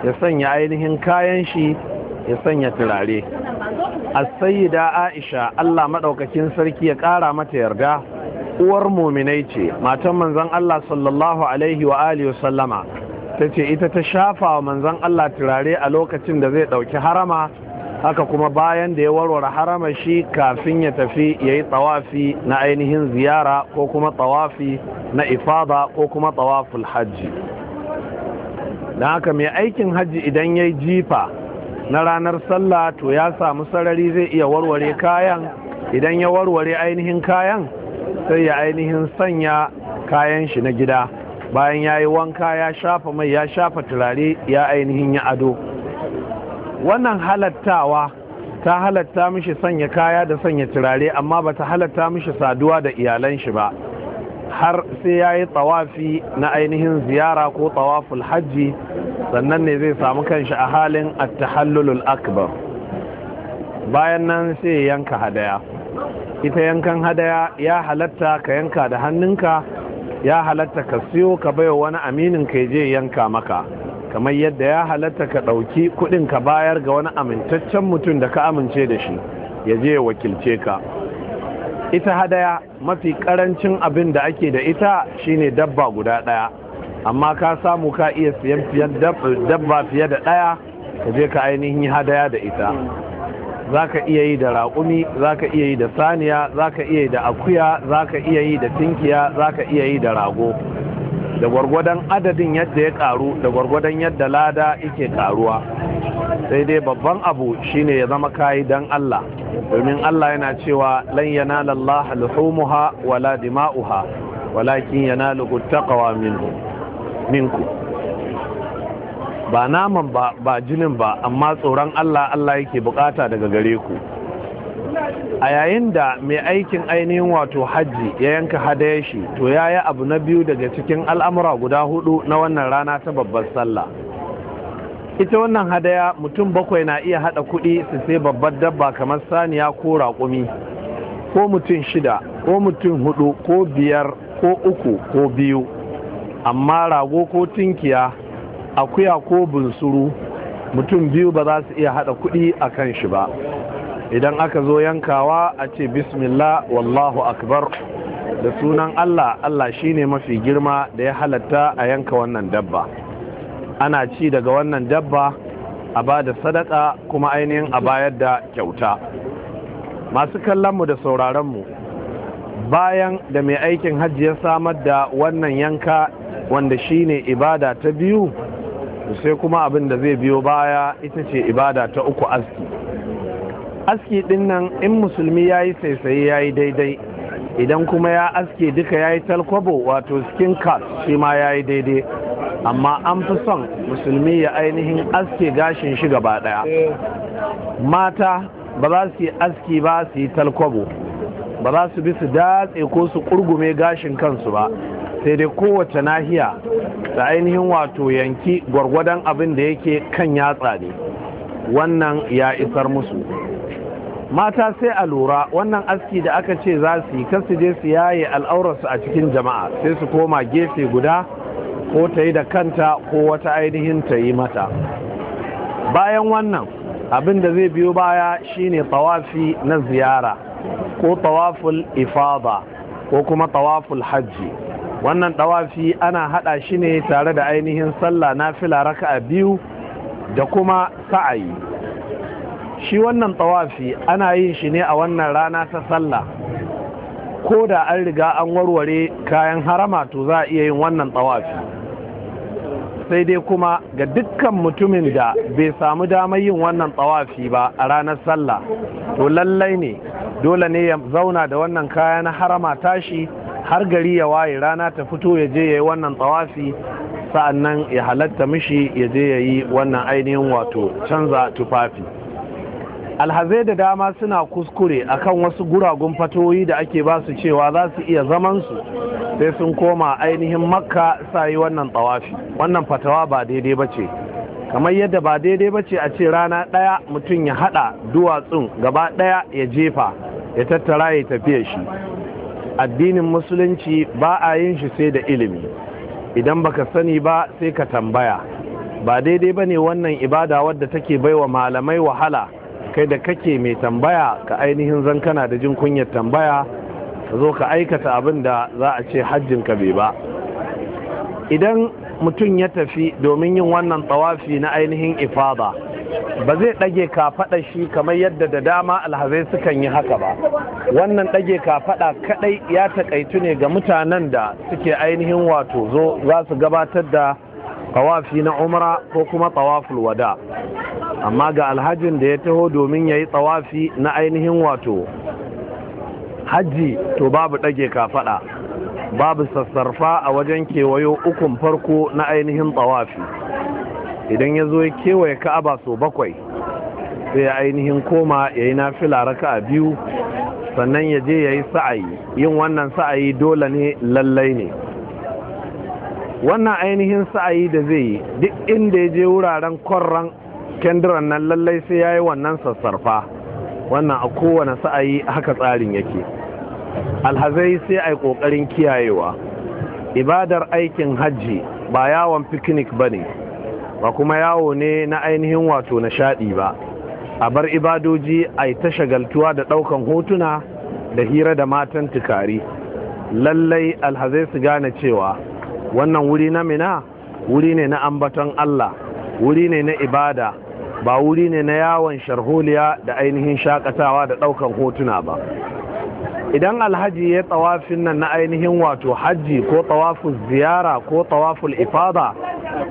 ya sanya ainihin kayan shi ya sanya turare A sayyida aisha Allah madaukakin sarki ya ƙara mata yarda uwar muminai ce matan manzan Allah sallallahu alaihi wa alihi sallama ta ce ita ta shafa wa manzan Allah turare a lokacin da zai ɗauki harama haka kuma bayan da ya warware harama shi kafin ya tafi ya yi tsawafi na ainihin ziyara ko kuma tsawafi na ifada ko kuma tsawaful hajji da haka mai aikin hajji idan ya yi jifa na ranar sallah to ya samu sarari zai iya warware kayan idan ya warware ainihin kayan sai ya ainihin sanya kayan shi na gida bayan ya yi wanka ya shafa mai ya shafa turare ya ainihin ya ado wannan halattawa ta halatta mishi sanya kaya da sanya turare amma bata halatta mishi saduwa da iyalan shi ba har sai ya yi tsawafi na ainihin ziyara ko tsawaful hajji sannan ne zai samu kan shi a halin attahallulul akbar bayan nan sai yanka hadaya ita yankan hadaya ya halatta ka yanka da hannunka ya halatta ka siyo ka baiwa wani aminin ka je yanka maka kamar yadda ya halatta ka ɗauki kuɗin ka bayar ga wani amintaccen mutum da ka amince da shi ya je wakilce ka ita hadaya mafi karancin abin da ake da ita shine dabba guda ɗaya amma ka samu ka iya siyan dabba fiye da ɗaya ka je ka ainihin yi hadaya da ita za ka iya yi da raƙumi za ka iya yi da saniya za ka iya yi da akuya za ka iya yi da tinkiya za ka iya yi da rago da gwargwadon adadin yadda ya karu da gwargwadon yadda lada yake karuwa sai dai babban abu shine ya zama kayi dan Allah domin Allah yana cewa lan yanala Allah wala dima'uha walakin yanaluhu taqwa minhu minku ba naman ba ba jinin ba amma tsoron Allah Allah yake bukata daga gare ku a yayin da mai aikin ainihin wato hajji ya yanka hadaya shi to ya yi abu na biyu daga cikin al'amura guda hudu na wannan rana ta babbar sallah ita wannan hadaya mutum bakwai na iya hada kuɗi su sai babbar dabba kamar saniya ko raƙumi ko mutum shida ko mutum hudu ko biyar ko uku ko biyu amma rago ko tinkiya akuya ko bunsuru mutum biyu ba za su iya hada kuɗi a kan shi ba idan aka zo yankawa a ce bismillah wallahu akbar da sunan Allah Allah shine mafi girma da ya halatta a yanka wannan dabba ana ci daga wannan dabba a ba da sadaka kuma ainihin a bayar da kyauta masu kallonmu da sauraronmu bayan da mai aikin hajji ya samar da wannan yanka wanda shine ibada ta biyu sai kuma abin da zai biyo baya ita ce ibada ta uku aski aski din nan in musulmi ya yi saisaye ya yi daidai idan kuma ya aske duka ya yi talkwabo wato skin cut shi ma ya yi daidai amma an fi son musulmi ya ainihin aske gashin shi gaba daya mata ba za su yi aski ba su yi talkwabo ba za su bi su datse ko su kurgume gashin kansu ba sai dai kowace nahiya da ainihin wato yanki gwargwadon abin da yake kan yatsa ne wannan ya isar musu mata sai a lura wannan aski da aka ce za su yi kasu je su yaye al'aurarsu a cikin jama'a sai su koma gefe guda ko ta yi da kanta ko wata ainihin ta yi mata bayan wannan abin da zai biyo baya shine tawafi na ziyara ko tawaful ifada ko kuma tawaful hajji wannan tawafi ana hada shi ne tare da ainihin sallah na fila a biyu da kuma sa'ayi shi wannan tsawafi ana yin shi ne a wannan rana ta sallah ko da an riga an warware kayan harama to za a iya yin wannan tsawafi sai dai kuma ga dukkan mutumin da bai samu damar yin wannan tsawafi ba a ranar sallah to lallai ne dole ne ya zauna da wannan kayan harama tashi har gari ya waye rana ta fito ya je ya yi wannan tsawafi sa'annan ya halatta mishi ya je ya yi wannan ainihin wato canza tufafi alhazai da dama suna kuskure akan wasu guragun fatoyi da ake ba su cewa za su iya zamansu sai sun koma ainihin makka sa yi wannan tsawafi wannan fatawa ba daidai ba ce kamar yadda ba daidai ba ce a ce rana ɗaya mutum ya haɗa duwatsun gaba ɗaya ya jefa ya tattara ya tafiya shi addinin musulunci ba a yin shi sai da ilimi idan baka sani ba sai ka tambaya ba daidai ba ne wannan ibada wadda take baiwa malamai wahala kai da kake mai tambaya ka ainihin zan kana da jin kunyar tambaya ka zo ka aikata abin da za a ce hajjin ka bai ba idan mutum ya tafi domin yin wannan tsawafi na ainihin ifada ba zai ɗage kafaɗa shi kamar yadda da dama alhazai sukan yi haka ba wannan ɗage kafaɗa kaɗai ya taƙaitu ne ga mutanen da suke ainihin wato zo za su gabatar da tsawafi na umra ko kuma tsawaful wada amma ga alhajin da ya taho domin ya yi tsawafi na ainihin wato hajji to babu ɗage kafaɗa babu sassarfa a wajen kewayo ukun farko na ainihin tsawafi idan ya zo ya kewaye ka'aba so bakwai sai ya ainihin koma ya yi na nafila a biyu sannan ya je ya yi sa'ayi yin wannan sa'ayi dole ne lallai ne wannan ainihin sa'ayi da zai yi duk inda ya je wuraren kwarren kendiran nan lallai sai ya yi wannan sassarfa wannan a kowane sa'ayi haka tsarin yake alhazai sai a yi ƙoƙarin kiyayewa ibadar aikin hajji ba yawon picnic ba ne ba kuma yawo ne na ainihin wato nishaɗi ba a bar ibadoji a yi ta shagaltuwa da ɗaukan hotuna da hira da matan tukari lallai alhazai su gane cewa wannan wuri na mina wuri ne na ambaton allah wuri ne na ibada ba wuri ne na yawon sharholiya da ainihin shakatawa da ɗaukan hotuna ba idan alhaji ya tsawafin nan na ainihin wato hajji ko tawafin ziyara ko tawafin ifada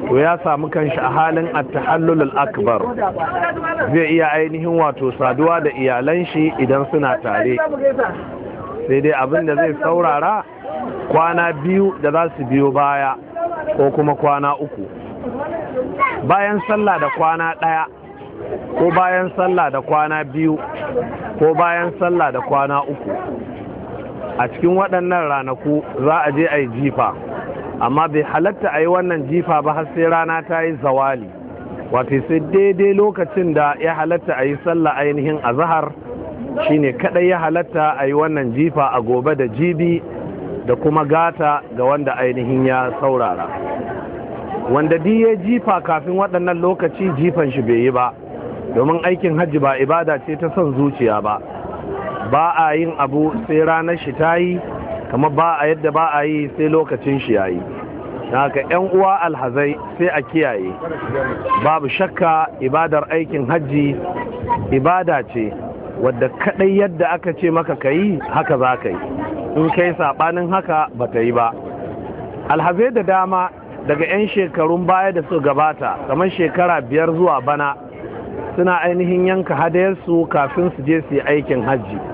to ya samu kanshi a halin attahallulul akbar zai iya ainihin wato saduwa da iyalan shi idan suna tare sai dai abin da zai saurara kwana biyu da za su biyo baya ko kuma kwana uku bayan sallah da kwana ɗaya ko bayan sallah da kwana biyu ko bayan sallah da kwana uku a cikin waɗannan ranaku za a je a yi jifa amma bai halatta a yi wannan jifa ba har sai rana ta yi zawali wato sai daidai lokacin da ya halatta a yi sallah ainihin azahar shine kadai ya halatta a yi wannan jifa a gobe da jibi da kuma gata ga wanda ainihin ya saurara wanda di ya jifa kafin waɗannan lokaci jifan shi bai yi ba domin aikin hajji ba ibada ce ta son zuciya ba ba a yin abu sai ranar shi ta yi kamar ba a yadda ba a yi sai lokacin shi ya yi haka yan uwa alhazai sai a kiyaye babu shakka ibadar aikin hajji ibada ce wadda kadai yadda aka ce maka ka yi haka za ka yi in kai saɓanin haka ba ta yi ba alhazai da dama daga 'yan shekarun baya da su gabata kamar shekara biyar zuwa bana suna ainihin yanka hadayarsu kafin su je su yi aikin hajji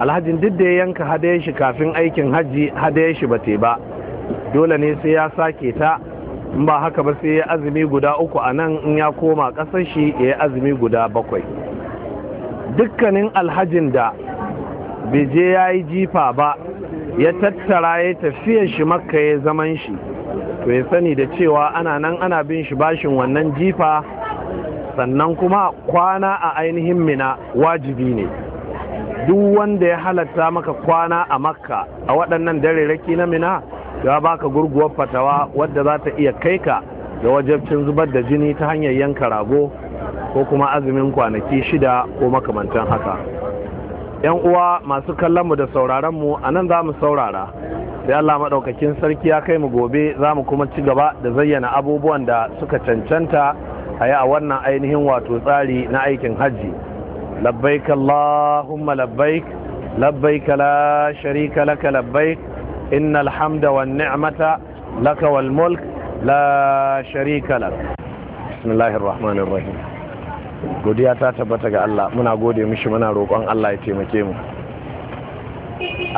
alhajin duk da ya yanka hadayen shi kafin aikin hajji hadayen shi ba te ba dole ne sai ya sake ta in ba haka ba sai ya azumi guda uku a nan in ya koma ƙasar shi ya azumi guda bakwai dukkanin alhajin da bai je ya yi jifa ba ya tattara ya tafiya shi makka ya zaman shi to ya sani da cewa ana nan ana bin shi bashin wannan jifa sannan kuma kwana a ainihin mina wajibi ne duk wanda ya halatta maka kwana a makka a waɗannan raki na mina ya baka gurguwar fatawa wadda za ta iya kai ka ga wajabcin zubar da jini ta hanyar yanka rago ko kuma azumin kwanaki shida ko makamantan haka yan uwa masu kallon mu da sauraron mu a nan za mu saurara sai Allah maɗaukakin sarki ya kai mu gobe za mu kuma ci gaba da zayyana abubuwan da suka cancanta a yi a wannan ainihin wato tsari na aikin hajji لبيك اللهم لبيك لبيك لا شريك لك لبيك إن الحمد والنعمة لك والملك لا شريك لك بسم الله الرحمن الرحيم godiya ta tabbata ga Allah muna gode mishi muna roƙon Allah ya taimake mu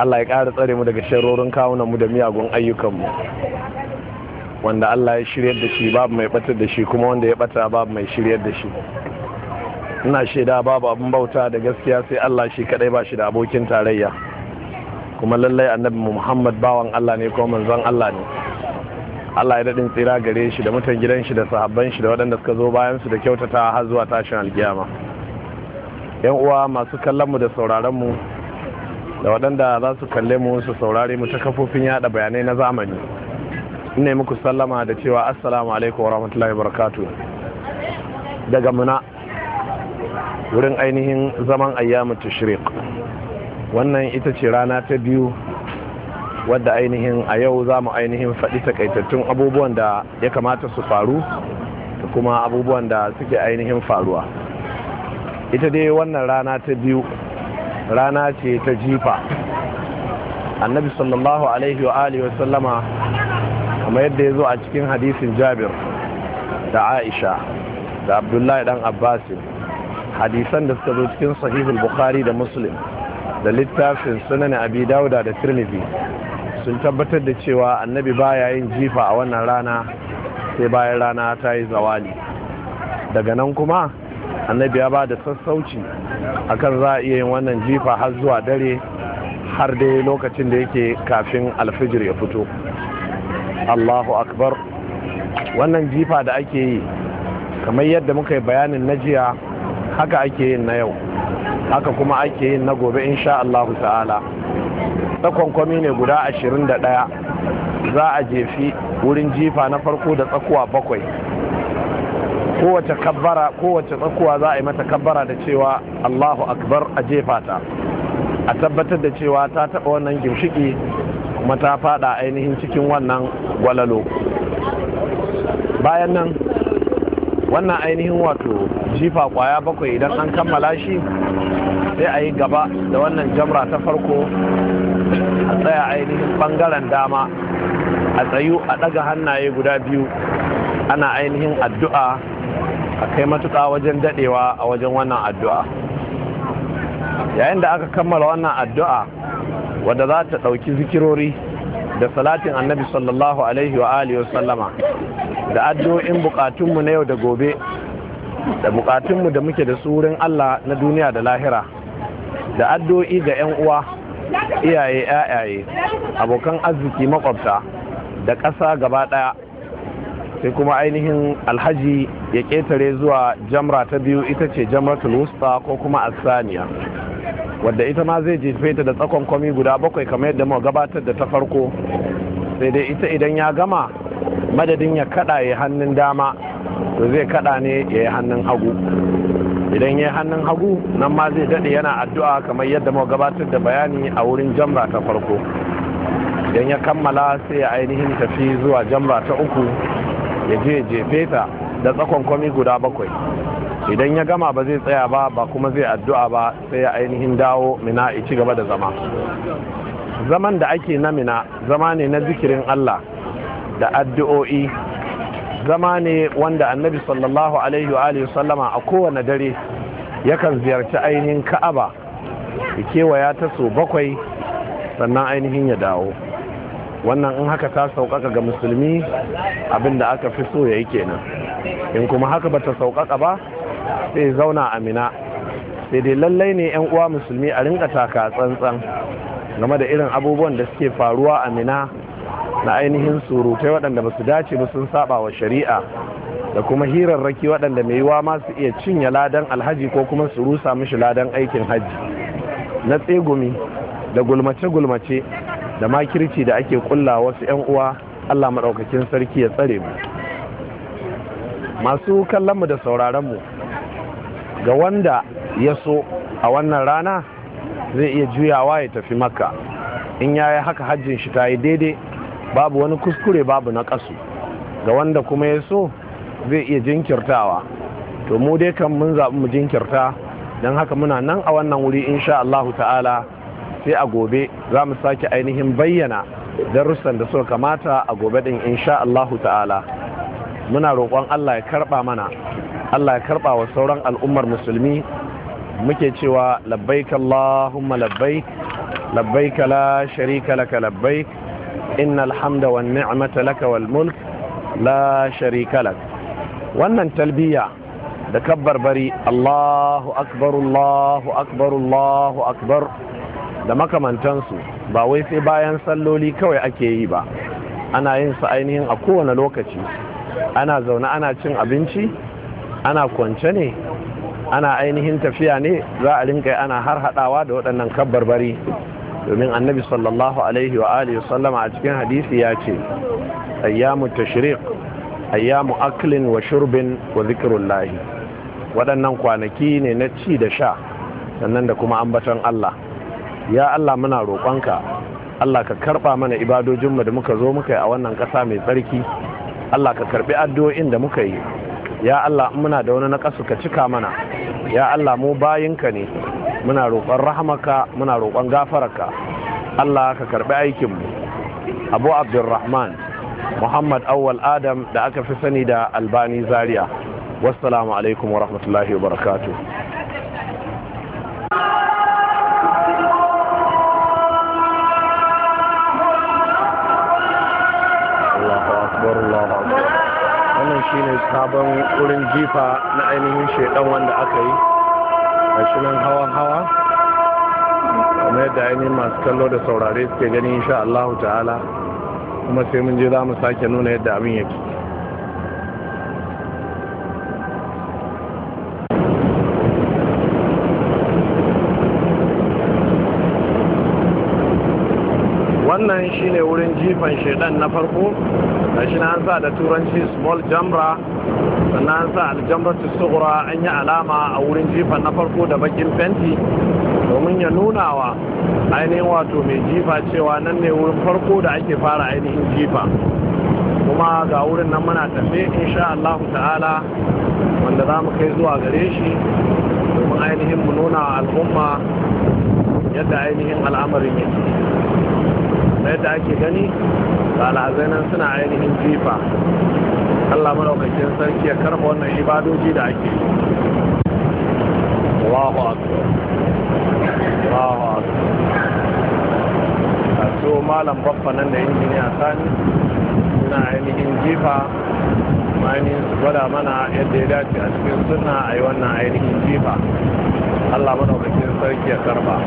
Allah ya ƙara tsare mu daga sharorin kawunan mu da miyagun mu wanda Allah ya shiryar da shi babu mai batar da shi kuma wanda ya bata babu mai shiryar da shi ina shaida babu abin bauta da gaskiya sai Allah shi kadai ba shi da abokin tarayya kuma lallai annabi Muhammad bawan Allah ne ko manzon Allah ne Allah ya daɗin tsira gare shi da mutan gidan shi da sahabban shi da waɗanda suka zo bayan su da kyautata har zuwa tashin alkiyama yan uwa masu kallon mu da sauraron mu da waɗanda za su kalle mu su saurare mu ta kafofin yada bayanai na zamani ne muku sallama da cewa assalamu alaikum warahmatullahi wabarakatuh daga muna wurin ainihin zaman ayyamu tashriq wannan ita ce rana ta biyu wadda ainihin a yau za mu ainihin faɗi takaitattun abubuwan da ya kamata su faru da kuma abubuwan da suke ainihin faruwa ita dai wannan rana ta biyu rana ce ta jifa annabi sallallahu alaihi wa alihi wasallama kamar yadda ya zo a cikin hadisin jabir da aisha da abdullahi dan abbasin hadisan da suka zo cikin sahihul bukhari da muslim da littafin sunan abi dauda da tirmidhi sun tabbatar da cewa annabi baya yin jifa a wannan rana sai bayan rana ta yi zawali daga nan kuma annabi ya ba da sassauci akan za a iya yin wannan jifa har zuwa dare har dai lokacin da yake kafin alfijir ya fito allahu akbar wannan jifa da ake yi kamar yadda muka yi bayanin na jiya haka ake yin na yau haka kuma ake yin na gobe insha Allah ta'ala kwankwami ne guda ashirin da ɗaya za a jefi wurin jifa na farko da tsakuwa bakwai kowace kabbara kowace tsakuwa za a yi mata kabbara da cewa Allahu akbar a jefa ta a tabbatar da cewa ta taɓa wannan gimshiki kuma ta fada ainihin cikin wannan gwalalo bayan nan wannan ainihin wato jifa kwaya bakwai idan an kammala shi sai a yi gaba da wannan jamra ta farko a tsaya ainihin bangaren dama a tsayu a ɗaga hannaye guda biyu ana ainihin addu'a a kai matuƙa wajen daɗewa a wajen wannan addu'a yayin da aka kammala wannan addu'a wadda za ta ɗauki zikirori da salatin annabi sallallahu alaihi wa alihi wa da addu'o'in bukatunmu na yau da gobe da bukatunmu da muke da su wurin Allah na duniya da lahira da addu'o'i ga 'yan uwa iyaye yayaye abokan arziki makwabta da ƙasa gaba ɗaya sai kuma ainihin alhaji ya ƙetare zuwa jamra ta biyu ita ce jamratul wusta ko kuma asaniya wadda ita ma zai jefe ta da tsakon kwami guda bakwai kamar yadda mu gabatar da ta farko sai dai ita idan ya gama madadin ya kada ya hannun dama to zai kada ne ya yi hannun hagu idan ya yi hannun hagu nan ma zai daɗe yana addu'a kamar yadda mu gabatar da bayani a wurin jamra ta farko idan ya kammala sai ya ainihin tafi zuwa jamra ta uku ya je jefe ta da tsakon kwami guda bakwai idan ya gama ba zai tsaya ba ba kuma zai addu'a ba sai ya ainihin dawo mina ci gaba da zama zaman da ake na mina zama ne na zikirin allah da addu'o'i zama ne wanda annabi sallallahu alaihi wa sallama a kowane dare yakan ziyarci ainihin ka'aba ya kewaya ta so bakwai sannan ainihin ya dawo wannan in haka ta sauƙaƙa ga musulmi abin da aka fi so ya yi kenan in kuma haka ba ta sauƙaƙa ba sai zauna amina sai dai lallai ne 'yan uwa musulmi a rinka taka tsantsan game da irin abubuwan da suke faruwa amina na ainihin surutai waɗanda ba su dace ba sun saba wa shari'a da kuma hirarraki waɗanda mai yiwa ma su iya cinye ladan alhaji ko kuma su rusa mishi ladan aikin hajji na tsegumi da gulmace-gulmace da makirci da ake kulla wasu 'yan uwa allah maɗaukakin sarki ya tsare mu masu kallonmu da sauraronmu ga wanda ya so a wannan rana zai iya juyawa ya tafi makka in ya yi haka hajjin shi ta yi daidai babu wani kuskure babu na kasu ga wanda kuma ya so zai iya jinkirtawa to mu dai kan mun zaɓi mu jinkirta don haka muna nan a wannan wuri insha Allah ta'ala sai a gobe za mu sake ainihin bayyana darussan da suka kamata a gobe din insha Allah ta'ala muna roƙon Allah ya karɓa mana Allah ya karɓa wa sauran al'ummar musulmi muke cewa labbaik Allahumma labbaik labbaik la sharika laka labbaik إن الحمد والنعمة لك والملك لا شريك لك wannan talbiya da kabbar bari Allahu akbar Allahu akbar Allahu akbar da makamantansu ba wai sai bayan salloli kawai ake yi ba ana yin su ainihin a kowane lokaci ana zaune ana cin abinci ana kwance ne ana ainihin tafiya ne za a rinka ana har hadawa da waɗannan kabbar bari domin annabi sallallahu alaihi wa alihi sallama a cikin hadisi ya ce ayyamu tashriq ayyamu aklin wa shurbin wa zikrullahi waɗannan kwanaki ne na ci da sha sannan da kuma ambaton Allah ya Allah muna roƙonka Allah ka karɓa mana ibadojinmu da muka zo muka yi a wannan ƙasa mai tsarki Allah ka karɓi addu'o'in da muka yi ya Allah muna da wani na ka cika mana ya Allah mu bayinka ne muna roƙon rahamaka muna roƙon gafararka Allah ka karɓi aikinmu abu abdulrahman muhammad awwal adam da aka fi sani da albani zaria wassalamu alaikum wa rahmatullahi wa barakatu. wannan shine sabon wurin jifa na ainihin shaidan wanda aka yi a nan hawa-hawa kamar yadda ainihin masu kallo da saurare suke gani insha Allahu ta'ala kuma sai mun je za mu sake nuna yadda abin yake wannan shine wurin jifan shaidan na farko shi na an sa da turanci small jamra sannan an sa aljamratu sughra an yi alama a wurin jifa na farko da bakin fenti domin ya nuna wa ainihin wato mai jifa cewa nan ne wurin farko da ake fara ainihin jifa kuma ga wurin nan muna tafe insha Allah ta'ala wanda za mu kai zuwa gare shi domin ainihin mu nuna al'umma yadda ainihin al'amarin yake yadda ake gani ga alhazai suna ainihin jifa Allah madaukakin sarki ya karba wannan ibadoji da ake yi Allahu akbar Allahu akbar so malam baffa nan da injiniya sani na ainihin jifa mani su gwada mana yadda ya dace a cikin suna a yi wannan ainihin jifa Allah madaukakin sarki ya karba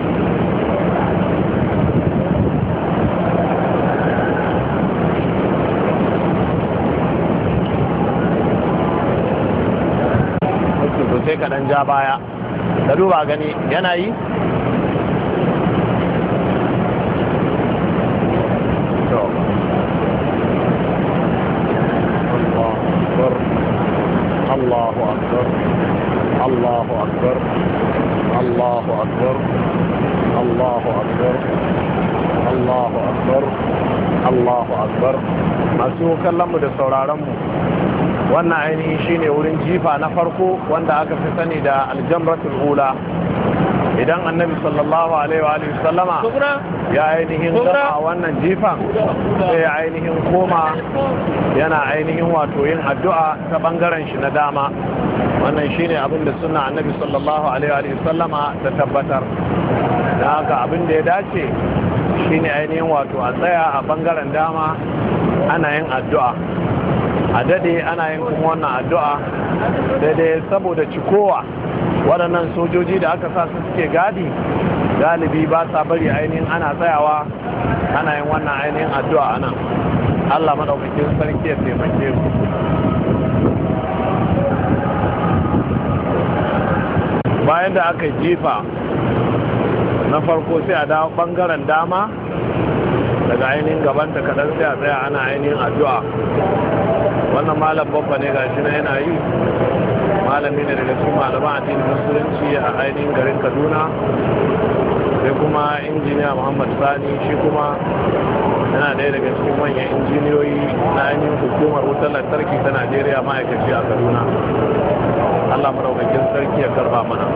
Kaɗan ja baya da duba gani yana yi masu kallonmu da sauraronmu wannan ainihin shine wurin jifa na farko wanda aka fi sani da aljamratul ula idan annabi sallallahu alaihi wa sallama ya ainihin zama wannan jifan sai ainihin koma yana ainihin wato yin addu'a ta bangaren shi na dama wannan shine abin da suna annabi sallallahu alaihi wa sallama ta tabbatar da haka abin da ya dace shine ainihin wato a tsaya a bangaren dama ana yin addu'a a dade ana yin kuma wannan addu'a daidai saboda cikowa waɗannan sojoji da aka sa su suke gadi galibi ba sa bari ainihin ana tsayawa ana yin wannan ainihin addu'a ana allah maɗaukakin sarki ya taimake mu bayan da aka jefa na farko sai a dawo ɓangaren dama daga ainihin gabanta kadan sai a tsaya ana ainihin addu'a wannan malam babba ne gashi na yana yi malami ne daga cikin malaman addinin musulunci a ainihin garin kaduna sai kuma injiniya muhammad sani shi kuma yana ɗaya daga cikin manyan injiniyoyi na ainihin hukumar wutar lantarki ta najeriya ma'aikaci a kaduna allah maraukakin sarki ya karba mana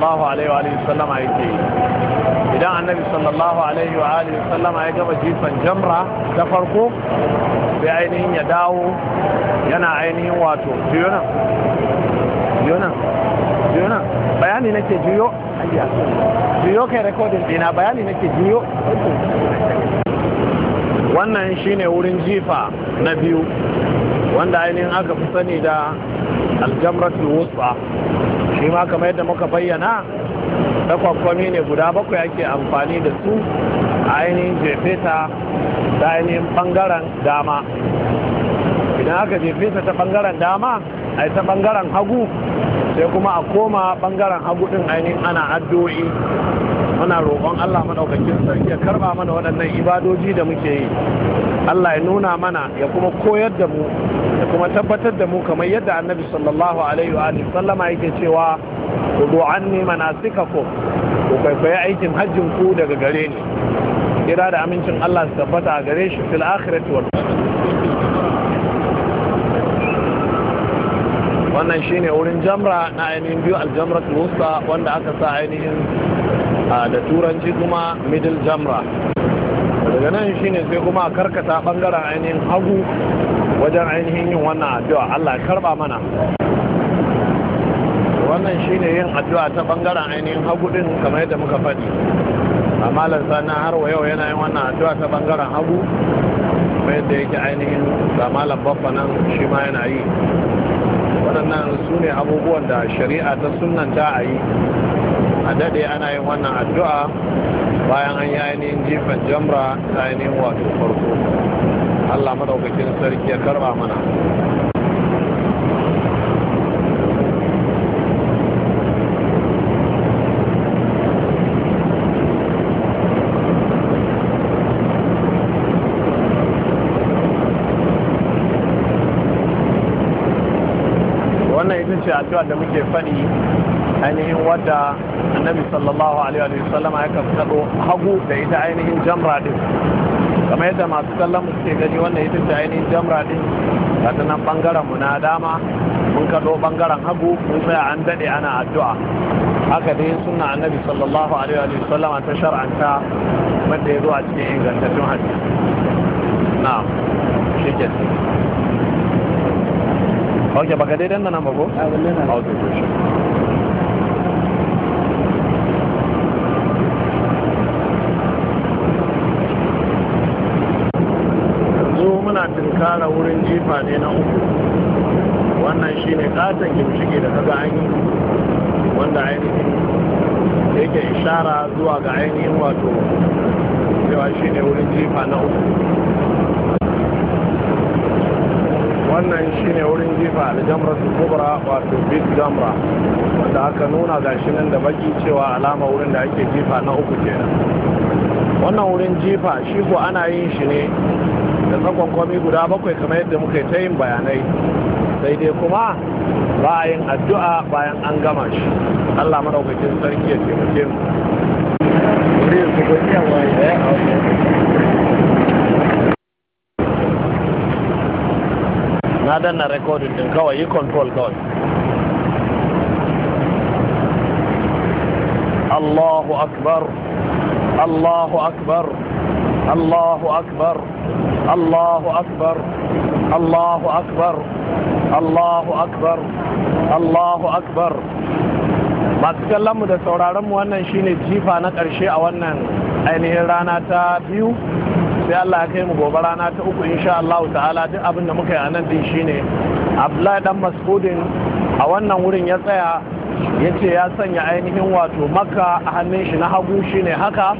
sallallahu alaihi wa sallama yake idan annabi sallallahu alaihi wa sallama ya gaba jifan jamra ta farko sai ainihin ya dawo yana ainihin wato juyo nan juyo nan juyo nan bayani nake juyo juyo kai rekodin dina bayani nake juyo wannan shine wurin jifa na biyu wanda ainihin aka fi sani da aljamratul wusa shi ma kamar yadda muka bayyana takwakwami ne guda bakwai ake amfani da su a ainihin jefe ta ainihin bangaren dama idan aka jefesa ta bangaren dama a ta bangaren hagu sai kuma a koma bangaren hagu din ainihin ana addu'o'i muna roƙon Allah maɗaukakin sarki ya karba mana waɗannan ibadoji da muke yi Allah ya nuna mana ya kuma koyar da mu da kuma tabbatar da mu kamar yadda annabi sallallahu alaihi wa sallama yake cewa ku ni manasikakum ku kwaikwayi aikin hajjin ku daga gare ni kira da amincin Allah su tabbata a gare shi fil akhirati wal wannan shine wurin jamra na ainihin biyu aljamra musa wanda aka sa ainihin da turanci kuma middle jamra daga nan shine sai kuma karkata bangaren ainihin hagu wajen ainihin yin wannan addu'a Allah ya karba mana wannan shine yin addu'a ta bangaren ainihin hagu din kamar yadda muka faɗi amma lansana har wa yau yana yin wannan addu'a ta bangaren hagu kamar yadda yake ainihin samalan baffa nan shi ma yana yi waɗannan su ne abubuwan da shari'a ta sunanta a yi a daɗe ana yin wannan addu'a bayan an yi ainihin jifan jamra ta ainihin wato farko Allah madaukakin sarki ya karba mana wannan ita ce addu'a da muke fani ainihin wadda annabi sallallahu alaihi wa sallam ya kafa hagu da ita ainihin jamra din kamar yadda masu kallon mu suke gani wannan ita ce ainihin jamra din gata nan bangaren mu na dama mun kaɗo bangaren hagu mun tsaya an daɗe ana addu'a haka dai suna annabi sallallahu alaihi wa sallam ta shar'anta wanda ya zo a cikin ingantattun hajji na'am shi Ok, baka daidan nan ba ko? A, lalle na. A, kara wurin jifa ne na uku wannan shi ne katon gimshige da kaga an yi wanda ainihin yake ishara zuwa ga ainihin wato cewa shi ne wurin jifa na uku wannan shi ne wurin jifa da jamra kubra wato big jamra wanda aka nuna ga shi nan da baki cewa alama wurin da ake jifa na uku kenan wannan wurin jifa shi ko ana yin shi ne da tsakon guda bakwai kamar yadda muka ta yin bayanai sai dai kuma ba addu'a bayan an gama shi allah maɗaukakin sarki ya taimake mu na danna rekodin din kawai yi control kawai allahu akbar allahu akbar allahu akbar الله أكبر الله أكبر الله أكبر الله أكبر masu kallonmu da sauraronmu wannan shine jifa na ƙarshe a wannan ainihin rana ta biyu sai Allah ya kai mu gobe rana ta uku insha Allah ta'ala duk abin da muka yi a nan din shine Abdullahi dan Mas'udin a wannan wurin ya tsaya ya ce ya sanya ainihin wato makka a hannun shi na hagu shine haka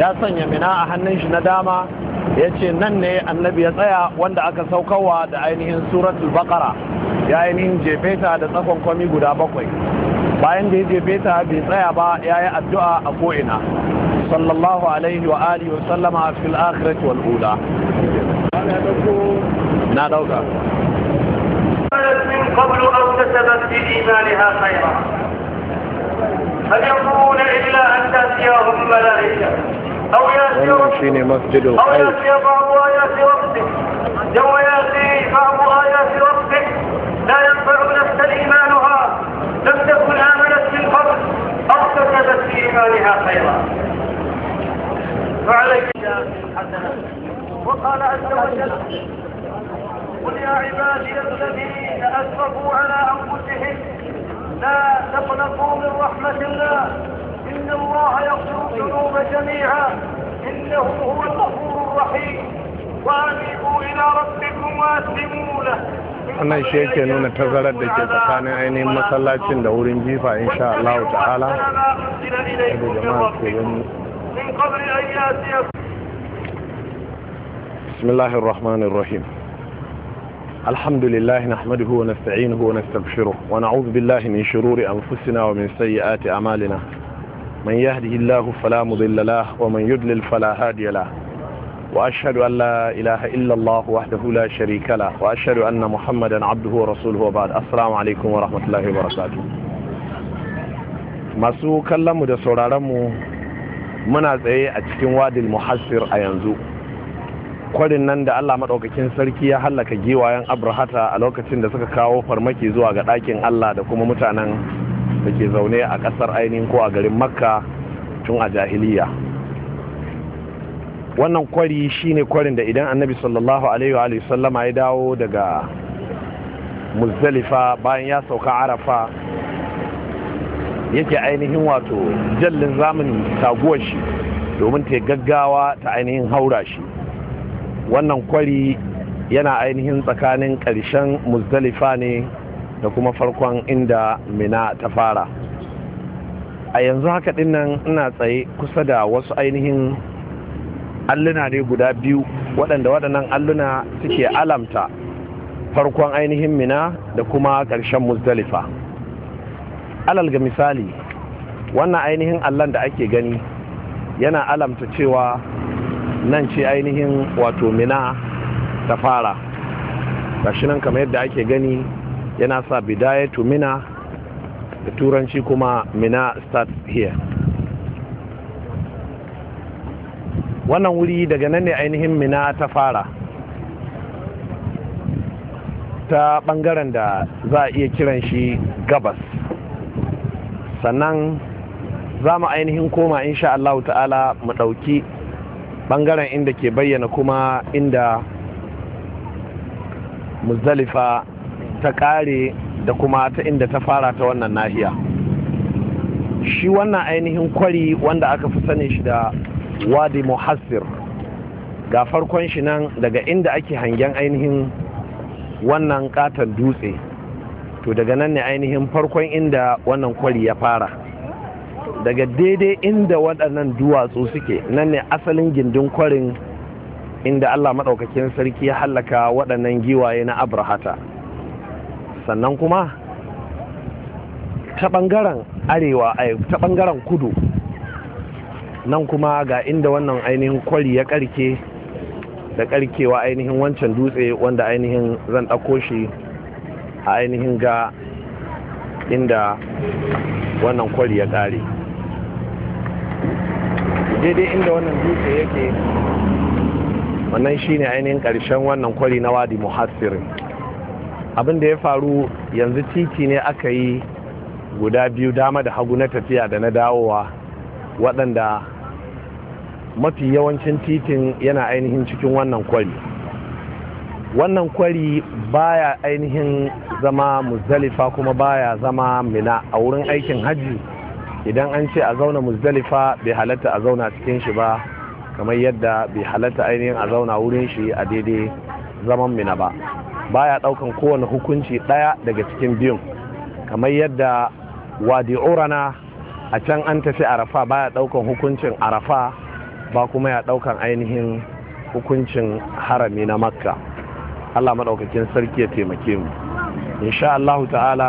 ya sanya mina a hannun shi na dama yace nan ne annabi ya tsaya wanda aka saukawa da ainihin suratul baqara ya ainihin jefe ta da tsakon kwami guda bakwai bayan da ya jefe ta bai tsaya ba ya yi addu'a a ko'ina sallallahu alaihi wa alihi wa sallama fil akhirati wal ula na dauka هل ينظرون إلا أن تأتيهم ملائكة ومن مسجد الخير أو يأتي بعض آيات ربك أو يأتي بعض آيات ربك لا ينفع نفسا إيمانها لم تكن آمنت من قبل أو كتبت في إيمانها خيرا فعليك حسنة وقال عز وجل قل يا عبادي الذين أسرفوا على أنفسهم لا تقنطوا من رحمة الله إن الله يغفر الذنوب جميعا إنه هو الغفور الرحيم وأنيبوا إلى ربكم وأسلموا له wannan shi yake nuna tazarar da ke tsakanin ainihin masallacin da wurin jifa insha Allah ta'ala da jama'a ke gani bismillahir rahmanir rahim الحمد لله نحمده ونستعينه ونستبشره ونعوذ بالله من شرور أنفسنا ومن سيئات أعمالنا من يهده الله فلا مضل له ومن يضلل فلا هادي له واشهد ان لا اله الا الله وحده لا شريك له واشهد ان محمدا عبده ورسوله وبعد السلام عليكم ورحمه الله وبركاته masu kallon mu da sauraron mu muna tsaye a cikin wadil muhassir a yanzu kwarin nan da Allah maɗaukakin sarki ya hallaka giwayen abrahata a lokacin da suka kawo farmaki zuwa ga ɗakin Allah da kuma mutanen da ke zaune a ƙasar ainihin ko a garin makka tun a jahiliya wannan kwari shine kwarin da idan annabi sallallahu alaihi wa sallama ya dawo daga muzdalifa bayan ya sauka arafa yake ainihin wato jallin zamanin taguwar shi domin ta gaggawa ta ainihin haura shi wannan kwari yana ainihin tsakanin ƙarshen muzdalifa ne da kuma farkon inda mina ta fara a yanzu haka dinnan ina tsaye kusa da wasu ainihin alluna ne guda biyu waɗanda waɗannan alluna suke alamta farkon ainihin mina da kuma ƙarshen musdalifa alal ga misali wannan ainihin allon da ake gani yana alamta cewa nan ce ainihin wato mina ta fara gashi nan kamar yadda ake gani yana sa bidaya to mina da turanci kuma mina start here wannan wuri daga nan ne ainihin mina ta fara ta bangaren da za a iya kiran shi gabas sannan za mu ainihin koma insha Allah ta'ala mu ɗauki bangaren inda ke bayyana kuma inda muzdalifa ta kare da kuma ta inda ta fara ta wannan nahiya shi wannan ainihin kwari wanda aka fi sani shi da wadi muhassir ga farkon shi nan daga inda ake hangen ainihin wannan katon dutse to daga nan ne ainihin farkon inda wannan kwari ya fara daga daidai inda waɗannan duwatsu suke nan ne asalin gindin kwarin inda allah maɗaukakin sarki ya hallaka waɗannan giwaye na abrahata sannan kuma ta bangaren arewa eh, ta bangaren kudu nan kuma ga inda wannan ainihin kwari ya karke da karkewa ainihin wancan dutse wanda ainihin zan ɗauko shi a ainihin ga inda wannan kwari ya ƙare daidai inda wannan dutse yake wannan shine ainihin ƙarshen wannan kwari na wadi muhassirin abin da ya faru yanzu titi ne aka yi guda biyu dama da hagu na tafiya da na dawowa waɗanda mafi yawancin titin yana ainihin cikin wannan kwari wannan kwari baya ainihin zama muzalifa kuma baya zama mina a wurin aikin hajji idan an ce a zauna muzdalifa bai halatta a zauna cikin shi ba kamar yadda bai halatta ainihin a zauna wurin shi a daidai zaman mina ba baya daukan kowane hukunci daya daga cikin biyun kamar yadda wadi urana a can an tafi arafa baya daukan hukuncin arafa ba kuma ya daukan ainihin hukuncin harami na makka allah maɗaukakin sarki ya taimake mu insha allah ta'ala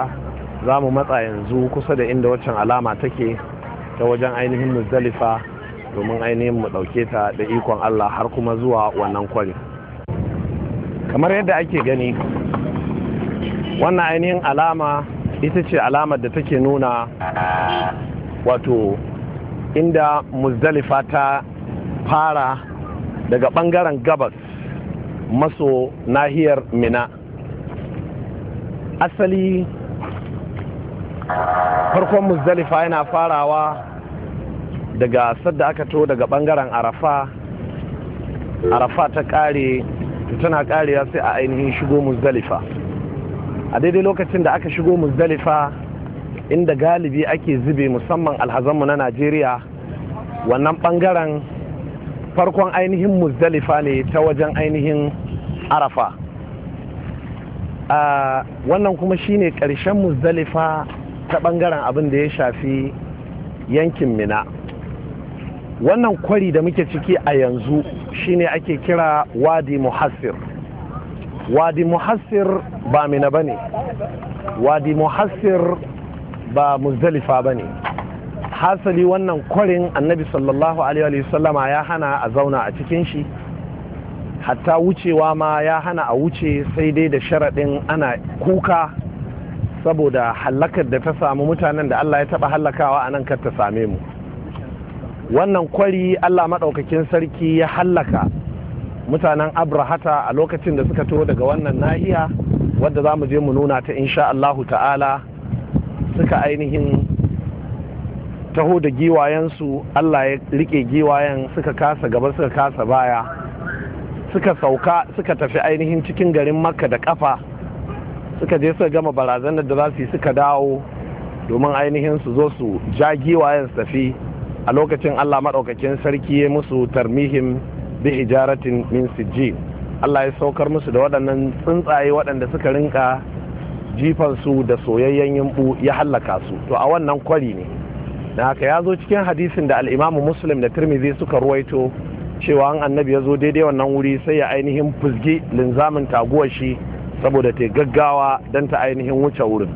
za mu matsa yanzu kusa da inda waccan alama take ta wajen ainihin muzdalifa domin ainihin mu ɗauke ta da ikon allah har kuma zuwa wannan kwarin kamar yadda ake gani wannan ainihin alama ita ce alamar da take nuna wato inda muzdalifa ta fara daga bangaren gabas maso nahiyar mina asali farkon muzdalifa yana farawa daga sadda aka to daga bangaren arafa arafa ta kare to tana karewa sai a ainihin shigo muzdalifa a daidai lokacin da aka shigo muzdalifa inda galibi ake zube musamman alhazanmu na najeriya wannan bangaren farkon ainihin muzdalifa ne ta wajen ainihin arafa wannan kuma shine karshen muzdalifa ta bangaren abin da ya shafi yankin mina wannan kwari da muke ciki a yanzu shine ake kira wadi muhassir wadi muhassir ba mina ba ne wadi muhassir ba muzdalifa ba ne hasali wannan kwarin annabi sallallahu alaihi sallama ya hana a zauna a cikin shi hatta wucewa ma ya hana a wuce sai dai da sharaɗin ana kuka saboda hallakar da ta samu mutanen da allah ya taɓa hallakawa a nan kar ta same mu wannan kwari allah maɗaukakin sarki ya hallaka mutanen abrahata a lokacin da suka taho daga wannan nahiya wadda za mu je mu nuna ta insha allahu ta'ala suka ainihin taho da giwayensu allah ya rike giwayen suka kasa gaba suka kasa baya suka sauka suka tafi ainihin cikin garin makka da kafa suka je suka gama barazanar da za su yi suka dawo domin ainihin su zo su ja giwayen su tafi a lokacin Allah maɗaukakin sarki ya musu tarmihim bi hijaratin min sijji Allah ya saukar musu da waɗannan tsuntsaye waɗanda suka rinka jifansu da soyayyen yimbu ya hallaka su to a wannan kwari ne na haka ya zo cikin hadisin da al'imamu muslim da tirmidhi suka ruwaito cewa an annabi ya zo daidai wannan wuri sai ya ainihin fuzgi linzamin taguwar shi saboda ta gaggawa don ta ainihin wuce wurin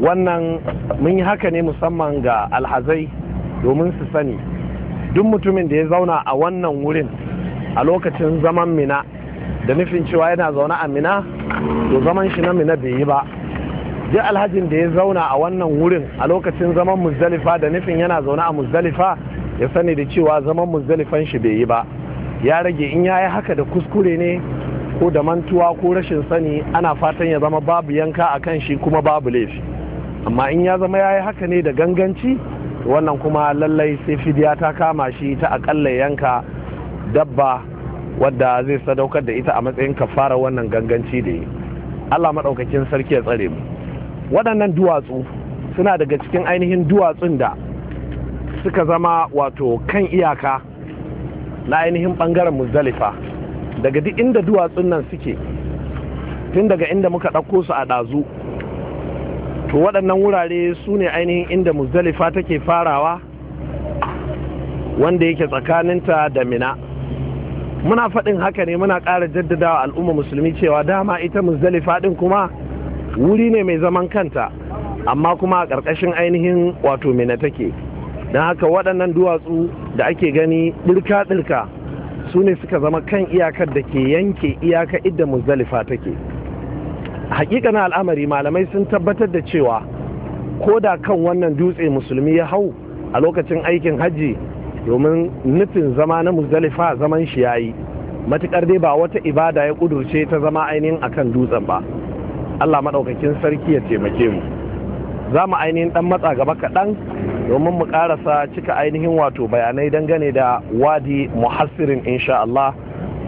wannan mun yi haka ne musamman ga alhazai domin su sani duk mutumin da ya zauna a wannan wurin a lokacin zaman mina da nufin cewa yana zaune a mina to zaman shi na mina bai yi ba duk alhajin da ya zauna a wannan wurin a lokacin zaman muzdalifa da nufin yana zaune a muzdalifa ya sani da cewa zaman muzdalifan shi bai yi ba ya rage in ya yi haka da kuskure ne ko da mantuwa ko rashin sani ana fatan ya zama babu yanka a kan shi kuma babu laifi amma in ya zama ya yi haka ne da ganganci wannan kuma lallai sai fidiya ta kama shi ta akalla yanka dabba wadda zai sadaukar da ita a matsayin kafara wannan ganganci da yi allah maɗaukakin sarki ya tsare mu waɗannan duwatsu suna daga cikin ainihin duwatsun da suka zama wato kan iyaka na ainihin ɓangaren muzdalifa daga duk inda duwatsun nan suke tun daga inda muka ɗauko su a ɗazu to waɗannan wurare su ne ainihin inda muzdalifa take farawa wanda yake tsakaninta da mina muna faɗin haka ne muna ƙara jaddadawa al'umma musulmi cewa dama ita muzdalifa ɗin kuma wuri ne mai zaman kanta amma kuma a ƙarƙashin ainihin wato mina take don haka waɗannan duwatsu da ake gani ɗirka-ɗirka su ne suka zama kan iyakar da ke yanke iyaka idda muzdalifa take hakika na al'amari malamai sun tabbatar da cewa ko da kan wannan dutse musulmi ya hau a lokacin aikin hajji domin nufin zama na muzdalifa zaman shi yayi matukar dai ba wata ibada ya ƙudurce ta zama ainihin akan dutsen ba Allah maɗaukakin sarki ya taimake mu za mu ainihin ɗan matsa gaba kaɗan domin mu ƙarasa cika ainihin wato bayanai dangane da wadi muhassirin insha Allah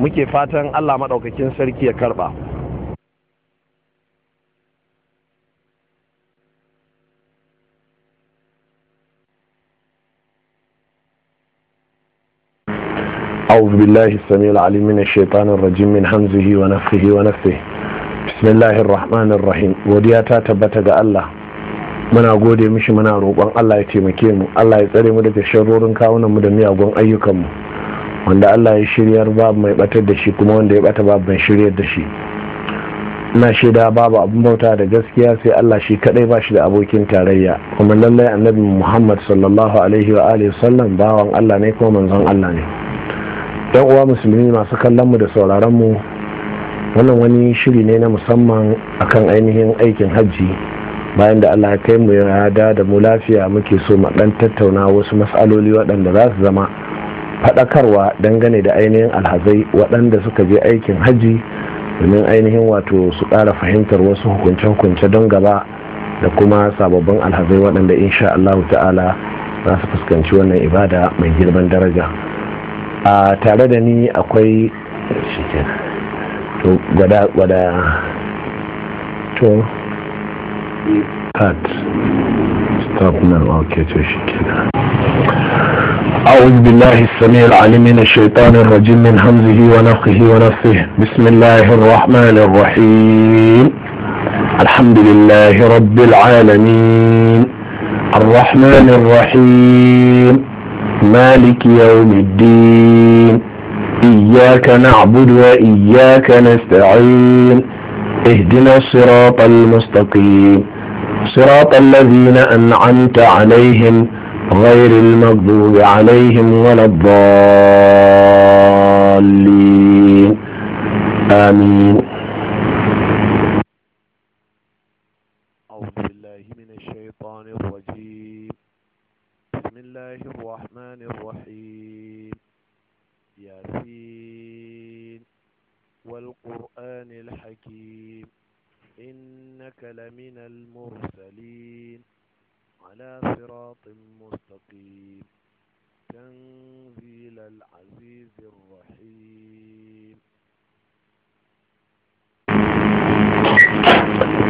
muke fatan Allah maɗaukakin sarki ya karɓa. أعوذ بالله السميع العليم من الشيطان الرجيم من همزه ونفخه ونفثه بسم الله الرحمن الرحيم godiya ta tabbata ga Allah muna gode mishi muna roƙon Allah ya taimake mu Allah ya tsare mu daga sharrorin kawunan mu da miyagun ayyukan mu wanda Allah ya shiryar babu mai batar da shi kuma wanda ya bata babu mai shiryar da shi ina shaida babu abin bauta da gaskiya sai Allah shi kadai ba shi da abokin tarayya kuma lallai annabi Muhammad sallallahu alaihi wa alihi sallam bawan Allah ne kuma manzon Allah ne yan uwa musulmi masu kallon mu da sauraron mu wannan wani shiri ne na musamman akan ainihin aikin hajji bayan da allah kai mu ya da mu lafiya muke so mu dan tattauna wasu matsaloli waɗanda za su zama faɗakarwa dangane da ainihin alhazai waɗanda suka je aikin hajji domin ainihin wato su ƙara fahimtar wasu hukunce-hukunce don gaba da kuma sababbin alhazai waɗanda insha Allah ta'ala za su fuskanci wannan ibada mai girman daraja. a tare da ni akwai to gwada gwada to cut stop now okay to shikenan أعوذ بالله السميع العليم من الشيطان الرجيم من همزه ونفخه ونفخه بسم الله الرحمن الرحيم الحمد لله رب العالمين الرحمن الرحيم مالك يوم الدين إياك نعبد وإياك نستعين اهدنا الصراط المستقيم صراط الذين أنعمت عليهم غير المغضوب عليهم ولا الضالين آمين الرحمن الرحيم ياسين والقرآن الحكيم إنك لمن المرسلين على صراط مستقيم تنزيل العزيز الرحيم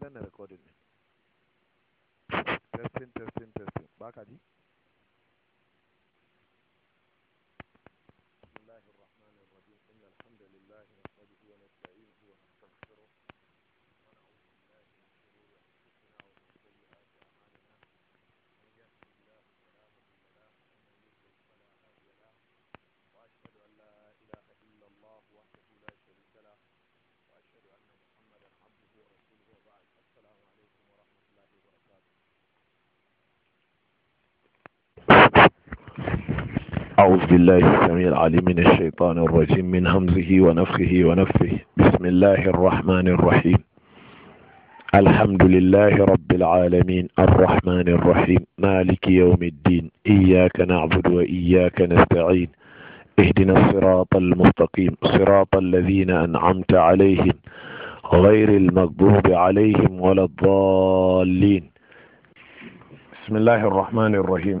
an danna recording din testing testing testing ba ka ji أعوذ بالله السميع العليم من الشيطان الرجيم من همزه ونفخه ونفثه بسم الله الرحمن الرحيم الحمد لله رب العالمين الرحمن الرحيم مالك يوم الدين إياك نعبد وإياك نستعين اهدنا الصراط المستقيم صراط الذين أنعمت عليهم غير المغضوب عليهم ولا الضالين بسم الله الرحمن الرحيم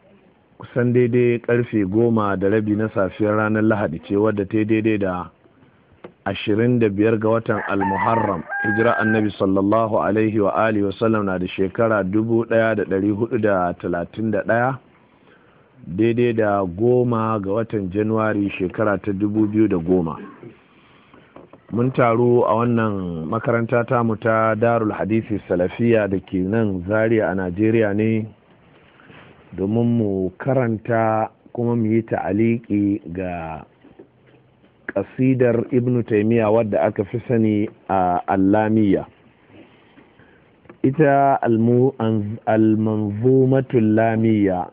kusan daidai karfe goma da rabi na safiyar ranar lahadi ce wadda ta daidai da biyar ga watan almuharram hijira annabi sallallahu alaihi wa alihi wasallam na da shekara 1431 daidai da goma ga watan januwari shekara ta goma mun taru a wannan makaranta tamu ta darul hadisi salafiya da ke nan zaria a najeriya ne domin mu karanta kuma mu yi ta'aliki ga ƙasidar ibn taimiyya wadda aka fi sani a allamiyya ita almanzumatul lamiya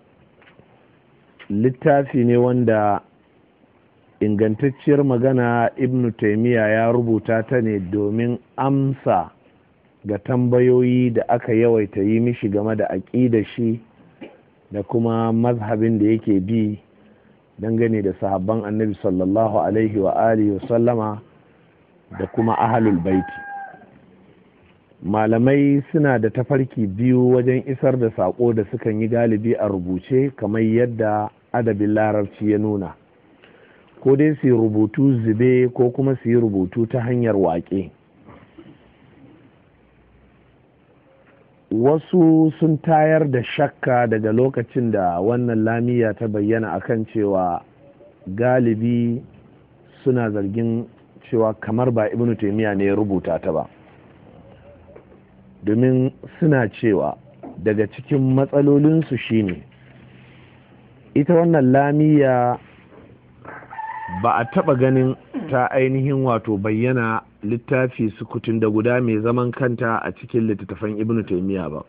littafi ne wanda ingantacciyar magana ibn taimiyya ya rubuta ta ne domin amsa ga tambayoyi da aka yawaita yi mishi game da aƙidashi shi da kuma mazhabin da yake bi dangane da sahabban annabi sallallahu alaihi wa alihi sallama da kuma ahalul baiti malamai suna da tafarki biyu wajen isar da saƙo da sukan yi galibi a rubuce kamar yadda adabin larabci ya nuna ko dai su yi rubutu zube ko kuma su yi rubutu ta hanyar waƙe wasu sun tayar da shakka daga lokacin da wannan lamiya ta bayyana akan cewa galibi suna zargin cewa kamar ba ibnu taimiyya ne ya rubuta ta ba domin suna cewa daga cikin matsalolinsu shine ita wannan lamiya ba a taɓa ganin ta ainihin wato bayyana littafi sukutun da guda mai zaman kanta a cikin littattafan ibnu taimiyya ba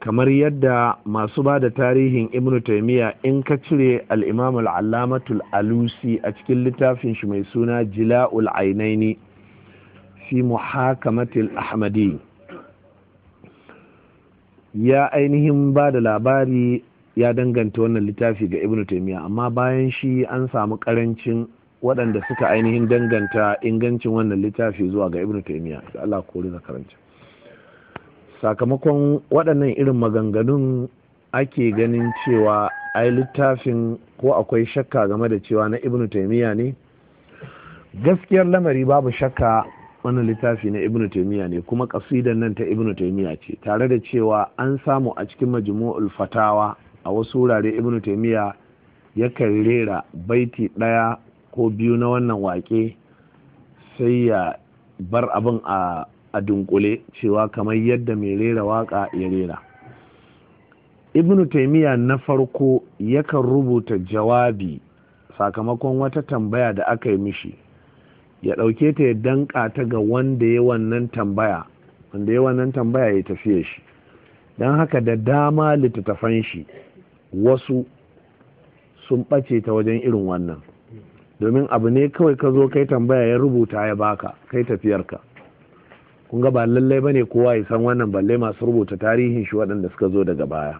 kamar yadda masu ba da tarihin ibnu taimiyya in ka cire al'imam al'allamatul alusi a cikin littafin shi mai suna jila'ul ainaini fi muhakamatil ahmadi ya ainihin ba da labari ya danganta wannan littafi ga ibn taimiyya amma bayan shi an samu karancin waɗanda suka ainihin danganta ingancin wannan littafi zuwa ga ibn taimiyya da Allah kori na karancin sakamakon waɗannan irin maganganun ake ganin cewa ai littafin ko akwai shakka game da cewa na ibn taimiyya ne gaskiyar lamari babu shakka wannan littafi na ibnu taimiyya ne kuma kasidan nan ta ibnu taimiyya ce tare da cewa an samu a cikin majmu'ul fatawa a wasu wurare ibnu taimiyya yakan rera baiti ɗaya ko biyu na wannan wake sai ya bar abin a a dunkule cewa kamar yadda mai rera waka ya rera ibn taimiyya na farko yakan rubuta jawabi sakamakon wata tambaya da aka yi mishi ya ɗauke ta ya danka ta ga wanda ya wannan tambaya wanda ya wannan tambaya ya tafiye shi don haka da dama littattafan shi wasu sun ɓace ta wajen irin wannan domin abu ne kawai ka zo kai tambaya ya rubuta ya baka kai tafiyarka kun ga ba lallai bane kowa ya san wannan balle masu rubuta tarihin shi waɗanda suka zo daga baya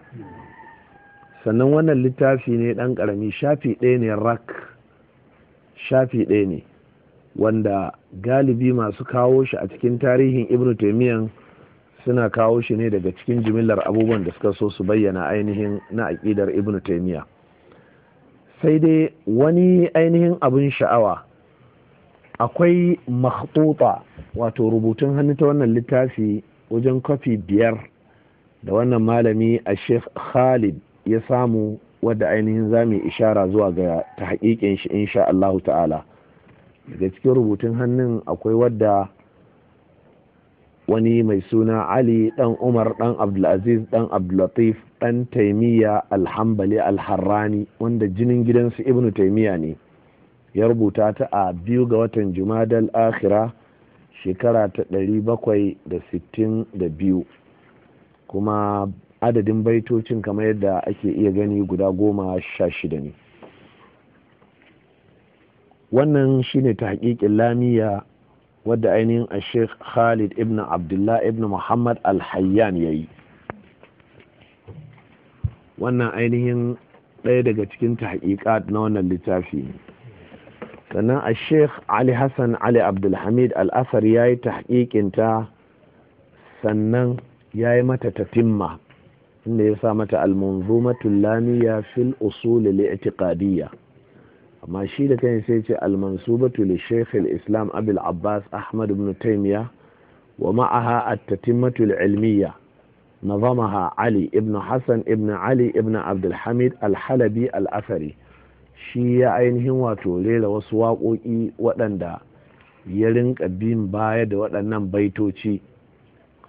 sannan wannan littafi ne ɗan ƙarami shafi ɗaya ne rak shafi ɗaya ne wanda galibi masu kawo shi a cikin tarihin ibn taimiyan suna kawo shi ne daga cikin jimillar abubuwan da suka so su bayyana ainihin na aƙidar ibn taimiyya sai dai wani ainihin abin sha'awa akwai makhtuta wato rubutun hannu ta wannan littafi wajen kwafi biyar da wannan malami a sheikh khalid ya samu wadda ainihin za mu ishara zuwa ga ta haƙiƙin shi insha Allahu ta'ala daga cikin rubutun hannun akwai wadda wani mai suna ali Ɗan umar Ɗan abdulaziz Ɗan abdulatif Ɗan taimiyya alhambali alharrani wanda jinin gidansu ibnu taimiyya ne ya rubuta ta a biyu ga watan jumadal akhira shekara ta ɗari bakwai da da sittin biyu, kuma adadin baitocin kamar yadda ake iya gani guda goma sha shida ne wannan shine ta hakikin lamiya wadda ainihin a sheikh khalid ibn abdullah ibn muhammad al-hayyan ya yi wannan ainihin ɗaya daga cikin tahqiqat na wannan littafi sannan a sheikh ali hassan ali abdulhamid al-asar ya yi tahqiqinta sannan ya yi mata tatimma inda ya sa mata al-munzumatul lamiya fil usul li'tiqadiyya amma shi da kan sai ce almansubatu li shaykh islam abul abbas ahmad ibn taymiya wa ma'aha at tatimatu al-ilmiyya hasan ibn ali ibn abd al-hamid al-halabi al athari shi ya ainihin wato rera wasu waƙoƙi waɗanda ya rinka bin baya da waɗannan baitoci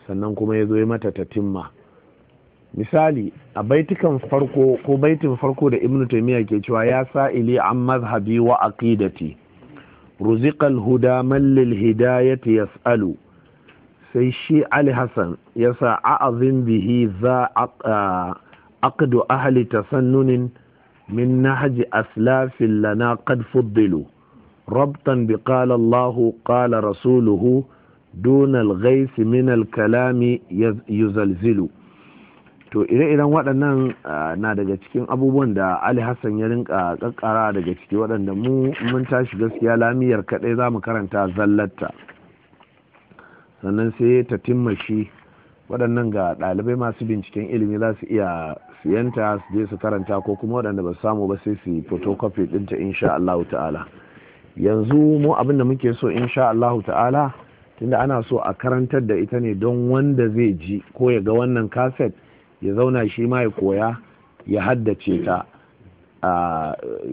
sannan kuma ya zo mata tatimma misali a baitukan farko ko baitin farko da ibnu taymiya ke cewa ya sa'ili an mazhabi wa aqidati ruziqal huda man lil hidayati yas'alu sai shi ali hassan ya sa a'azin bihi za aqdu ahli tasannunin min nahji aslafin lana qad fuddilu rabtan bi qala allahu qala rasuluhu دون الغيث من الكلام يزلزل to ire-iren waɗannan ah, na daga cikin abubuwan da ali hassan ya rinka kakkara daga ciki waɗanda mu mun tashi gaskiya lamiyar kaɗai za mu karanta zallata sannan sai ta shi waɗannan ga ɗalibai masu binciken ilimi za su iya siyanta su je su karanta ko kuma waɗanda ba su samu ba sai su yi photocopy ɗinta insha Allah ta'ala yanzu mu abin da muke so insha Allah ta'ala tunda ana so a karantar da ita ne don wanda zai ji ko ya ga wannan kaset ya zauna shi ma ya koya ya haddace ta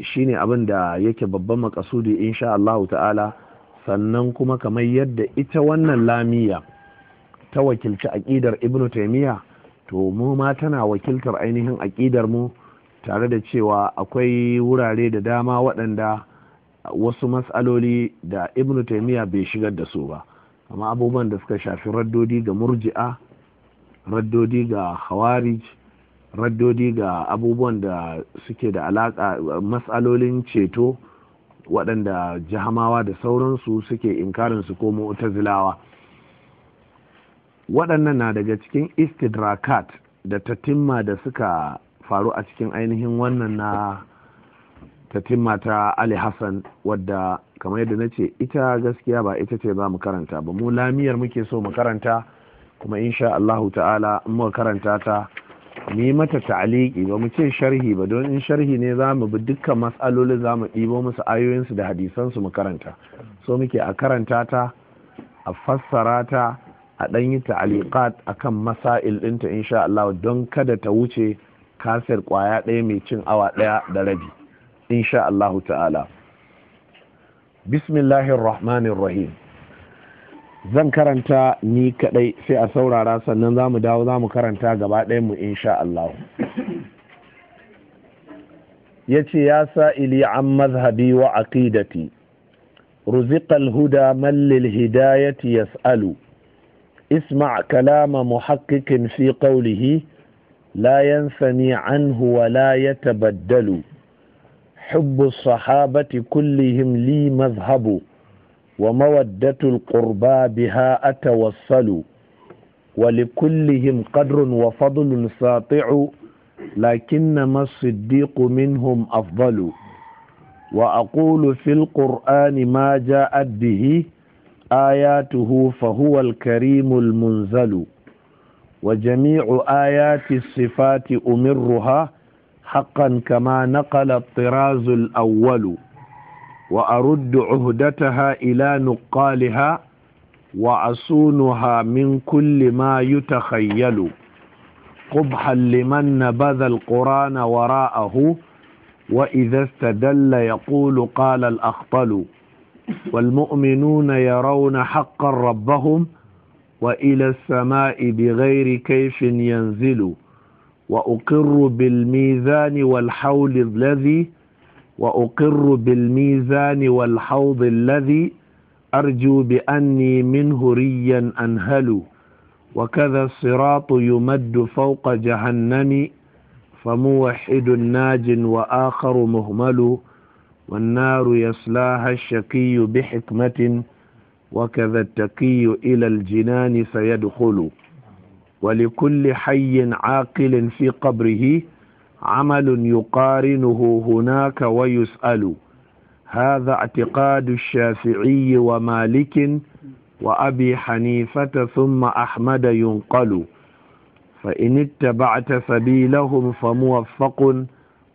shi ne abin da yake babban makasudi insha Allah ta'ala sannan kuma kamar yadda ita wannan lamiya ta wakilci aƙidar ibnu taimiyya to mu ma tana wakiltar ainihin aƙidar mu tare da cewa akwai wurare da dama waɗanda wasu matsaloli da ibnu taimiyya bai shigar da su ba amma abubuwan da suka shafi raddodi ga murji'a raddodi ga khawarij raddodi ga abubuwan da suke da alaka matsalolin ceto waɗanda jahamawa da sauransu suke inkarinsu ko mu'tazilawa waɗannan na daga cikin istidrakat da tatimma da suka faru a cikin ainihin wannan na tatimma ta ali hassan wadda kamar yadda na ce ita gaskiya ba ita ce za mu karanta ba mu lamiyar muke so mu karanta kuma insha Allahu ta'ala in muka karanta ta ni mata ta'aliki ba mu ce sharhi ba don in sharhi ne za mu bi dukkan matsalolin za mu ɗibo musu ayoyinsu da hadisansu mu karanta so muke a karanta ta a fassara ta a ɗan yi ta'aliqat akan masail ɗinta insha Allah don kada ta wuce kasir ƙwaya ɗaya mai cin awa ɗaya da rabi insha Allah ta'ala bismillahir rahmanir rahim zan karanta ni kadai sai a saurara sannan za mu dawo za mu karanta gaba mu insha Allah ya ce ya sa'ili an mazhabi wa aƙidati ruziqal huda mallil hidayati yas'alu اسمع كلام محقق في قوله لا ينثني wala ya tabaddalu حب الصحابة كلهم لي mazhabu. ومودة القربى بها أتوصل ولكلهم قدر وفضل ساطع لكنما الصديق منهم أفضل وأقول في القرآن ما جاءت به آياته فهو الكريم المنزل وجميع آيات الصفات أمرها حقا كما نقل الطراز الأول وأرد عهدتها إلى نقالها وأصونها من كل ما يتخيل قبحا لمن نبذ القرآن وراءه وإذا استدل يقول قال الأخطل والمؤمنون يرون حقا ربهم وإلى السماء بغير كيف ينزل وأقر بالميزان والحول الذي وأقر بالميزان والحوض الذي أرجو بأني منه ريا أنهل وكذا الصراط يمد فوق جهنم فموحد ناج وآخر مهمل والنار يسلاها الشقي بحكمة وكذا التقي إلى الجنان سيدخل ولكل حي عاقل في قبره عمل يقارنه هناك ويسأل هذا اعتقاد الشافعي ومالك وأبي حنيفة ثم أحمد ينقل فإن اتبعت سبيلهم فموفق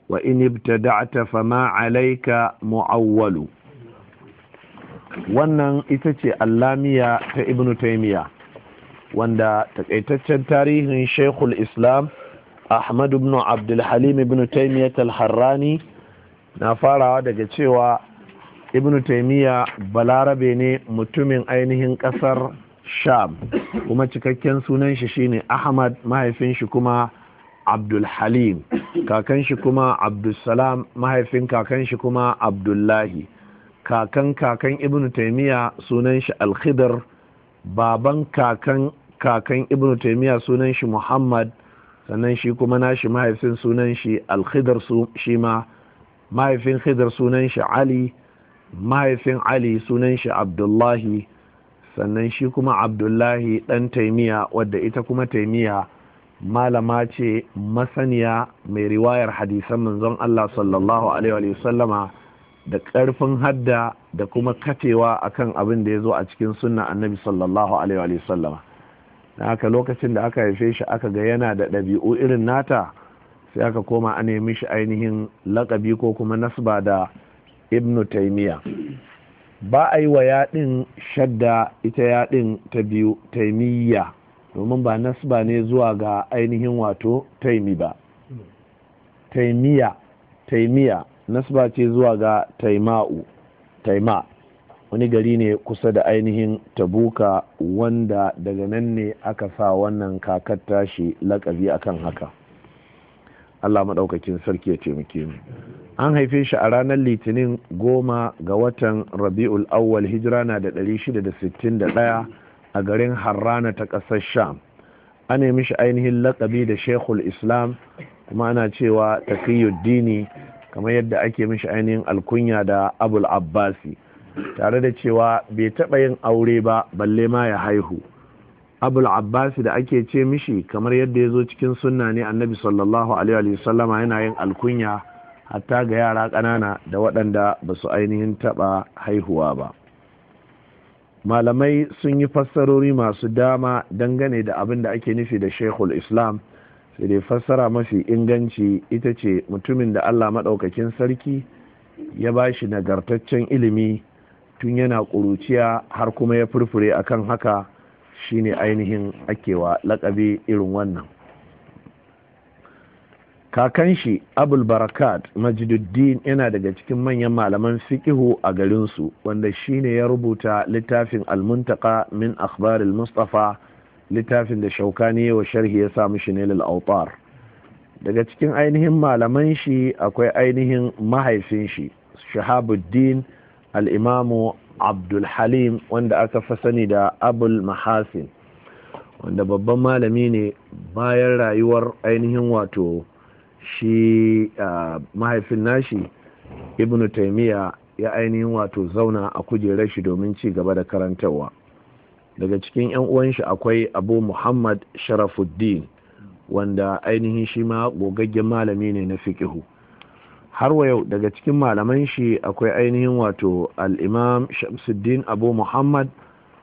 وإن ابتدعت فما عليك معول wannan ita ce allamiya ta ibnu taimiya wanda takaitaccen tarihin shekul islam ahmad ibn abdulhalim ibn taimiyyat al-harrani na farawa daga cewa ibn taimiyya balarabe ne mutumin ainihin kasar sham kuma cikakken sunan shi shine ahmad mahaifin shi kuma abdulhalim kakan shi kuma abdulsalam mahaifin kakan shi kuma abdullahi kakan kakan ibn taimiyya sunan shi alkhidar baban kakan kakan ibn taimiyya sunan shi muhammad sannan shi kuma nashi mahaifin sunan shi alkhidar shi ma mahaifin khidar sunan shi ali mahaifin ali sunan shi abdullahi sannan shi kuma abdullahi ɗan taimiya wadda ita kuma taimiya malama ce masaniya mai riwayar hadisan manzon Allah sallallahu alaihi sallama da ƙarfin hadda da kuma katewa akan abin da ya zo a cikin sunna annabi sallallahu alaihi sallama na haka lokacin da aka haife shi aka ga yana da ɗabi'u irin nata sai aka koma a nemi shi ainihin lakabi ko kuma nasba da ibnu taimiya ba a yi wa yaɗin shadda ita yaɗin ta biyu taimiyya domin ba nasba ne zuwa ga ainihin wato taimi ba taimiya taimiya nasba ce zuwa ga taima'u taima wani gari ne kusa da ainihin tabuka wanda daga nan ne aka sa wannan kakar tashi lakabi akan haka allah maɗaukakin sarki ya taimake mu an haife shi a ranar litinin goma ga watan rabi'ul awwal hijira na da 661 a garin harrana ta ƙasar sham an nemi shi ainihin lakabi da shekul islam kuma ana cewa taqiyuddini kamar yadda ake mishi ainihin alkunya da abul abbasi tare da cewa bai taɓa yin aure ba balle ma ya haihu abul abbasi da ake ce mishi kamar yadda ya zo cikin sunna ne annabi sallallahu alaihi wasallama yana yin alkunya hatta ga yara ƙanana da waɗanda ba su ainihin taɓa haihuwa ba malamai sun yi fassarori masu dama dangane da abin da ake nufi da shekul islam sai dai fassara mafi inganci ita ce mutumin da allah maɗaukakin sarki ya ba shi nagartaccen ilimi tun yana ƙuruciya har kuma ya furfure a kan haka shine ainihin akewa lakabi irin wannan kakan shi abul barakat majiduddin yana daga cikin manyan malaman fiqihu a garinsu wanda shi ne ya rubuta littafin almuntaka min akhbaril mustafa littafin da shaukani wa sharhi ya samu shi ne lil daga cikin ainihin malaman shi akwai ainihin mahaifin shi shahabuddin al'imamu abdulhalim wanda aka fasani sani da abul mahasin wanda babban malami ne bayan rayuwar ainihin wato shi mahaifin nashi ibnu taimiyya ya ainihin wato zauna a kujerar shi domin ci gaba da karantarwa daga cikin 'yan uwan shi akwai abu muhammad sharafuddin wanda ainihin shi ma gogaggen malami ne na fikihu har wa yau daga cikin malaman shi akwai ainihin wato al'imam shamsuddin abu muhammad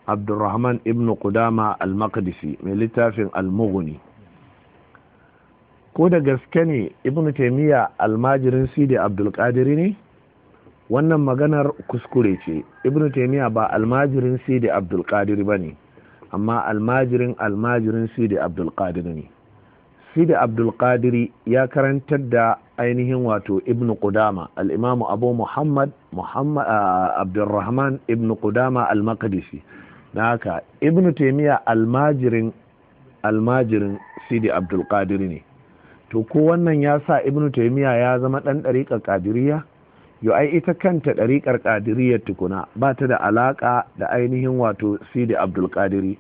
abdurrahman ibn kudama al-maqdisi mai littafin al ko da gaske ne ibn taimiyya almajirin sidi abdulkadiri ne wannan maganar kuskure ce ibn taimiyya ba almajirin sidi abdulkadiri ba ne amma almajirin almajirin sidi abdulkadiri ne sidi abdul abdulkadiri ya karantar da ainihin wato ibn qudama al'imamu abu muhammad ah, abdulrahman ibn qudama al-maqdisi na ibn taimiyya almajirin almajirin sidi abdulkadiri ne to ko wannan ya sa ibn taimiyya ya zama ɗan ɗariƙar ƙadiriya yo ai ita kanta ɗariƙar ƙadiriyar tukuna ba ta da alaƙa da ainihin wato sidi abdulkadiri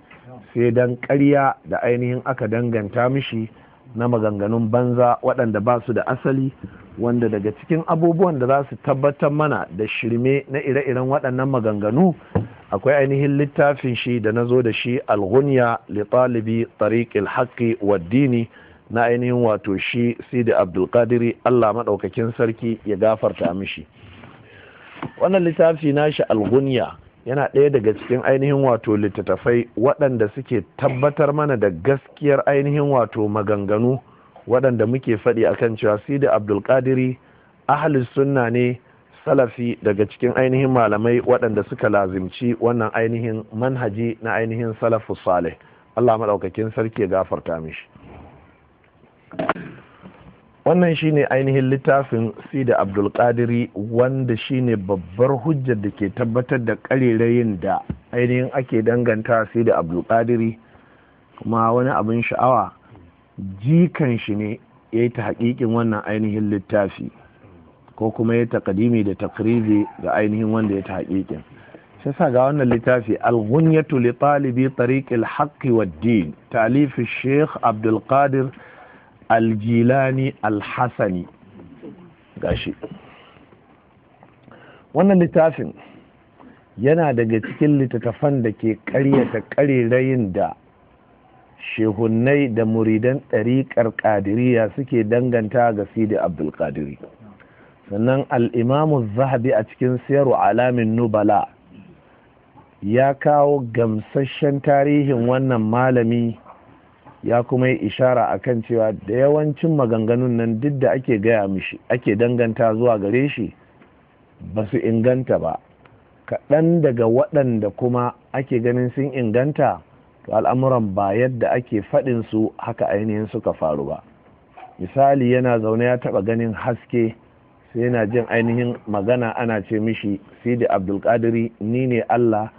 sai dan ƙarya da ainihin aka danganta mishi na maganganun banza waɗanda ba su da asali wanda daga cikin abubuwan da za su tabbatar mana da shirme na ire-iren waɗannan maganganu akwai ainihin littafin shi da na zo da shi alghunya li talibi tariqil haqqi waddini na ainihin wato shi sidi abdulkadiri allah maɗaukakin sarki ya gafarta mishi wannan littafi na shi alghunya yana ɗaya daga cikin ainihin wato littattafai waɗanda suke tabbatar mana da gaskiyar ainihin wato maganganu waɗanda muke faɗi akan cewa sidi abdulkadiri ahalis sunna ne salafi daga cikin ainihin malamai waɗanda suka lazimci wannan ainihin manhaji na ainihin salafu salih allah maɗaukakin sarki ya gafarta mishi wannan shine ainihin littafin sida abdulkadiri wanda shine babbar hujjar da ke tabbatar da ƙarerayin da ainihin ake danganta sida abdulkadiri kuma wani abin sha'awa jikan shi ne ya yi ta hakikin wannan ainihin littafi ko kuma ya ta ƙadimi da takrizi ga ainihin wanda ya ta hakikin shi sa ga wannan littafi al li talibi tariq al-haqq wad-din ta'lif sheikh abdulkadir aljilani alhassani gashi wannan littafin yana daga cikin littattafan da ke karyata karerayin da shehunnai da muridan ɗariƙar ƙadiriya suke danganta ga sidi abdulkadiri sannan al'imamu zahabi a cikin siyar alamin nubala ya kawo gamsashen tarihin wannan malami ya kuma yi ishara a kan cewa da yawancin maganganun nan duk da ake gaya mishi ake danganta zuwa gare shi ba su inganta ba kaɗan daga waɗanda kuma ake ganin sun inganta to al'amuran ba yadda ake faɗin su haka ainihin suka faru ba misali yana zaune ya taɓa ganin haske sai yana jin ainihin magana ana ce mishi sidi abdulkadiri ni ne allah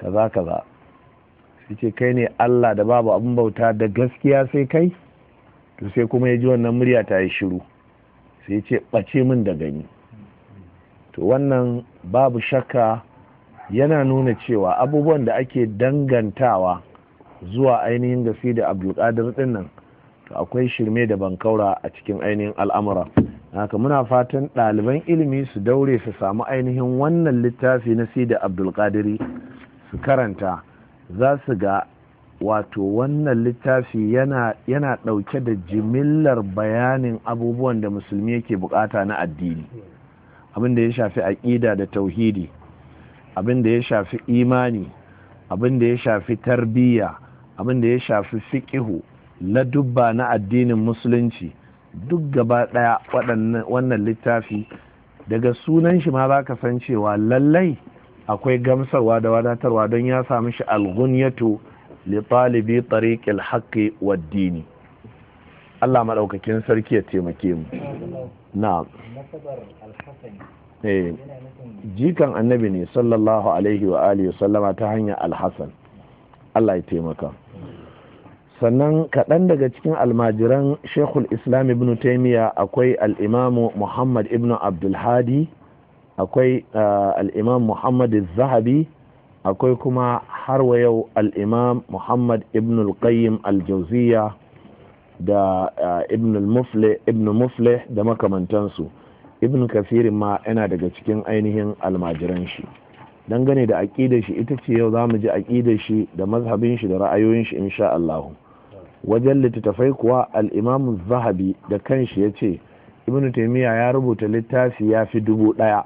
kaza kaza yace kai ne Allah da babu abin bauta da gaskiya sai kai to sai kuma ya ji wannan murya ta yi shiru sai ya ce ɓace min da gani to wannan babu shakka yana nuna cewa abubuwan da ake dangantawa zuwa ainihin da da abdulkadir din nan to akwai shirme da bankaura a cikin ainihin al'amura haka muna fatan ɗaliban ilimi su daure su samu ainihin wannan littafi na sida da abdulkadiri su karanta za su ga wato wannan littafi yana ɗauke da jimillar bayanin abubuwan da musulmi yake bukata na addini abin da ya shafi aƙida da tauhidi abin da ya shafi imani abin da ya shafi tarbiyya abin da ya shafi fiƙihu na dubba na addinin musulunci duk gaba ɗaya wannan littafi daga sunan shi ma zaka ka san cewa lallai akwai gamsarwa da wadatarwa don ya sami shi algunyatu li talibi tariqil haqqi wad dini Allah madaukakin sarki ya taimake mu na'am eh. jikan annabi ne sallallahu alaihi wa alihi sallama ta hanyar alhassan Allah ya taimaka sannan kaɗan daga cikin almajiran shekul islam ibn taimiyya akwai al'imamu muhammad ibn abdulhadi akwai uh, al'imam muhammad zahabi akwai kuma har wa yau al'imam muhammad ibn al-qayyim al-jauziya da uh, ibn mufle da makamantansu ibn kafirin ma yana daga cikin ainihin almajiran shi dangane da aƙidar shi ita ce yau za mu ji aƙidar shi da mazhabin shi da ra'ayoyin shi insha Allah wajen littattafai kuwa al-imam zahabi da kanshi ya ce ibn taimiyya ya rubuta littafi ya fi dubu ɗaya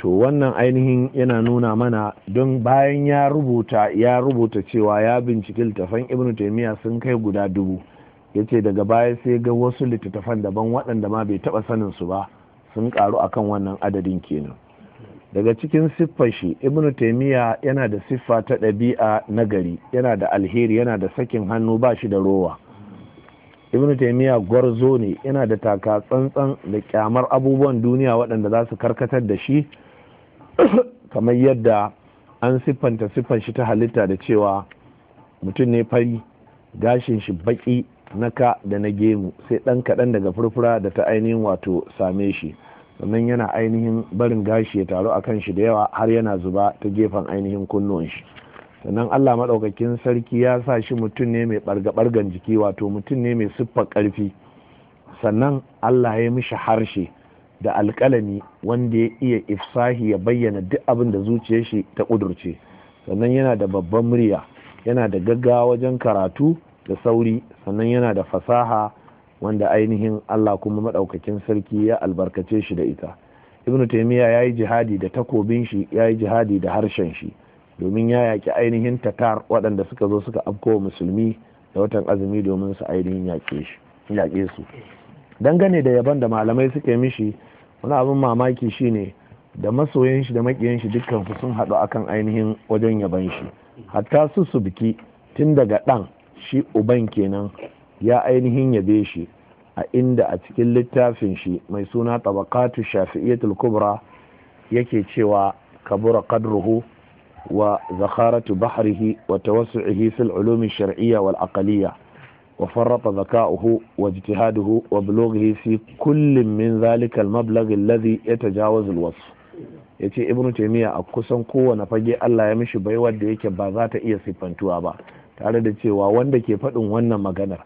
to wannan ainihin yana nuna mana don bayan ya rubuta ya rubuta cewa ya binciki littafan ibn taimiyya sun kai guda dubu ya ce daga baya sai ga wasu littattafan daban waɗanda ma bai taɓa sanin su ba sun ƙaru a kan wannan adadin kenan daga cikin siffar shi ibn taimiyya yana da siffa ta ɗabi'a na gari yana da alheri yana da sakin hannu ba shi da rowa ibn taimiyya gwarzo ne yana da taka tsantsan da kyamar abubuwan duniya waɗanda za su karkatar da shi <coughs> kamar yadda an siffanta siffan shi ta halitta da cewa mutum ne fari gashin shi baki ka da na gemu sai ɗan kaɗan daga furfura da ta ainihin wato same shi sannan yana ainihin barin gashi ya taru a kan shi da yawa har yana zuba ta gefen ainihin kunnuwan shi sannan allah maɗaukakin sarki ya sa shi mutum ne mai ɓarga-ɓargan jiki wato mutum ne mai siffar ƙarfi sannan allah ya mishi harshe da alƙalami wanda ya iya ifsahi ya bayyana duk abin da zuciyar shi ta ƙudurce sannan yana da babban murya yana da gaggawa wajen karatu da sauri sannan yana da fasaha wanda ainihin Allah kuma maɗaukakin sarki ya albarkace shi da ita ibnu taimiyya ya yi jihadi da takobin shi ya yi jihadi da harshen shi domin ya yaƙi ainihin tatar waɗanda suka zo suka afko musulmi da watan azumi domin su ainihin yaƙe su dangane da yaban da malamai suka mishi wani abin mamaki shine da masoyan shi da makiyan shi dukkan su sun haɗu akan ainihin wajen yaban shi hatta su su biki tun daga ɗan shi uban kenan ya ainihin yabe shi a inda a cikin littafin shi mai suna tabakatu shafi'iyatul kubra yake cewa kabura kadruhu wa zakaratu bahrihi wa tawassu'ihi fil ulumi shar'iyya wal akaliyya وفرط ذكاؤه واجتهاده وبلوغه في كل من ذلك المبلغ الذي يتجاوز الوصف yace ibnu taymiya a kusan kowane fage Allah ya mishi baiwar da yake ba za ta iya siffantuwa ba tare da cewa wanda ke faɗin wannan maganar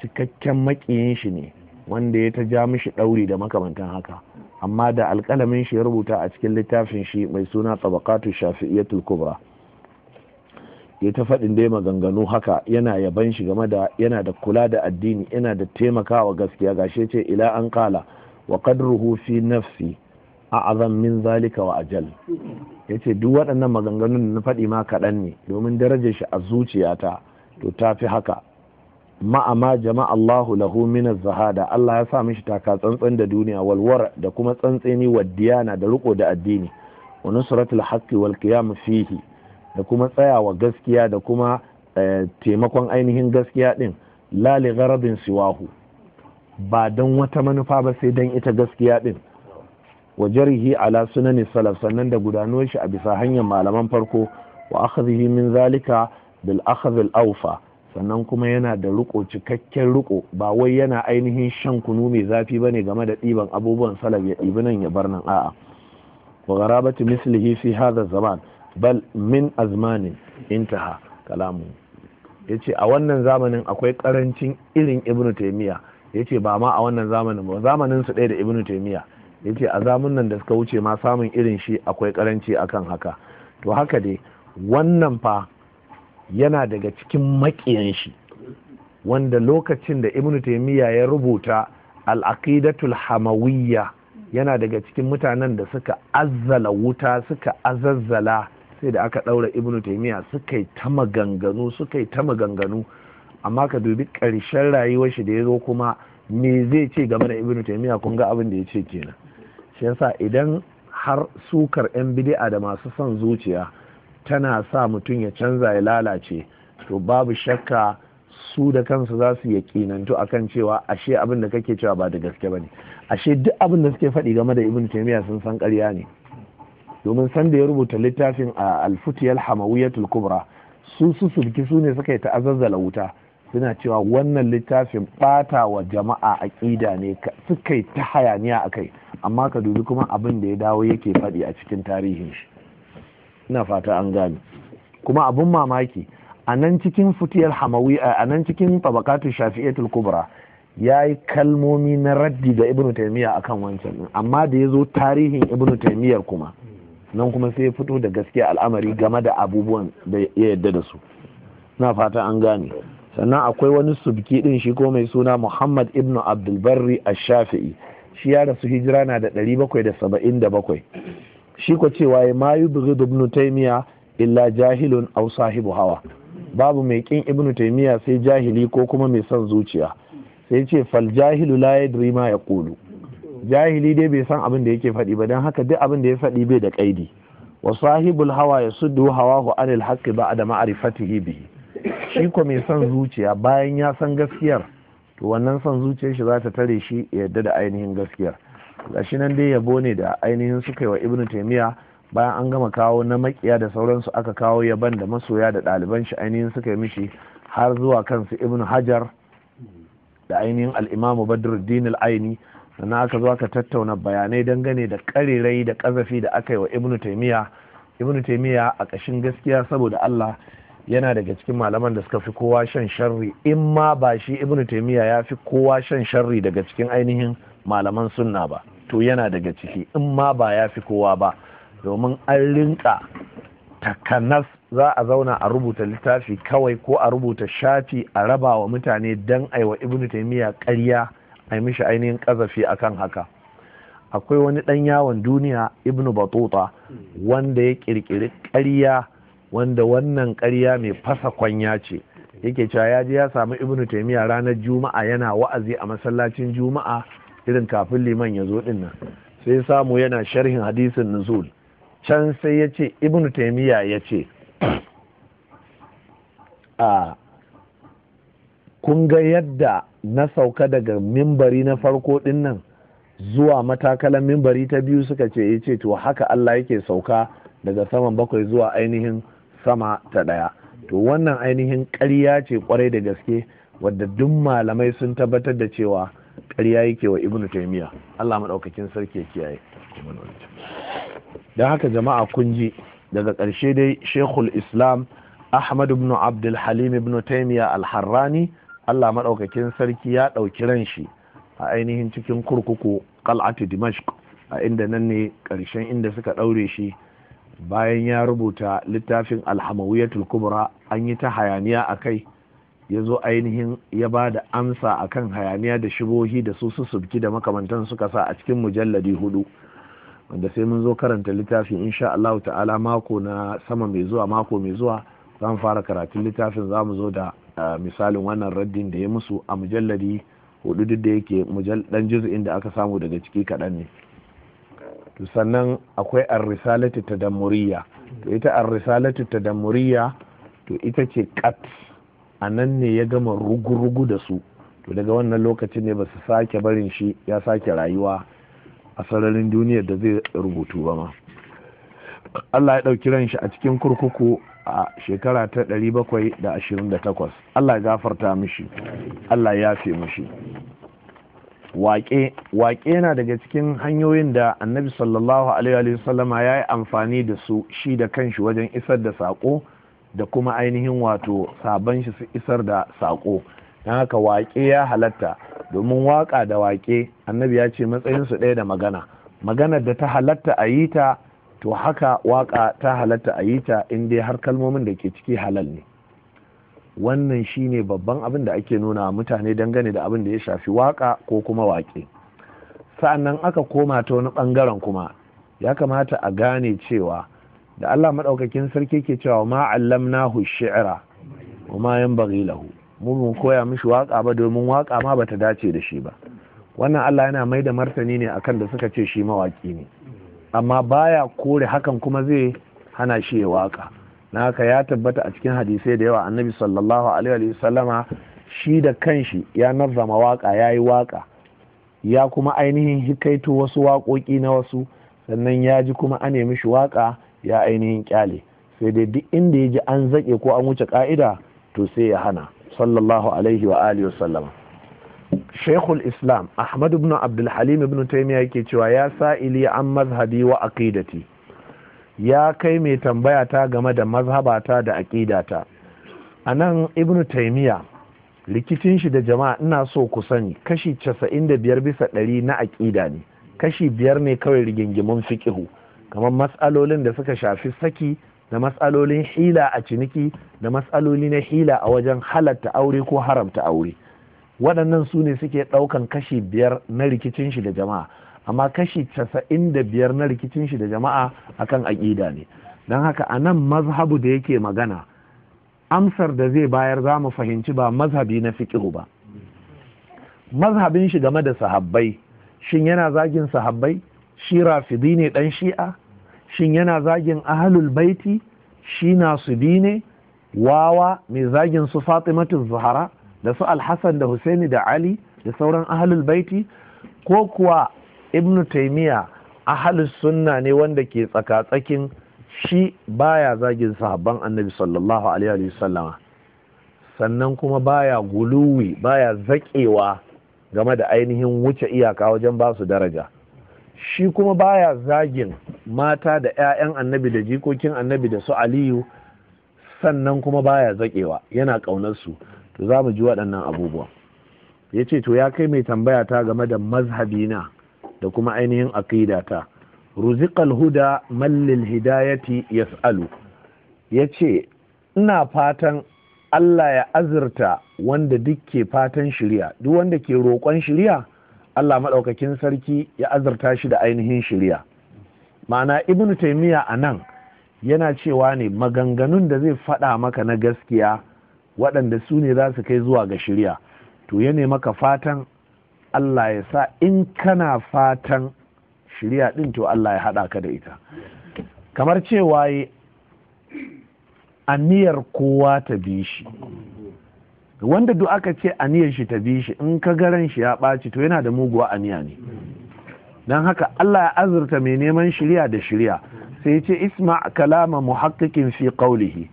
cikakken makiyin shi ne wanda ya ta ja mishi ɗauri da makamantan haka amma da alƙalamin shi ya rubuta a cikin littafin shi mai suna tabaqatu shafi'iyatul kubra ya ta faɗin dai maganganu haka yana yaban shi game da yana da kula da addini yana da taimakawa gaskiya gashe ce ila an kala wa qadruhu fi nafsi azan min zalika wa ajal yace duk waɗannan maganganun na faɗi ma kaɗan ne domin darajar shi a zuciyata to ta fi haka ma'ama jama'a Allahu lahu min zahada Allah ya sa mishi taka tsantsan da duniya walwar da kuma tsantseni wa diyana da riko da addini wa nusratul haqqi wal qiyam fihi da kuma tsayawa gaskiya da kuma eh, taimakon ainihin gaskiya din lali garabin siwahu ba don wata manufa ba sai don ita gaskiya din wa jarihi ala sunan salaf sannan da gudano shi a bisa hanyar malaman farko wa akhadhihi min zalika bil akhadh al awfa sannan kuma yana da riko cikakken riko ba wai yana ainihin shan kunu mai zafi bane game da ɗiban abubuwan salaf ya ɗibi nan ya bar nan a'a wa gharabati mislihi fi hadha zaman bal min azmanin intaha kalamu ya ce a wannan zamanin akwai karancin irin ibnu taimiyya ya ce ba ma a wannan zamanin ba zamanin su ɗaya da ibnu taimiyya ya ce a zamanin da suka wuce ma samun irin shi akwai karanci akan haka to haka dai wannan fa yana daga cikin maƙiyan shi wanda lokacin da ibnu taimiyya ya rubuta al-aqidatul hamawiyya yana daga cikin mutanen da suka azzala wuta suka azazzala sai da aka ɗaura ibnu taimiyya suka yi ta maganganu suka yi ta maganganu amma ka dubi ƙarshen rayuwar shi da ya zo kuma me zai ce game da ibnu taimiyya kun ga abin da ya ce kenan shi yasa idan har sukar 'yan bidi'a da masu son zuciya tana sa mutum ya canza ya lalace to babu shakka su da kansu za su yaƙinantu kan cewa ashe abin da kake cewa ba da gaske ba ne ashe duk abin da suke faɗi game da ibnu taimiyya sun san ƙarya ne domin sanda ya rubuta littafin a alfutiyar hamawiyatul kubra su su sulki su ne suka yi ta'azazzala wuta suna cewa wannan littafin bata wa jama'a ƙida ne suka yi ta hayaniya a kai amma ka dubi kuma abin da ya dawo yake faɗi a cikin tarihin shi ina fata an gane kuma abin mamaki a nan cikin futiyar hamawi a nan cikin tabakatu shafi'atul kubra ya yi kalmomi na raddi ga ibnu taymiya akan wancan amma da ya zo tarihin ibnu taymiyar kuma nan kuma sai ya fito da gaske al'amari game da abubuwan da ya yadda da su na fata an gane sannan akwai wani subki din shi ko mai suna muhammad ibnu abdulbarri a shafii shi ya rasu hijira na da 777 shi ko cewa ya mayu buzudu ibnu taimiya illa jahilun aw sahibu hawa babu mai kin ibnu taimiya sai jahili ko kuma mai son zuciya sai ce fal jahilu la yadri ma yaqulu jahili dai bai san abin da yake faɗi ba don haka duk abin da ya faɗi bai da ƙaidi wa sahibul hawa ya suddu hawahu anil haqqi da ma'rifatihi bihi shi ko mai son zuciya bayan ya san gaskiyar to wannan son zuciyar shi za ta tare shi ya yadda da ainihin gaskiyar gashi nan dai yabo ne da ainihin suka yi wa ibnu taimiya bayan an gama kawo na makiya da sauransu aka kawo yaban da masoya da ɗaliban shi ainihin suka yi mishi har zuwa kansu ibnu hajar da ainihin al'imamu imamu badruddin al-aini sannan aka zo aka tattauna bayanai dangane da karerai da kazafi da aka yi wa ibnu taimiya ibnu taimiya a ƙashin gaskiya saboda allah yana daga cikin malaman da suka fi kowa shan sharri in ma ba shi ibnu taimiya ya fi kowa shan sharri daga cikin ainihin malaman sunna ba to yana daga ciki in ma ba ya fi kowa ba domin an rinka takanas za a zauna a rubuta littafi kawai ko a rubuta shafi a raba wa mutane don aiwa ibnu taimiya ƙarya a mishi ainihin kazafi akan haka akwai wani ɗan yawon duniya ibnu batuta wanda ya ƙirƙiri ƙarya wanda wannan karya mai fasa kwanya ce yake cewa ya je ya samu ibnu taimiyya ranar juma'a yana wa'azi a masallacin juma'a irin kafin liman ya zo din nan sai samu yana sharhin hadisin nuzul can sai ya ce ibnu taimiyya ya ce ah, kun ga yadda na sauka daga mimbari na farko din nan zuwa matakalan mimbari ta biyu suka ce ya eh, ce to haka Allah yake sauka daga saman bakwai zuwa ainihin sama ta ɗaya to wannan ainihin ƙarya ce kwarai da gaske wadda duk malamai sun tabbatar da cewa ƙarya yake wa ibnu taimiya Allah maɗaukakin sarki ya kiyaye don haka jama'a kun ji daga ƙarshe dai shekul islam ahmad ibn abdul halim ibn taimiya al-harrani Allah maɗaukakin sarki ya ɗauki ran shi a ainihin cikin kurkuku kal'atu dimashq a inda nan ne ƙarshen inda suka ɗaure shi bayan ya rubuta littafin alhamawiyatul kubra an yi ta hayaniya a kai ya zo ainihin ya ba da amsa a kan hayaniya da shibohi da su susubki da makamantan suka sa a cikin mujalladi hudu wanda sai mun zo karanta littafin insha Allah ta'ala mako na sama mai zuwa mako mai zuwa zan fara karatun littafin za mu zo da misalin wannan raddin da ya musu a mujalladi hudu duk da yake dan juz'in da aka samu daga ciki kaɗan ne to sannan akwai ar-risalatu tadammuriyya to ita ar-risalatu tadammuriyya to ita ce kat a nan ne ya gama rugurugu da su to daga wannan lokacin ne ba su sake barin shi ya sake rayuwa a sararin duniyar da zai rubutu ba ma Allah ya ɗauki ran shi a cikin kurkuku a shekara ta 728 Allah ya gafarta mishi Allah ya fi mishi waƙe yana daga cikin hanyoyin da annabi sallallahu alaihi wasallama ya yi amfani da su shi da kanshi wajen isar da saƙo da kuma ainihin wato sabon shi su isar da saƙo don haka waƙe ya halatta domin waƙa da waƙe annabi ya ce matsayinsu ɗaya da magana maganar da ta halatta a yi ta to haka waka ta halatta a yi ta in dai har kalmomin da ke ciki halal ne wannan shi ne babban abin da ake nuna mutane dangane da abin da ya shafi waka ko kuma waƙe sa'annan aka koma ta wani ɓangaren kuma ya kamata a gane cewa da Allah maɗaukakin sarki ke cewa ma hu shi'ra wa ma yanbaghi lahu mu mun koya mishi waka ba domin waka ma bata dace da shi ba wannan Allah yana mai da martani ne akan da suka ce shi mawaki ne amma baya kore hakan kuma zai hana shi ya waka na haka ya tabbata a cikin hadisai da yawa annabi sallallahu alaihi wa sallama shi da kanshi ya nazama waka ya yi waka ya kuma ainihin hikaito wasu waƙoƙi na wasu sannan ya ji kuma an nemi shi waka ya ainihin kyale sai dai duk inda ya ji an zaƙe ko an wuce ka'ida to sai ya hana sallallahu alaihi wa alihi wa shekul islam ahmad ibn abdulhalim ibn taimiyya yake cewa ya sa Ili an mazhabi wa aqidati ya kai mai tambaya ta game da mazhabata da aqidata anan nan ibn taimiyya likitin shi da jama'a ina so ku sani kashi 95 bisa ɗari na aƙida ne kashi biyar ne kawai rigingimun fiqihu kamar matsalolin da suka shafi saki da matsalolin hila a ciniki da matsaloli na hila a wajen halatta aure ko haramta aure waɗannan su ne suke ɗaukan kashi biyar na rikicin shi da jama'a amma kashi casa'in da biyar na rikicin shi da jama'a akan aƙida ne don haka a nan mazhabu da yake magana amsar da zai bayar za mu fahimci ba mazhabi na fiƙihu ba mazhabin shi game da sahabbai shin yana zagin sahabbai shi rafidi ne ɗan shi'a shin yana zagin ahalul baiti shi nasubi ne wawa mai zagin su fatimatu zahara da su alhassan da husaini da ali da sauran ahalul baiti ko kuwa ibnu taimiya ahalus sunna ne wanda ke tsakatsakin shi baya zagin sahabban annabi sallallahu alaihi wasallama sannan kuma baya guluwi baya zaƙewa game da ainihin wuce iyaka wajen ba su daraja shi kuma baya zagin mata da 'ya'yan annabi da jikokin annabi da su aliyu sannan kuma baya zaƙewa yana ƙaunar su. to za mu ji waɗannan abubuwa ya ce to ya kai mai tambaya ta game da mazhabina da kuma ainihin aqidata ruziqal huda mallil hidayati yas'alu ya ce ina fatan Allah ya azurta wanda duk ke fatan shirya duk wanda ke roƙon shirya Allah maɗaukakin sarki ya azurta shi da ainihin shirya ma'ana ibnu taimiyya a nan yana cewa ne maganganun da zai faɗa maka na gaskiya waɗanda su ne za su kai zuwa ga shirya to ya ne maka fatan Allah ya sa in kana fatan shirya ɗin to Allah ya haɗa ka da ita kamar cewa yi aniyar kowa ta bi shi wanda duk aka ce aniyar shi ta bi shi in ka garan shi ya ɓaci to yana da muguwa aniya ne don haka Allah ya azurta mai neman shirya da shirya sai ce isma kalama haƙƙiƙin fi ƙaulihi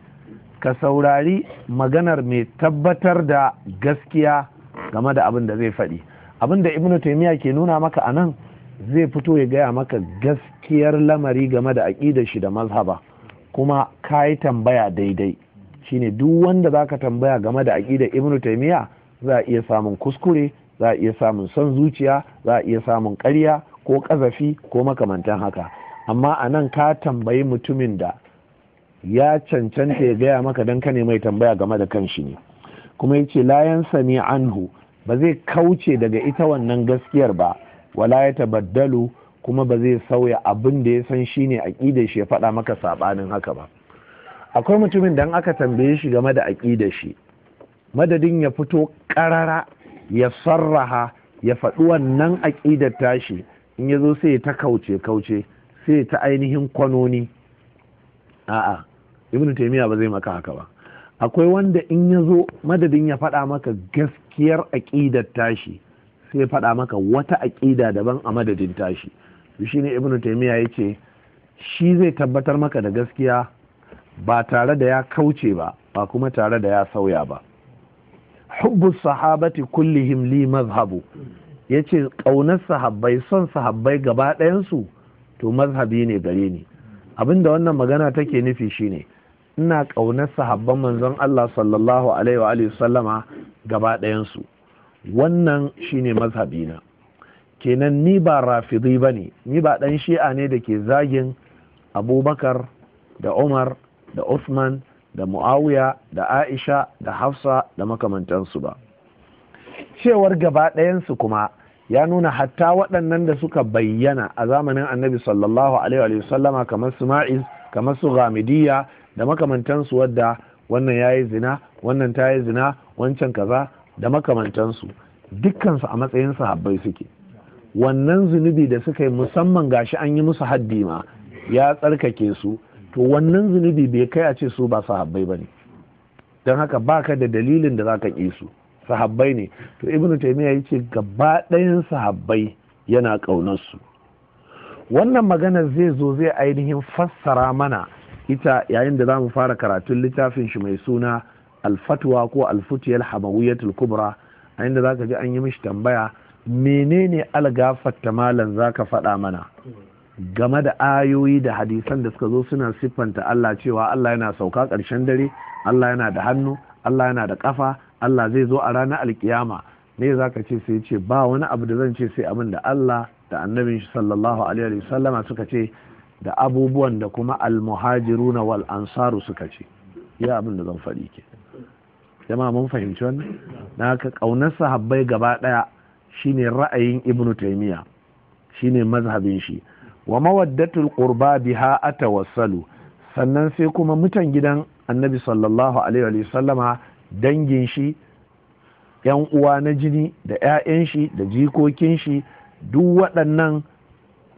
ka saurari maganar mai tabbatar da gaskiya game da abin da zai faɗi abin da ibnu taimiyya ke nuna maka anan zai fito ya gaya maka gaskiyar lamari game da aƙidar shi da mazhaba kuma ka yi tambaya daidai shine duk wanda za ka tambaya game da aƙidar ibnu taimiyya za a iya samun kuskure za a iya samun son zuciya za a iya samun ƙarya ko ƙazafi ko makamantan haka amma a nan ka tambayi mutumin da ya cancanta ya gaya maka don kane mai tambaya game da kanshi ne kuma ya ce layan sami anhu ba zai kauce daga ita wannan gaskiyar ba wala ya tabaddalu kuma ba zai sauya abin da ya san shi shine aƙida shi ya faɗa maka saɓanin haka ba akwai mutumin dan aka tambaye shi game da aƙida shi madadin ya fito ƙarara ya sarraha ya faɗi wannan aƙidar tashi in ya zo sai ta kauce kauce sai ta ainihin kwanoni a'a ibn taymiya ba zai maka haka ba akwai wanda in ya zo madadin ya faɗa maka gaskiyar aƙidar tashi sai faɗa maka wata aƙida daban a madadin tashi shi ne ibn taymiya ya shi zai tabbatar maka da gaskiya ba tare da ya kauce ba ba kuma tare da ya sauya ba hubbu sahabati kullihim li mazhabu Yace ce ƙaunar sahabbai son sahabbai gaba ɗayansu to mazhabi ne gare ni abinda wannan magana take nufi shine ina ƙaunar sahabban manzon Allah sallallahu alaihi wa sallama gaba ɗayansu wannan shine mazhabina kenan ni ba rafidi ba ne ni ba ɗan shi'a ne da ke zagin abubakar da umar da usman da muawiya da aisha da hafsa da makamantansu ba cewar gaba ɗayansu kuma ya nuna hatta waɗannan da suka bayyana a zamanin annabi sallallahu alaihi wa sallama kamar su ma'iz kamar su ghamidiyya da makamantansu wadda wannan ya yi zina wannan ta yi zina wancan kaza da makamantansu dukkansu a matsayin sahabbai suke wannan zunubi da suka yi musamman gashi an yi musu haddi ma ya tsarkake su to wannan zunubi bai kai a ce su ba sahabbai ba ne don haka ba ka da dalilin da za ka ƙi su sahabbai ne to ibnu taimiyya ya ce gaba ɗayan sahabbai yana ƙaunarsu wannan maganar zai zo zai ainihin fassara mana ita yayin da zamu fara karatun littafin shi mai suna alfatwa ko alfutiyar hamawiyatul kubra a inda za ka ji an yi mishi tambaya menene algafatta malam zaka ka faɗa mana game da ayoyi da hadisan da suka zo suna siffanta Allah cewa Allah yana sauka ƙarshen dare Allah yana da hannu Allah yana da kafa Allah zai zo a ranar alkiyama ne za ce sai ce ba wani abu da zan ce sai abin da Allah da annabi shi sallallahu alaihi wasallama suka ce da abubuwan da kuma almuhajiruna wal ansaru suka ce ya abin da zan faɗi ke jama mun fahimci wannan na haka ƙaunar sahabbai gaba ɗaya shine ra'ayin ibn taymiya shine mazhabin shi wa mawaddatul qurba biha atawassalu sannan sai kuma mutan gidan annabi sallallahu alaihi wa sallama dangin shi yan uwa na jini da 'ya'yan shi da jikokin shi duk waɗannan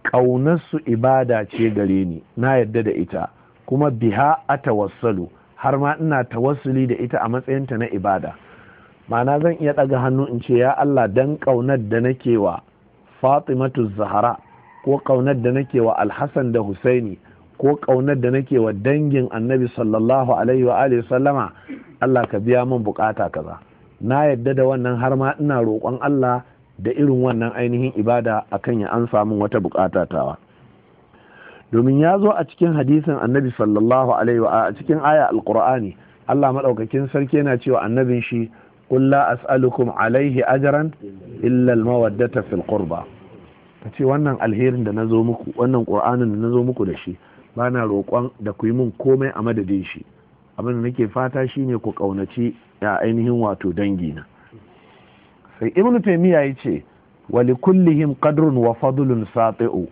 ƙaunarsu ibada ce gare ni na yadda da ita kuma biha a tawassalu har ma ina tawassuli da ita a matsayinta na ibada ma'ana zan iya ɗaga hannu in ce ya Allah dan ƙaunar da nake wa fatimatu zahara ko ƙaunar da nake wa alhassan da husaini ko ƙaunar da nake wa dangin annabi sallallahu alaihi wa alihi sallama Allah ka biya min bukata kaza na yadda da wannan har ma ina roƙon Allah da irin wannan ainihin ibada a kan ya an samun wata bukata tawa domin ya zo a cikin hadisin annabi sallallahu alaihi wa a cikin aya alqur'ani Allah madaukakin sarki yana cewa annabin shi qul la as'alukum alaihi ajran illa almawaddata fil qurba kace wannan alherin da nazo muku wannan qur'anin da nazo muku da shi bana roƙon da ku yi min komai a madadin shi abin da nake fata shine ku ƙaunaci ya ainihin wato dangina ibnu taymiya yace wa likullihim qadrun wa fadlun sati'u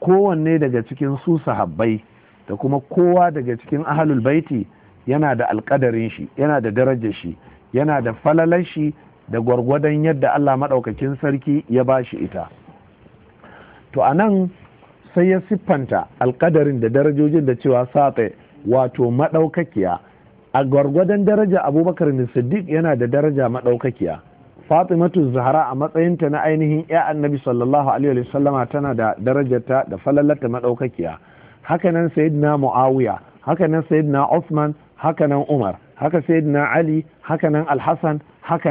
kowanne daga cikin su sahabbai da kuma kowa daga cikin ahlul baiti yana da alkadarin shi yana da darajar shi yana da falalar shi da gwargwadon yadda Allah maɗaukakin sarki ya ba shi ita to anan sai ya siffanta alkadarin da darajojin da cewa satse wato madaukakiya, a gwargwadon daraja abubakar siddiq yana da daraja madaukakiya. fatimatu zahra a matsayinta na ainihin ya annabi sallallahu alaihi wasallama tana da darajarta da falalata madaukakiya Haka nan sayyidina muawiya Haka nan sayyidina usman nan umar haka sayyidina ali Haka hakanan alhassan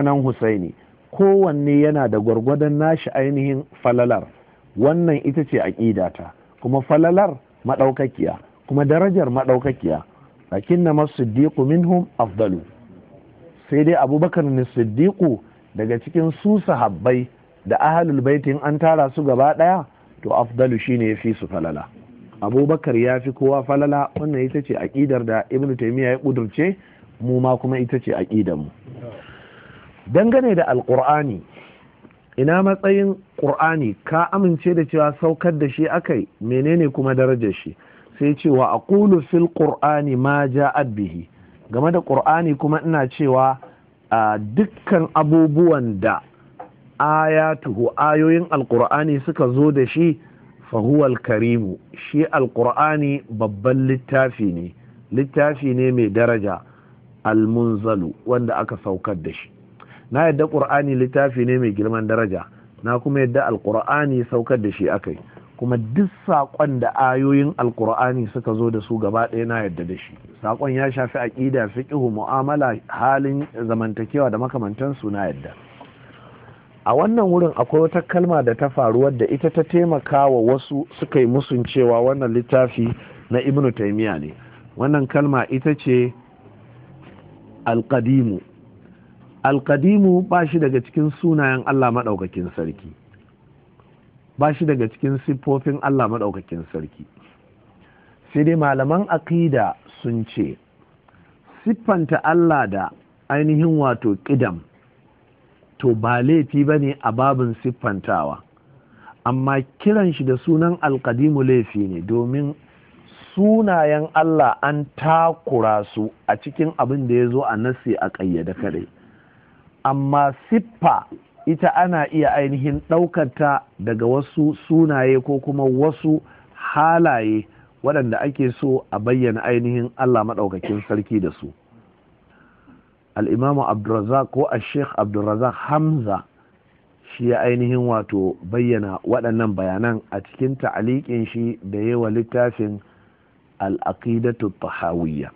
nan husaini kowanne yana da gwargwadon nashi ainihin falalar wannan ita ce aƙidata kuma falalar madaukakiya kuma darajar madaukakiya lakinna Siddiku minhum afdalu sai dai abubakar ne siddiqu daga cikin su sahabbai da ahalul baitin an tara su gaba ɗaya to afdalu shine ya fi su falala abubakar ya fi kowa falala wannan ita ce aƙidar da ibn taymiya ya ƙudurce mu ma kuma ita ce aƙidar mu dangane da alƙur'ani ina matsayin ƙur'ani ka amince da cewa saukar da shi akai menene kuma darajar shi sai cewa aqulu fil qur'ani ma ja'at bihi game da ƙur'ani kuma ina cewa dukkan abubuwan da ayatuhu ayoyin alkur'ani suka zo da shi fahuwal karimu shi alkur'ani babban littafi ne littafi ne mai daraja almunzalu wanda aka saukar da shi na yadda ƙur'ani littafi ne mai girman daraja na kuma yadda alkur'ani saukar da shi akai kuma duk saƙon da ayoyin alkur'ani suka zo da su gaba ɗaya na yadda da shi saƙon ya shafi aƙida fiƙihu mu'amala halin zamantakewa da makamantansu na yadda a wannan wurin akwai wata kalma da ta faru wadda ita ta taimaka wa wasu suka yi musun cewa wannan littafi na ibnu taimiya ne wannan kalma ita ce alƙadimu alƙadimu ba shi daga cikin sunayen allah maɗaukakin sarki ba shi daga cikin siffofin Allah maɗaukakin sarki sai dai malaman aƙida sun ce siffanta Allah da ainihin wato ƙidam to ba laifi ba ne a babin siffantawa amma kiran shi da sunan alƙadimu laifi ne domin sunayen Allah an takura su a cikin abin da ya zo a nasi a ƙayyade kaɗai amma siffa ita ana iya ainihin ɗaukata daga wasu sunaye ko kuma wasu halaye waɗanda ake so a bayyana ainihin Allah maɗaukakin sarki da su al'imamu abdulrazak ko a sheikh abdulrazak hamza shi ya ainihin wato bayyana waɗannan bayanan a cikin ta'aliƙin shi da yawa littafin al'aqidatu tahawiyya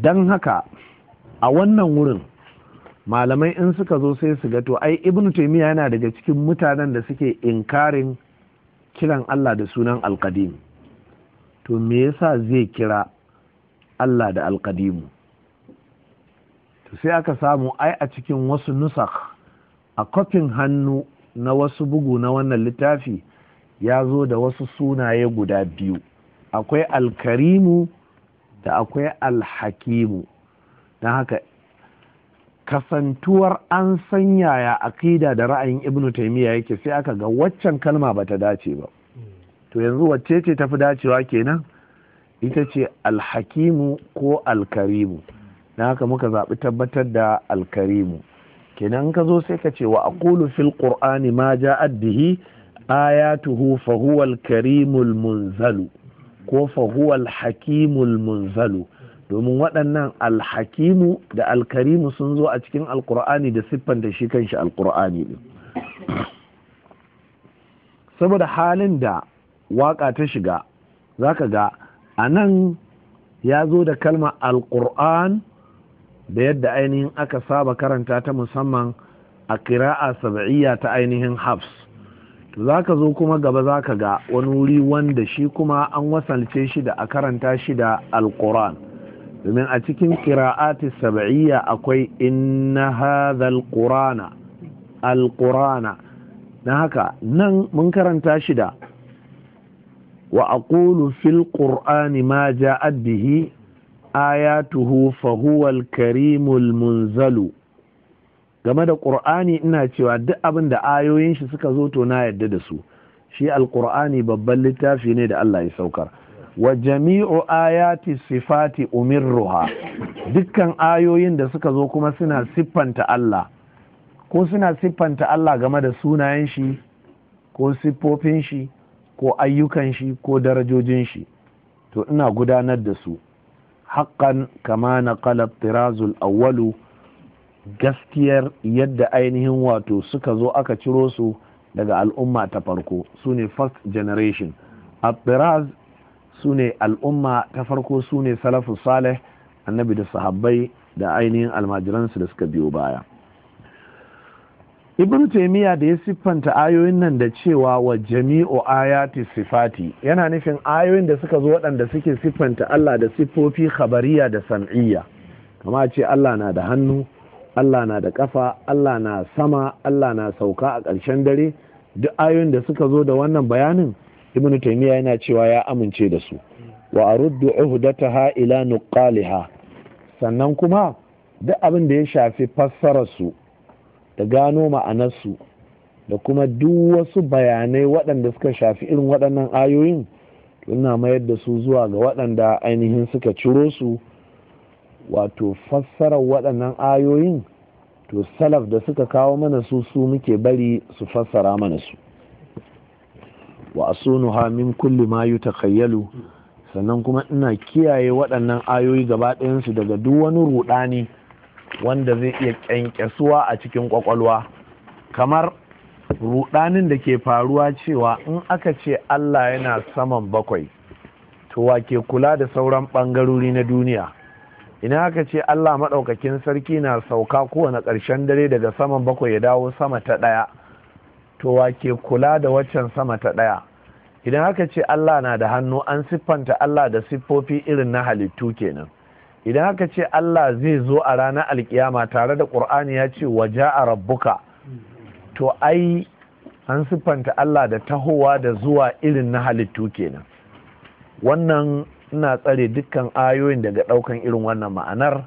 don haka a wannan wurin malamai in suka zo sai su ga to ai ibnu taimiyya yana daga cikin mutanen da suke inkarin kiran Allah da sunan alkadim to me yasa zai kira Allah da alkadimu to sai aka samu ai a cikin wasu nusakh a kofin hannu na wasu bugu na wannan littafi ya zo da wasu sunaye guda biyu akwai alkarimu da akwai alhakimu don haka kasantuwar an san yaya akida da ra'ayin ibnu taimiyya yake sai aka ga waccan kalma bata dace ba to yanzu wacce ce tafi dacewa kenan ita ce alhakimu ko alkarimu na haka muka zaɓi tabbatar da alkarimu kenan ka zo sai ka ce wa aqulu fil qur'ani ma ja'at bihi ayatuhu fa huwa alkarimul munzalu ko fahuwal hakimul munzalu domin waɗannan alhakimu da alkarimu sun zo a cikin alkur'ani da siffan da shi kanshi alkur'ani ɗin saboda halin da waƙa ta shiga zaka ga a nan ya zo da kalma alkur'an da yadda ainihin aka saba karanta ta musamman a kira'a saba'iyya ta ainihin hafs za ka zo kuma gaba za ka ga wani wuri wanda shi kuma an wasalce shi da a karanta shi da alkur'an domin a cikin kira'ati sab'iyya akwai inna hadhal qur'ana alqur'ana na haka nan mun karanta shi da wa aqulu fil qur'ani ma ja'at bihi ayatuhu fa huwa al-karimul munzalu game da qur'ani ina cewa duk abin da ayoyin shi suka zo to na yadda da su shi alqur'ani babban littafi ne da Allah ya saukar wa jami'u ayati sifati umirruha dukkan ayoyin da suka zo kuma suna siffanta Allah ko suna siffanta Allah game da sunayen shi ko siffofin shi ko ayyukan shi ko darajojin shi to ina gudanar da su haƙƙan kama na tirazul awwalu gaskiyar yadda ainihin wato suka zo aka ciro su daga al'umma ta farko su ne first generation a tiraz su ne al'umma ta farko su ne salafu salih annabi da sahabbai da ainihin almajiransu da suka biyo baya ibn taimiyya da ya siffanta ayoyin nan da cewa wa jami'u ayati sifati yana nufin ayoyin da suka zo waɗanda suke siffanta Allah da siffofi khabariya da sam'iyya kama ce Allah na da hannu Allah na da ƙafa Allah na sama Allah na sauka a ƙarshen dare duk ayoyin da suka zo da wannan bayanin ibnu taymiya yana cewa ya amince da su wa aruddu uhdataha ila nuqaliha sannan kuma duk abin da ya shafi fassarar su da gano ma'anarsu da kuma duk wasu bayanai waɗanda suka shafi irin waɗannan ayoyin ina mayar da su zuwa ga waɗanda ainihin suka ciro su wato fassarar waɗannan ayoyin to salaf da suka kawo mana su su muke bari su fassara mana su wa asunuha min kulli ma yutakhayyalu sannan kuma ina kiyaye waɗannan ayoyi gaba ɗayansu daga duk wani ruɗani wanda zai iya ƙyanƙyasuwa a cikin ƙwaƙwalwa kamar ruɗanin da ke faruwa cewa in aka ce Allah yana saman bakwai to wa ke kula da sauran ɓangarori na duniya ina aka ce Allah maɗaukakin sarki na sauka kowane ƙarshen dare daga saman bakwai ya dawo sama ta ɗaya to wa ke kula da waccan sama ta ɗaya idan aka ce Allah na da hannu an siffanta Allah da siffofi irin na halittu kenan idan aka ce Allah zai zo a ranar alkiyama tare da ƙur'ani ya ce waje a rabbuka to ai an siffanta Allah da tahowa da zuwa irin na halittu kenan wannan ina tsare dukkan ayoyin daga ɗaukan irin wannan ma'anar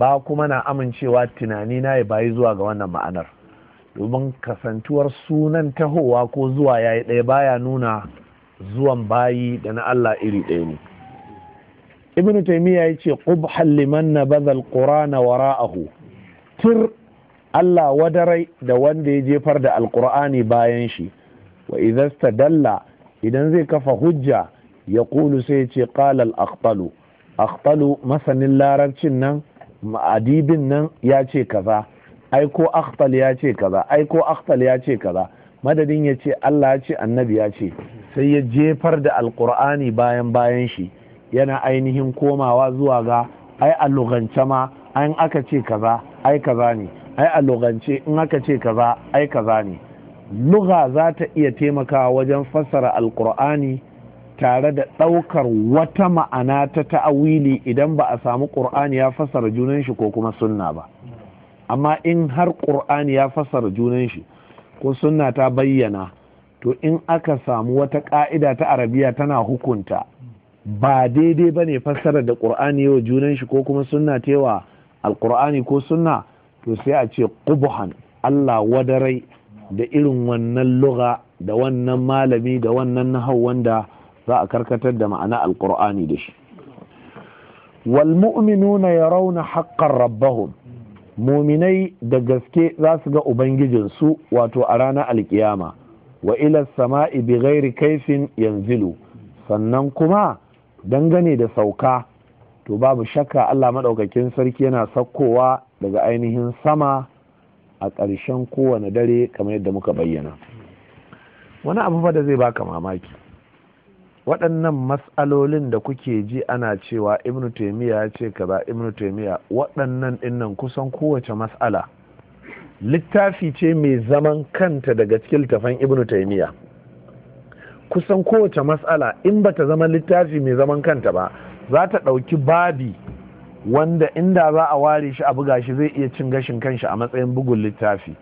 ba kuma na amincewa tunani na ya bayi zuwa ga wannan ma'anar domin kasantuwar sunan tahowa ko zuwa yayi ɗaya baya nuna zuwan bayi da na Allah iri ɗaya ne ibnu taymiya ya ce qubhal liman nabadha alqur'ana wara'ahu tir Allah wadarai da wanda ya jefar da Alƙur'ani bayan shi wa idza stadalla idan zai kafa hujja ya kulu sai ya ce ƙalal akhtalu akhtalu masanin larabcin nan ma'adibin nan ya ce kaza ai ko akhtal ya ce kaza ai ko akhtal ya ce kaza madadin ya ce Allah ya ce annabi ya ce sai ya jefar da alkur'ani bayan bayan shi yana ainihin komawa zuwa ga ai a lugance ma an aka ce kaza ai kaza ne ai a lugance in aka ce kaza ai kaza ne luga za ta iya taimakawa wajen fassara alkur'ani tare da ɗaukar wata ma'ana ta ta'awili idan ba a samu ƙur'ani ya fassara junan shi ko kuma sunna ba amma in har ƙur'ani ya fassara junan shi ko sunna ta bayyana to in aka samu wata ƙa'ida ta arabiya tana hukunta ba daidai ba ne fassara da ƙur'ani yau junan shi ko kuma sunna tewa alƙur'ani ko sunna to sai a ce ƙubuhan allah wadarai da irin wannan luga da wannan malami da wannan nahau wanda za a karkatar da ma'ana alƙur'ani da shi والمؤمنون يرون حقا ربهم muminai da gaske za su ga ubangijinsu wato a ranar alkiyama wa ila sama'i bi ghairi kaifin yanzilu sannan kuma dangane da sauka to babu shakka Allah maɗaukakin sarki yana sakkowa daga ainihin sama a ƙarshen kowane dare kamar yadda muka bayyana wani abu fa da zai baka mamaki waɗannan matsalolin da kuke ji ana cewa Ibn taimiyya ya ce kaza Ibn taimiyya waɗannan ɗinnan kusan kowace matsala littafi ce mai zaman kanta daga cikin littafan Ibn taimiyya kusan kowace matsala in ba ta zama littafi mai zaman kanta ba za ta ɗauki babi wanda inda za a ware shi a buga shi zai iya cin gashin kanshi a matsayin bugun littafi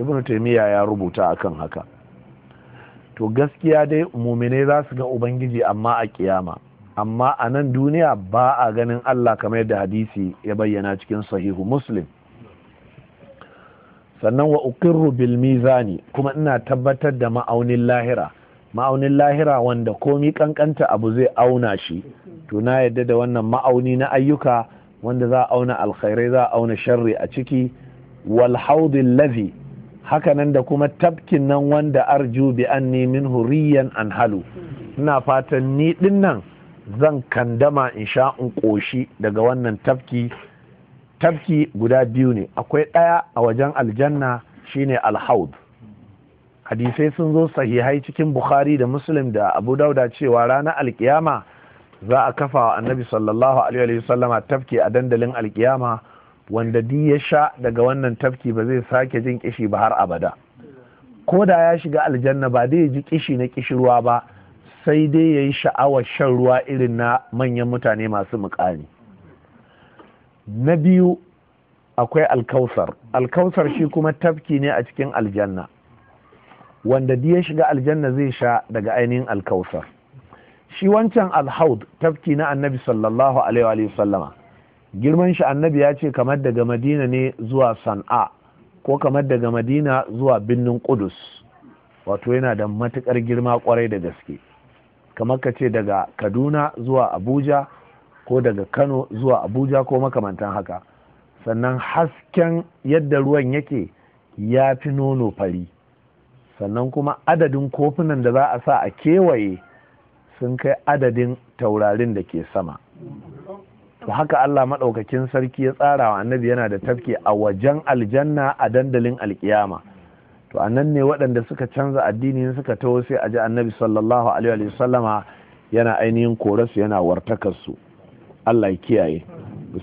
Ibn taimiyya ya rubuta akan haka to gaskiya dai muminai za su ga ubangiji amma a kiyama amma a nan duniya ba a ganin Allah kamar da hadisi ya bayyana cikin sahihu muslim sannan wa uqirru bil mizani kuma ina tabbatar da ma'aunin lahira ma'aunin lahira wanda komi kankanta abu zai auna shi to na yadda da wannan ma'auni na ayyuka wanda za a auna alkhairai za a auna sharri a ciki wal haudin lazi hakanan da kuma tafkin nan wanda arju bi an min huriyan an halu ina fatan ni nan zan kandama in sha in koshi daga wannan tafki tafki guda biyu ne akwai ɗaya a wajen aljanna shine alhaud hadisai sun zo sahihai cikin bukhari da muslim da abu dauda cewa ranar alkiyama za a kafa wa annabi sallallahu alaihi wasallama tafki a dandalin alkiyama wanda di ya sha daga wannan tafki ba zai sake jin kishi ba har abada ko da ya shiga aljanna ba dai ji kishi na kishirwa ba sai dai ya yi sha'awar shan ruwa irin na manyan mutane masu mukami na biyu akwai alkausar alkausar shi kuma tafki ne a cikin aljanna wanda di ya shiga aljanna zai sha daga ainihin alkausar shi wancan alhaud tafki na annabi sallallahu alaihi wa sallama girman shi annabi ya ce kamar daga madina ne zuwa san'a ko kamar daga madina zuwa birnin kudus wato yana da matukar girma kwarai da gaske kamar ka ce daga kaduna zuwa abuja ko daga kano zuwa abuja ko makamantan haka sannan hasken yadda ruwan yake ya fi nono fari sannan kuma adadin kofunan da za a sa a kewaye sun kai adadin taurarin da ke sama to haka Allah maɗaukakin sarki ya tsara wa annabi yana da tafki a wajen aljanna a dandalin alkiyama to annan ne waɗanda suka canza addini suka taho sai a ji annabi sallallahu alaihi wa sallama yana ainihin korasu yana wartakarsu Allah ya kiyaye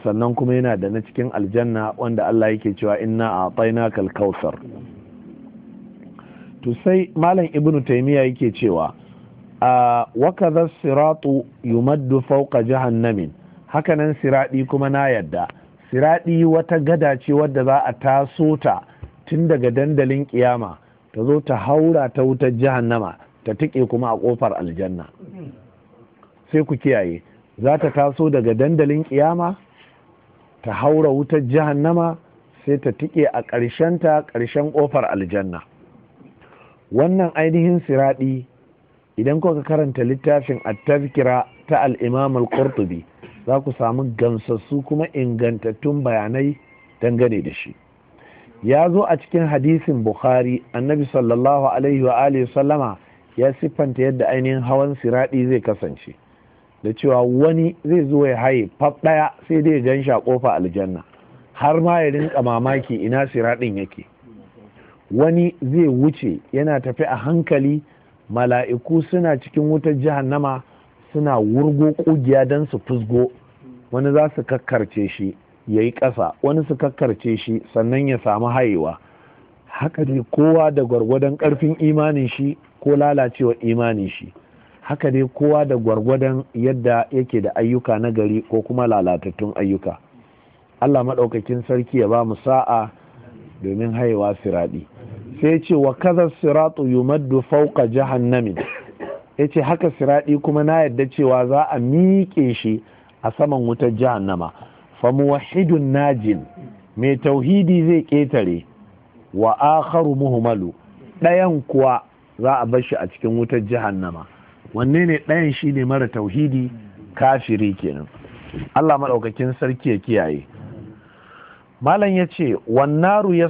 sannan kuma yana da na cikin aljanna wanda Allah yake cewa inna a kal kalkausar to sai malam ibnu taimiya yake cewa a wakazar siratu yumaddu fauka jahannamin hakanan siraɗi kuma na yadda siraɗi wata gada ce wadda za a taso ta tun daga dandalin kiyama ta zo ta haura ta wutar jahannama ta tike kuma a ƙofar aljanna sai ku kiyaye za ta taso daga dandalin kiyama ta haura wutar jahannama sai ta tike a ƙarshenta ƙarshen ƙofar aljanna wannan ainihin siraɗi idan kuka karanta littafin at ta al-imam al-qurtubi za ku samu gamsassu kuma ingantattun bayanai dangane da shi ya zo a cikin hadisin bukhari annabi sallallahu alaihi wa alihi sallama ya siffanta yadda ainihin hawan siraɗi zai kasance da cewa wani zai zo ya haye fab ɗaya sai dai gan shi a ƙofa aljanna har ma ya rinka mamaki ina siraɗin yake wani zai wuce yana tafi a hankali mala'iku suna cikin wutar nama. suna wurgo ƙugiya don su fusgo wani za su kakkarce shi ya yi ƙasa wani su kakkarce shi sannan ya samu hayewa haka dai kowa da gwargwadon ƙarfin imanin shi ko lalacewa imanin shi haka dai kowa da gwargwadon yadda yake da ayyuka na gari ko kuma lalatattun ayyuka allah maɗaukakin sarki ya ba mu sa'a domin haiwa siraɗi sai ce wa kazar siratu yumaddu fauka jahannamin ya ce haka siraɗi kuma na yadda cewa za a miƙe shi a saman wutar jahannama fa wahidun najin mai tauhidi zai ƙetare wa akharu muhmalu ɗayan kuwa za a bar shi a cikin wutar jahannama wanne ne ɗayan shi ne mara tauhidi kafiri kenan Allah maɗaukakin sarki ya kiyaye malam ya ce wannaru ya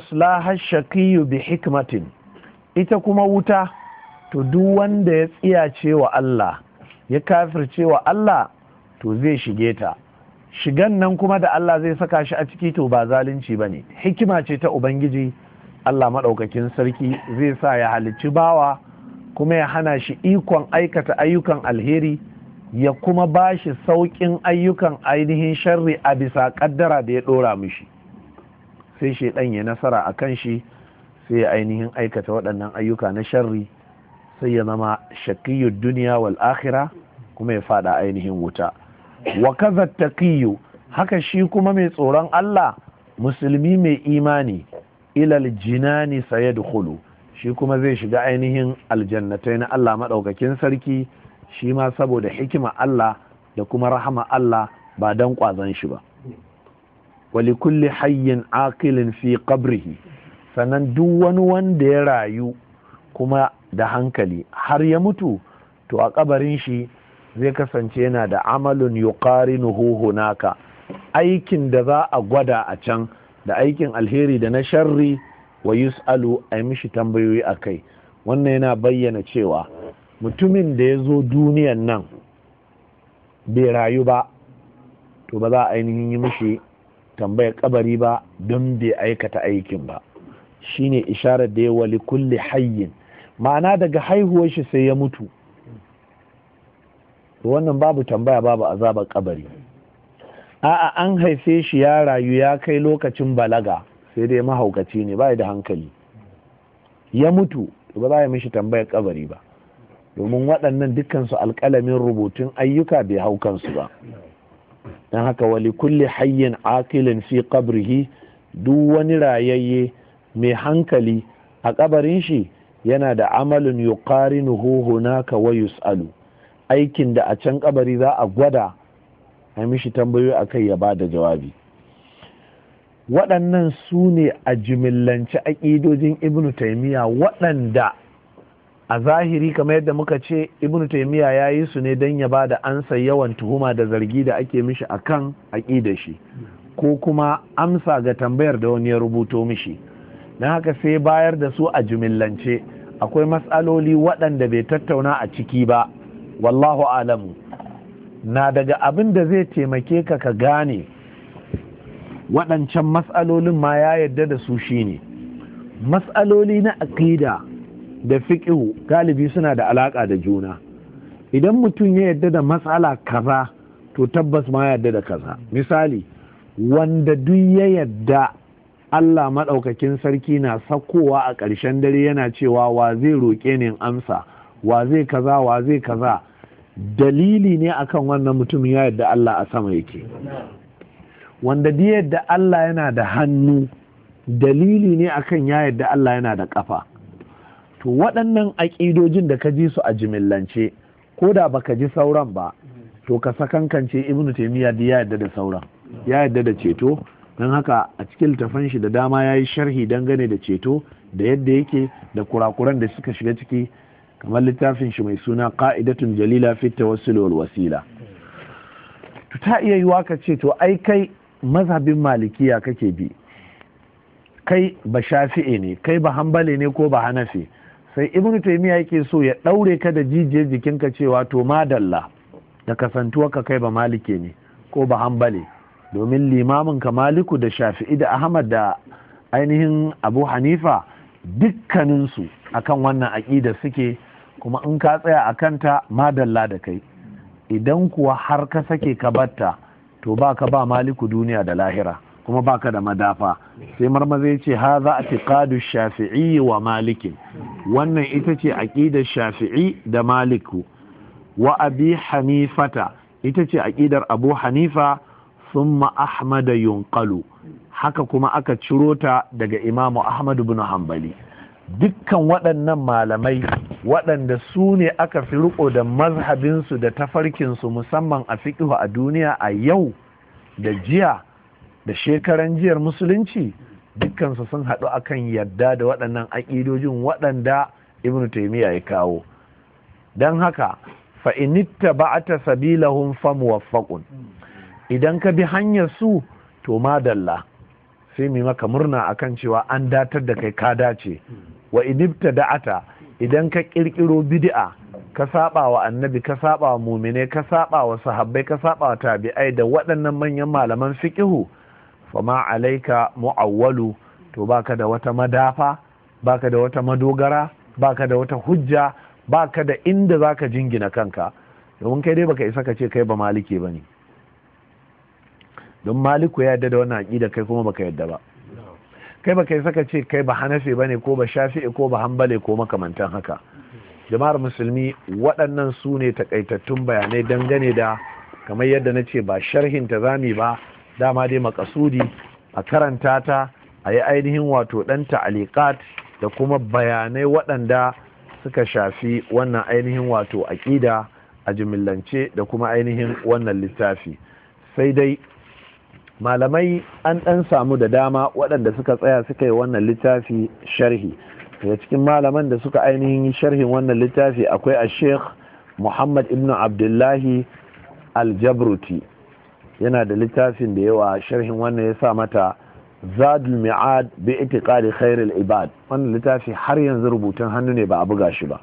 shakiyu bi hikmatin ita kuma wuta to duk wanda ya tsiya cewa Allah ya kafirce wa Allah to zai shige ta shigan nan kuma da Allah zai saka shi a ciki to ba zalunci ba ne hikima ce ta ubangiji Allah maɗaukakin sarki zai sa ya halicci bawa kuma ya hana shi ikon aikata ayyukan alheri ya kuma ba shi sauƙin ayyukan ainihin sharri a bisa ƙaddara da ya ɗora mishi sai shi ya nasara a kan shi sai ya ainihin aikata waɗannan ayyuka na sharri sai ya zama shakiyyu duniya wal akhira kuma ya fada ainihin wuta wa kaza taqiyyu haka shi kuma mai tsoron Allah musulmi mai imani ilal jinani sayadkhulu shi kuma zai shiga ainihin aljannatai na Allah madaukakin sarki shi ma saboda hikima Allah da kuma rahama Allah ba dan kwazon shi ba wali kulli hayyin aqilin fi qabrihi sannan duk wani wanda ya rayu kuma da hankali har ya mutu to a kabarin shi zai kasance yana da amalun yuqarinuhu hunaka aikin da za a gwada a can da aikin alheri da na sharri wa yus'alu a mishi tambayoyi a kai wannan yana bayyana cewa mutumin da ya zo duniyan nan bai rayu ba to ba za a ainihin yi mishi tambayar kabari ba don bai aikata aikin ba shine isharar da ya wali kulli hayyin ma'ana daga haihuwar shi sai ya mutu to wannan babu tambaya babu azabar kabari a'a an haife shi ya rayu ya kai lokacin balaga sai dai mahaukaci ne ba da hankali ya mutu ba za a mishi tambayar kabari ba domin waɗannan dukkansu alƙalamin rubutun ayyuka bai hau kansu ba Dan haka wali kulli hayyin akilin fi qabrihi duk wani rayayye mai hankali a kabarin shi yana da amalin yuqarinuhu hunaka wa yus'alu aikin da a can kabari za a gwada a mishi tambayoyi kai ya ba da jawabi waɗannan su ne a jimillance aƙidojin ibnu taimiyya waɗanda a zahiri kamar yadda muka ce ibnu taimiyya ya yi su ne don ya ba da ansa yawan tuhuma da zargi da ake mishi akan aƙida shi ko kuma amsa ga tambayar da wani ya rubuto mishi na haka sai bayar da su a jimillance akwai matsaloli waɗanda bai tattauna a ciki ba wallahu alamu na daga abin da zai taimake ka ka gane waɗancan matsalolin ma ya yadda da su shine matsaloli na aƙida da fiƙihu galibi suna da alaƙa da juna idan mutum ya yadda da matsala kaza to tabbas ma yadda da kaza misali wanda duk ya yadda Allah maɗaukakin sarki na sakkowa a ƙarshen dare yana cewa wa zai roƙe ni amsa wa zai kaza wa zai kaza dalili ne akan wannan mutumin ya yadda Allah a sama yake wanda da yadda Allah yana da hannu dalili ne akan ya yadda Allah yana da ƙafa to waɗannan aƙidojin da ka ji su a jimillance ko da baka ji sauran ba to ka sakankance ibnu taimiyya da ya yadda da sauran ya yadda da ceto don haka a cikin littafan shi da dama ya yi sharhi dangane da ceto da yadda yake da kurakuran da suka shiga ciki kamar littafin shi mai suna ka'idatun jalila fitta wasu wasila to ta iya yiwa ka ce to ai kai mazhabin malikiya kake bi kai ba shafi'e ne kai ba hambale ne ko ba hanafi sai ibnu taymiya yake so ya daure ka da jijiyar jikinka cewa to madalla da kasantuwa ka kai ba malike ne ko ba hambale domin limamin ka maliku da shafi'i da ahmad da ainihin abu hanifa dukkaninsu akan wannan aƙida suke kuma in ka tsaya a kanta madalla da kai idan kuwa har ka sake ka batta to ka ba maliku duniya da lahira kuma ba ka da madafa sai marmaza ya ce ha za a tiƙadu shafi'i wa malikin wannan ita ce aƙidar shafi'i da maliku wa abi hanifata ita ce aƙidar abu hanifa summa ahmada yunqalu haka kuma aka ciro ta daga imamu Ahmadu bin hanbali dukkan waɗannan malamai waɗanda su ne aka fi riko da mazhabinsu da tafarkinsu musamman a fiƙihu a duniya a yau da jiya da shekaran jiyar musulunci dukkansu sun haɗu akan yadda da waɗannan aƙidojin waɗanda ibn taymiya ya kawo don haka fa'initta ba'ata sabilahun famuwaffaqun idan ka bi hanyar su to madalla sai mu maka murna kan cewa an datar da kai ka dace wa inibta da'ata idan ka kirkiro bid'a ka saba wa annabi ka saba wa mumine ka saba wa sahabbai ka saba wa tabi'ai da waɗannan manyan malaman fiqihu ma alaika mu'awwalu to baka da wata madafa baka da wata madogara baka da wata hujja baka da inda zaka jingina kanka domin kai dai baka isa ka ce kai ba maliki bane don maliku ya yarda da wannan aƙida kai kuma baka yadda ba kai baka saka ce kai ba hanafi bane ko ba shafi'i ko ba hanbale ko makamantan haka jama'ar musulmi waɗannan su ne takaitattun bayanai dangane da kamar yadda na ce ba sharhin ta zami ba dama dai makasudi a karanta ta a yi ainihin wato ɗan ta'alikat da kuma bayanai waɗanda suka shafi wannan ainihin wato aƙida a jimillance da kuma ainihin wannan littafi sai dai malamai an ɗan samu da dama waɗanda suka tsaya suka yi wannan littafi sharhi daga cikin malaman da suka ainihin sharhin wannan littafi akwai a sheikh muhammad ibn abdullahi aljabruti yana da littafin da yawa sharhin wannan ya sa mata zadul mi'ad bi itiqadi khairul ibad wannan littafi har yanzu rubutun hannu ne ba a buga shi ba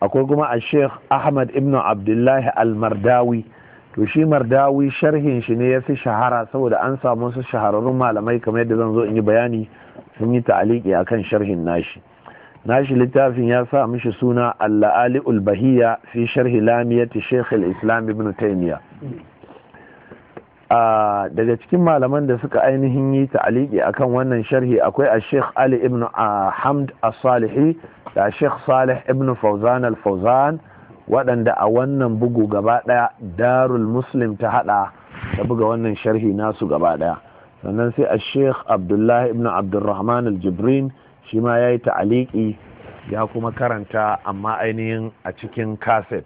akwai kuma a sheikh ahmad ibn abdullahi almardawi to shi mardawi sharhin shi ne ya fi shahara saboda an samu su shahararrun malamai kamar yadda zan zo in yi bayani sun yi ta'aliki akan sharhin nashi nashi littafin ya sa mishi suna allah ali bahiya fi sharhi lamiyati shaykh al-islam ibn taymiya daga cikin malaman da suka ainihin yi ta'aliki akan wannan sharhi akwai a sheikh ali ibn hamd as-salihi da sheikh salih ibn fawzan al-fawzan waɗanda a wannan bugu gaba ɗaya darul muslim ta haɗa ta buga wannan sharhi nasu gaba ɗaya sannan sai a sheikh abdullahi ibn abdulrahman al-jibrin shi ma ya yi ta'aliki ya kuma karanta amma ainihin a cikin kaset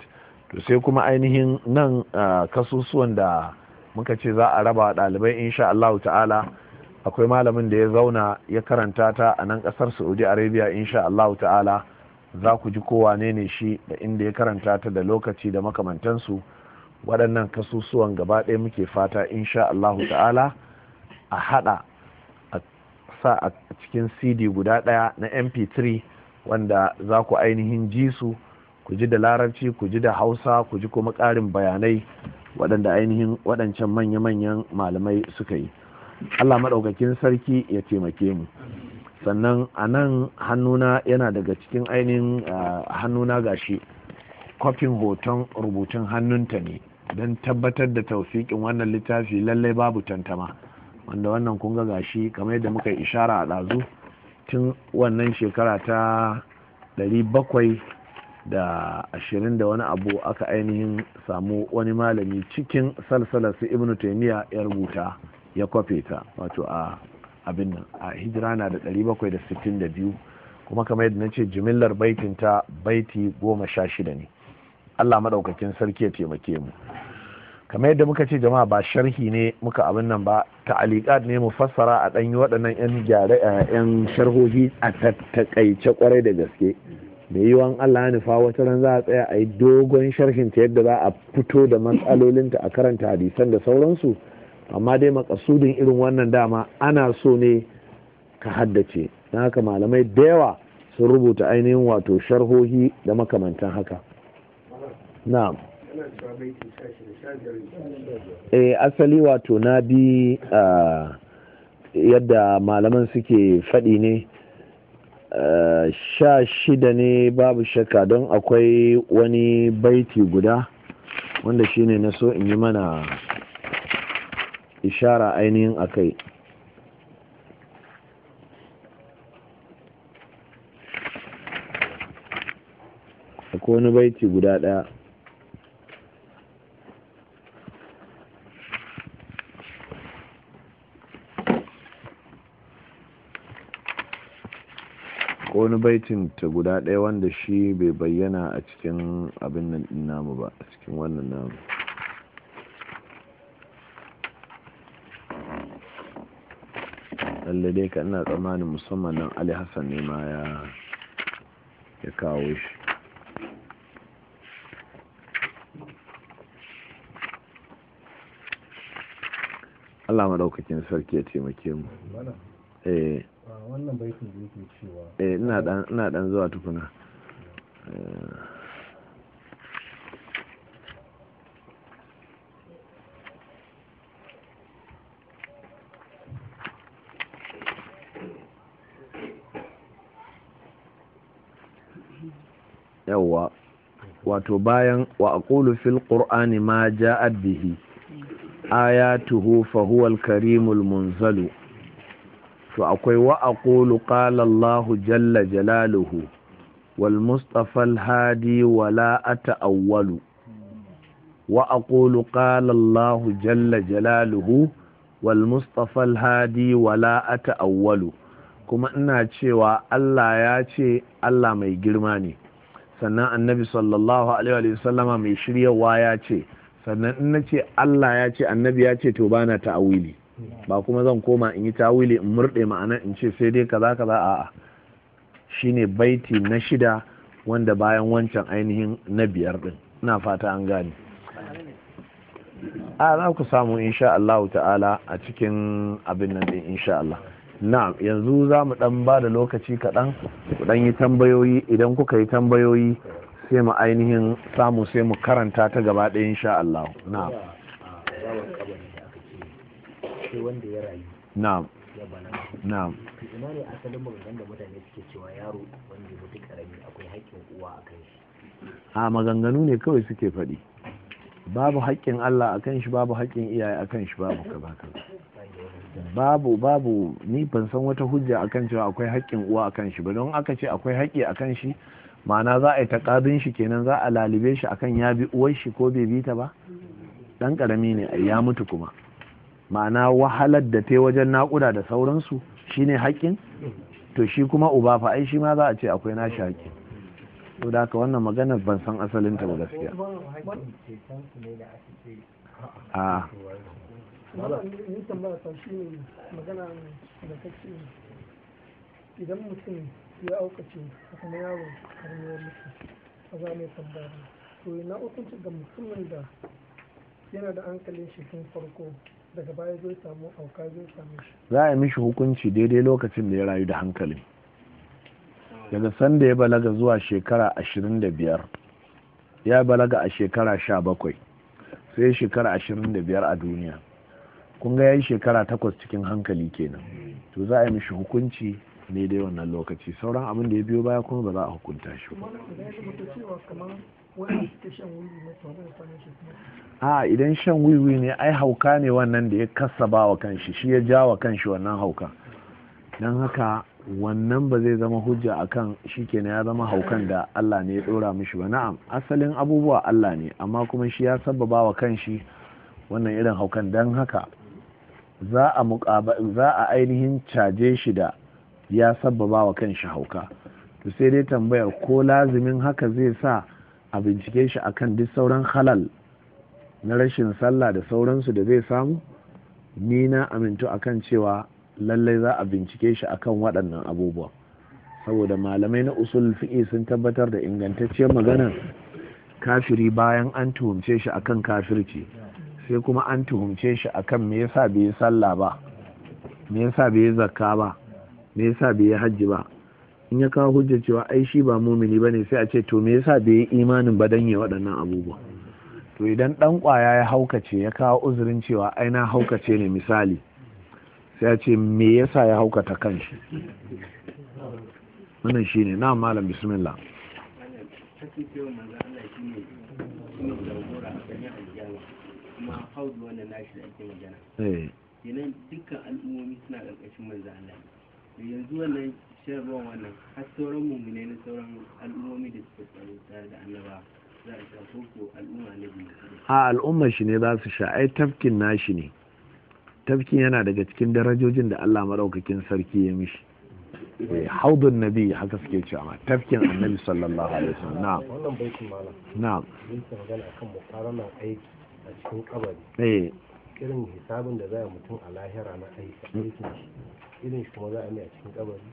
to sai kuma ainihin nan kasusuwan da muka ce za a raba ɗalibai insha Allah ta'ala akwai malamin da ya zauna ya karanta ta a nan ƙasar saudi arabia insha Allah ta'ala za ku ji kowa ne shi da inda ya karanta ta da lokaci da makamantansu waɗannan kasusuwan gaba ɗaya muke fata insha Allahu ta'ala a haɗa a sa a cikin cd guda ɗaya na mp3 wanda za ku ainihin ji su ku ji da larabci ku ji da hausa ku ji kuma ƙarin bayanai waɗanda ainihin waɗancan manya-manyan malamai suka yi allah maɗaukakin sarki ya taimake mu sannan a nan hannuna yana daga cikin ainihin hannuna gashi kwafin hoton rubutun hannunta ne don tabbatar da tausikin wannan littafi lallai babu tantama wanda wannan kun ga gashi kamar yadda muka ishara a ɗazu tun wannan shekara ta 700 da da wani abu aka ainihin samu wani malami cikin salsalar su ibnu taimiyya ya rubuta ya kwafe ta wato a abin nan a hijira na da 762 kuma kamar yadda nace jimillar baitin ta baiti goma sha shida ne Allah maɗaukakin sarki ya taimake mu kamar yadda muka ce jama'a ba sharhi ne muka abin nan ba ta'aliqat ne mu fassara a ɗanyi waɗannan 'yan gyare 'yan sharhohi a tattakaice kwarai da gaske yi yiwuwan Allah nufa wata ran za a tsaya a yi dogon sharhin ta yadda za a fito da matsalolinta a karanta hadisan da sauransu amma dai makasudin irin wannan dama ana so ne ka haddace don haka malamai da yawa sun rubuta ainihin wato sharhohi da makamantan haka na'am eh asali wato na bi yadda malaman suke faɗi ne sha shida ne babu shaka don akwai wani baiti guda wanda shine na so in yi mana ishara ainihin a kai akwai wani baiti guda ɗaya wani baitin ta guda ɗaya wanda shi bai bayyana a cikin abin nan namu ba a cikin wannan namu lalle dai ka ina tsammanin musamman nan ali hassan ne ma ya ya kawo shi Allah maɗaukakin sarki ya taimake mu eh wannan baitin da yake cewa eh ina dan zuwa tukuna eh. yawwa wato bayan wa aqulu fil qur'ani ma ja'at bihi ayatuhu fa huwa al karimul munzalu to akwai wa aqulu qala allah jalla jalaluhu wal mustafa al hadi wa la ata'awwalu wa aqulu qala allah jalla jalaluhu wal mustafa al hadi wa la ata'awwalu kuma ina cewa allah ya ce allah mai girma ne sannan annabi sallallahu alaihi wa sallama mai shiryarwa ya ce sannan in nace Allah ya ce annabi ya ce to bana ta'awili ba kuma zan koma in yi ta'awili in murde ma'ana in ce sai dai kaza kaza a'a shine baiti na shida wanda bayan wancan ainihin na biyar din ina fata an gane a za ku samu insha Allah ta'ala a cikin abin nan din insha Allah na'am yanzu za mu dan ba da lokaci kaɗan ku dan yi tambayoyi idan kuka yi tambayoyi sai mu ainihin samu sai mu karanta ta gaba ɗaya insha Allah na'am na'am na'am ina ne asalin maganganun da mutane suke cewa yaro wanda ya mutu karami akwai haƙƙin uwa a a maganganu ne kawai suke faɗi babu haƙƙin Allah a kan shi babu haƙƙin iyaye a kan shi babu ka baka babu babu ni ban san wata hujja a kan cewa akwai haƙƙin uwa a kan shi ba don aka ce akwai haƙƙi a kan shi ma'ana za a yi taƙadun shi kenan za a lalibe shi akan ya bi uwar shi ko bai bi ta ba ɗan ƙarami ne ya mutu kuma ma'ana wahalar da ta wajen naƙuda da sauransu shine haƙƙin to shi kuma uba fa ai shi ma za a ce akwai nashi haƙƙin to da haka wannan maganar ban san asalin ta ba gaskiya a ah. idan mutum ya aukace kuma yaro karnuwar mutum a zane tambaya to na hukunci ga mutumin da yana da hankalin shi tun farko daga baya zai samu auka zai samu shi za a yi mishi hukunci daidai lokacin da ya rayu da hankalin daga sanda ya balaga zuwa shekara ashirin da biyar ya balaga a shekara sha bakwai sai shekara ashirin da biyar a duniya kun ga ya yi shekara takwas cikin hankali kenan to za a yi mishi hukunci ne dai wannan lokaci sauran abin da ya biyo baya kuma ba za a hukunta shi ba a idan shan wiwi ne ai hauka ne wannan da ya kasa ba wa kanshi shi ya ja wa kanshi wannan hauka don haka wannan ba zai zama hujja akan na ya zama haukan da Allah ne ya dora mishi ba na'am asalin abubuwa Allah ne amma kuma shi ya sababa wa kanshi wannan irin haukan don haka za a ainihin caje shi da ya sababa wa kanshi hauka to sai dai tambayar ko lazimin haka zai sa a bincike shi akan duk sauran halal na rashin sallah da sauransu da zai samu ni na amintu akan cewa lallai za a bincike shi akan waɗannan abubuwa. saboda malamai na usul fi'i sun tabbatar da ingantacciyar magana kafiri bayan an tuhumce shi akan kafirci sai kuma an tuhumce shi akan me yasa bai sallah ba me yasa bai zakka ba me yasa bai hajji ba in ya kawo hujja cewa ai shi ba mumini bane sai a ce to me yasa bai yi imanin ba dan ya waɗannan abubuwa to idan dan kwaya ya haukace ya kawo uzurin cewa ai na haukace ne misali sai ya ce me yasa ya haukata kanshi wannan ne na malam bismillah eh. a al'umma shi ne za su sha tafkin nashi ne tafkin yana daga cikin darajojin da Allah maɗaukakin sarki ya mishi eh, haudun nabi haka suke cewa ma tafkin annabi sallallahu alaihi wasallam na wannan baitin malam na yake magana kan mukarana aiki a cikin kabari eh irin hisabin da zai a mutum a lahira na aiki irin shi kuma za a yi a cikin kabari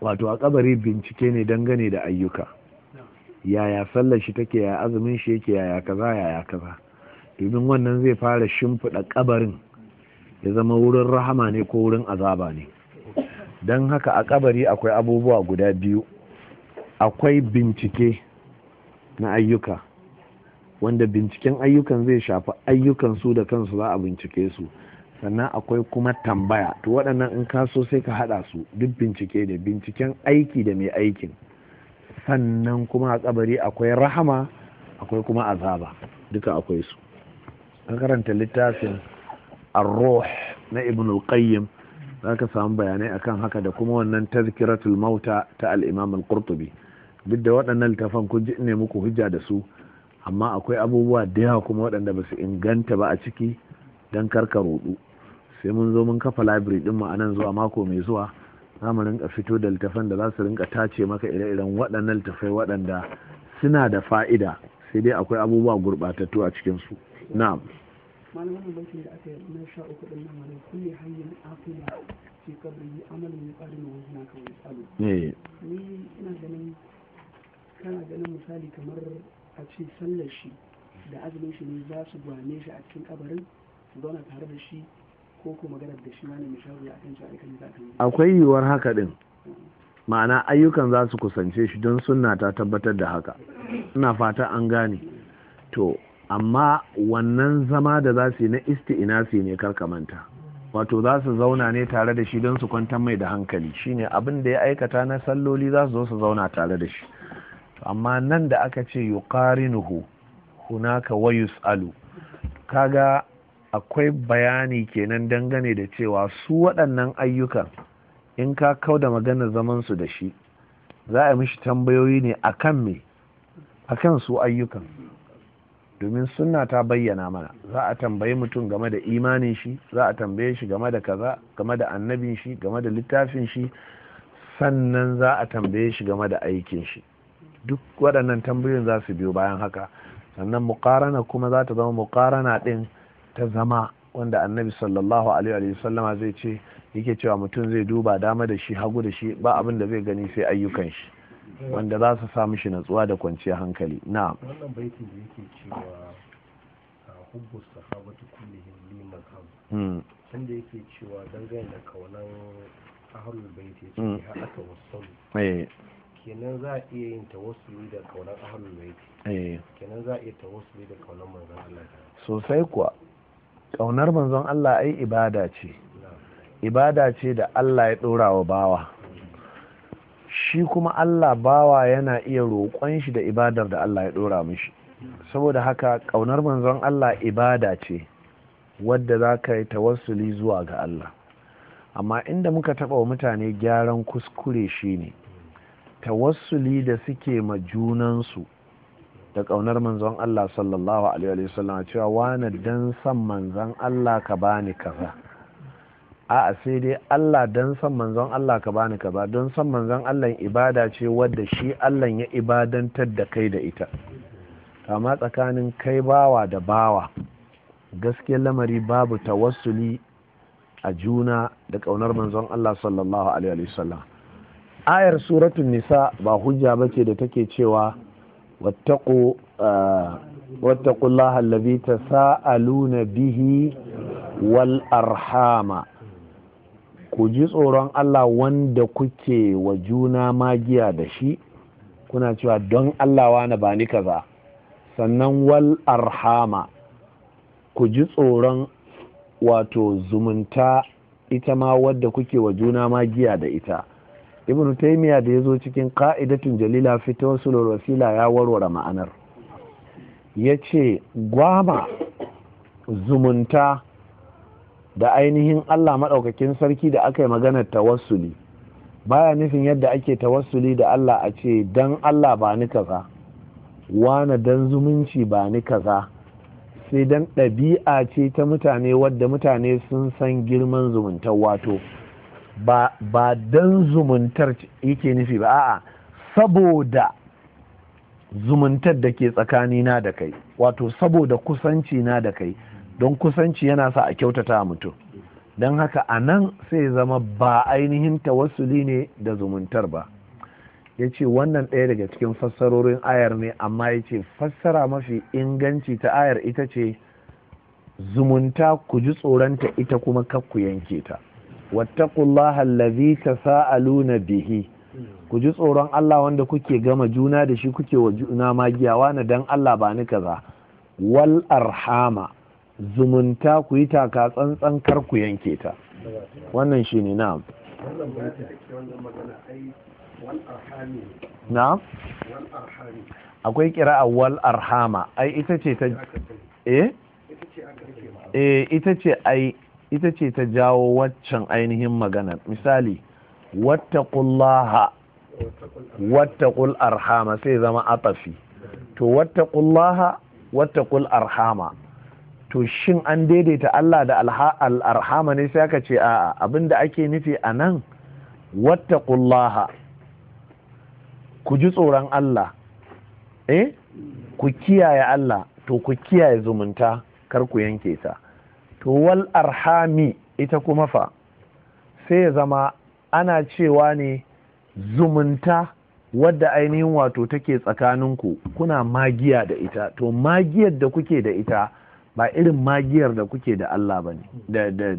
wato a kabari bincike ne dangane da ayyuka yaya sallar shi take ya azumin shi yake yaya kaza yaya kaza domin wannan zai fara shimfida kabarin ya zama wurin rahama ne ko wurin azaba ne don haka a kabari akwai abubuwa guda biyu akwai bincike na ayyuka wanda binciken ayyukan zai shafi ayyukan su da kansu za a bincike su sannan akwai kuma tambaya to waɗannan in ka sosai sai ka haɗa su duk bincike da binciken aiki da mai aikin sannan kuma a kabari akwai rahama akwai kuma azaba duka akwai su ka karanta littafin ar-ruh na ibn al zaka samu bayanai akan haka da kuma wannan tazkiratul mauta ta al-imam al-qurtubi duk da waɗannan littafan kun ji ne muku hujja da su amma akwai abubuwa da yawa kuma wadanda ba su inganta ba a ciki don karka rudu sai mun zo mun kafa library din mu a nan zuwa mako mai zuwa za mu rinka fito da littafan da za su rinka tace maka ire-iren wadannan littafai waɗanda suna da fa'ida sai dai akwai abubuwa gurɓatattu a cikinsu na'am malamin baitin da aka yi na sha uku din nan wani kulle hanyar afila ce kabari amalin ya ƙari na wasu na kan misali eh. ni ina ganin kana ganin misali kamar a ce sallar shi da azumin shi ne za su gwane shi a cikin kabarin su zauna tare da shi ko kuma ganar da shi malamin shafi a kan shi a kan zakan akwai yiwuwar haka din ma'ana ayyukan za su kusance shi don sunna ta tabbatar da haka ina fata an gane to amma wannan zama da za su yi na isti'inasi ne karka manta wato za su zauna ne tare da shi don su kwantar mai da hankali shine abin da ya aikata na salloli za su zo su zauna tare da shi amma nan da aka ce yuqarinuhu hunaka wa yus'alu kaga akwai bayani kenan dangane da cewa su waɗannan ayyukan in ka kau da maganar zaman su da shi za a mishi tambayoyi ne akan me akan su ayyukan domin sunna ta bayyana mana za a tambayi mutum game da imanin shi za a tambaye shi game da kaza game da annabin shi game da littafin shi sannan za a tambaye shi game da aikin shi duk waɗannan tambayoyin za su biyo bayan haka sannan muƙarana kuma za ta zama muƙarana ɗin ta zama wanda annabi sallallahu alaihi sallama zai ce yake cewa mutum zai duba dama da shi hagu da shi ba abin da zai gani sai ayyukan shi wanda za su sa shi natsuwa da kwanciyar hankali na wannan baitin da yake cewa ah, hubbu sahabatu kullihim liman hmm. ham sanda yake cewa dangane da kaunan ahlul baiti ce har hmm. aka wasu eh. kenan za a iya yin tawassuli da kaunan ahlul baiti eh. kenan za a iya tawassuli da kaunan manzon Allah sosai kuwa kaunar manzon Allah ai ibada ce ibada ce da Allah ya dora wa bawa shi kuma Allah bawa yana iya roƙon shi da ibadar da Allah ya ɗora mishi saboda haka ƙaunar manzon Allah ibada ce wadda za ka yi tawassuli zuwa ga Allah amma inda muka taɓa wa mutane gyaran kuskure shine tawassuli da suke ma junansu da ƙaunar manzon Allah sallallahu alaihi wasallam cewa wani dan san manzon Allah ka bani kaza a'a sai dai Allah don san manzon Allah ka bani ka ba don san manzon Allah ibada ce wadda shi Allah ya ibadantar da kai da ita Kama tsakanin kai bawa da bawa Gaskiya lamari babu tawassuli a juna da ƙaunar manzon Allah sallallahu alaihi wasallam ayar suratun nisa ba hujja bace da take cewa wattaqu ah, wattaqullaha allazi tasaaluna bihi wal arhama ku ji tsoron Allah wanda kuke wa juna magiya da shi kuna cewa don Allah na ba ni kaza sannan wal arhama ku ji tsoron wato zumunta ita ma wadda kuke wa juna magiya da ita ibnu taimiya da ya zo cikin ka'idatun jalila fitowar wasila ya warware ma'anar ya ce gwama zumunta da ainihin Allah maɗaukakin sarki da aka yi maganar tawassuli baya nufin yadda ake tawassuli da Allah a ce dan Allah ba ni kaza wane dan zumunci ba ni kaza sai dan ɗabi'a ce ta mutane wadda mutane sun san girman zumuntar wato ba, ba dan zumuntar yake nufi ba a'a saboda zumuntar da ke tsakanina da kai wato saboda kusanci na da kai don kusanci yana sa a kyautata mutum don haka a nan sai zama ba ainihin tawassuli ne da zumuntar ba ya ce wannan ɗaya daga cikin fassarorin ayar ne amma ya ce fassara mafi inganci ta ayar ita ce zumunta ku ji tsoronta ita kuma ku yanke ta wattaqullaha allazi tasaaluna bihi ku ji tsoron Allah wanda kuke gama juna da shi kuke wa juna magiyawa na dan Allah ba ni kaza wal arhama zumunta ku yi taka tsantsan kar ku yanke ta wannan shi ne na'am Na? akwai kira wal arhama ai ita ce ta eh? eh ita ce ai ita ce ta jawo waccan ainihin magana misali wattaqullaha wattaqul arhama sai zama atafi to wattaqullaha wattaqul arhama to shin an daidaita Allah da al'arhama ne sai aka ce a abin da ake nufi a nan Wata ƙullaha ku ji tsoron Allah eh ku kiyaye Allah to ku kiyaye zumunta kar ku yanke ta to wal arhami ita kuma fa sai ya zama ana cewa ne zumunta wadda ainihin wato take tsakaninku kuna magiya da ita to magiyar da kuke da ita ba irin magiyar da kuke da Allah ba ne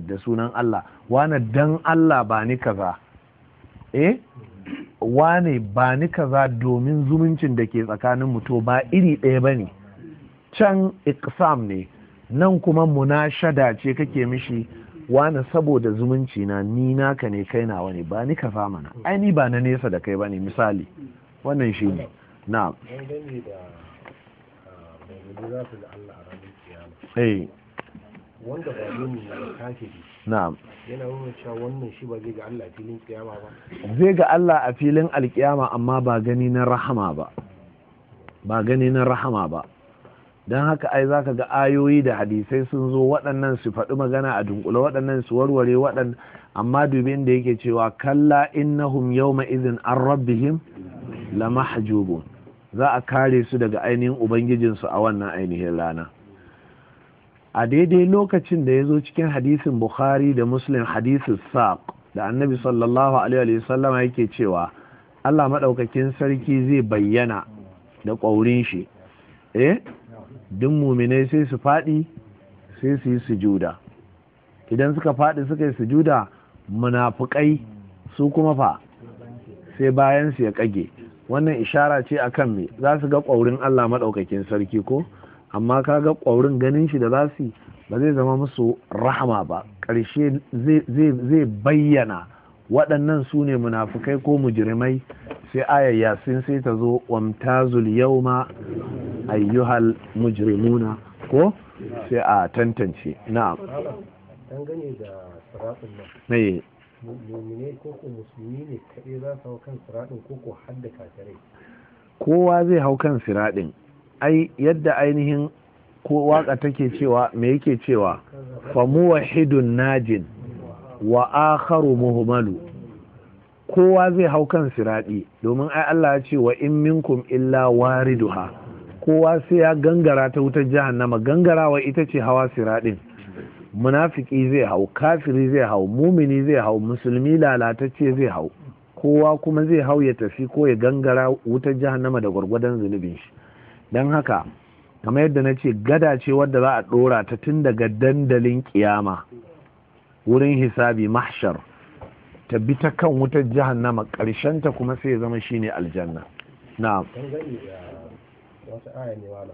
da sunan Allah wane dan Allah ba ni kaza eh wane ba ni kaza domin zumuncin da ke tsakanin mu to ba iri ɗaya ba ne can iksam ne nan kuma munashada ce kake mishi wane saboda zumunci na ni naka ne kai nawa ne ba ni mana ai ba na nesa da kai ba ne misali wannan shi ne ah, na zai ga Allah a filin kiyama alkiyama amma ba gani na rahama ba ba gani na rahama ba don haka ai za ka ga ayoyi da hadisai sun zo waɗannan su faɗi magana a dunkule waɗannan su warware waɗannan amma dubin da yake cewa kalla innahum yawma izin an rabbihim la za a kare su daga ainihin ubangijinsu a wannan ainihin rana a daidai lokacin da ya zo cikin hadisin bukhari da muslim hadisin saq da annabi sallallahu alaihi sallama yake cewa allah maɗaukakin sarki zai bayyana da ƙwaurin shi eh duk muminai sai su faɗi sai su yi sujuda idan suka faɗi suka yi sujuda munafukai su kuma fa sai bayan su ya ƙage wannan ishara ce akan me za su ga ƙwaurin allah maɗaukakin sarki ko amma kaga ƙwaurin ganin shi da za su ba zai zama musu rahama ba ƙarshe zai bayyana waɗannan su ne munafukai ko mujrimai sai ayayya yasin sai ta zo wamtazul yauma ayyuhal mujrimuna ko sai a tantance na'am dangane da siratun nan mummune ko ko musulmi ne kaɗai za su hau kan siratun ko ko hadda kakarai. kowa zai hau kan siradin ai yadda ainihin ko waka take cewa me yake cewa fa muwahidun najin wa akharu muhmalu kowa zai hau kan siraɗi domin ai Allah ya ce wa in minkum illa wariduha kowa sai ya gangara ta wutar jahannama gangarawa ita ce hawa siraɗin munafiki zai hau kafiri zai hau mumini zai hau musulmi lalatacce zai hau kowa kuma zai hau ya tafi ko ya gangara wutar jahannama da gwargwadon zunubin shi don haka kamar yadda na ce gada ce wadda za a ɗora ta tun daga dandalin kiyama wurin hisabi mahshar ta bi ta kan wutar jahannama ta kuma sai zama shine aljanna na aya ne wala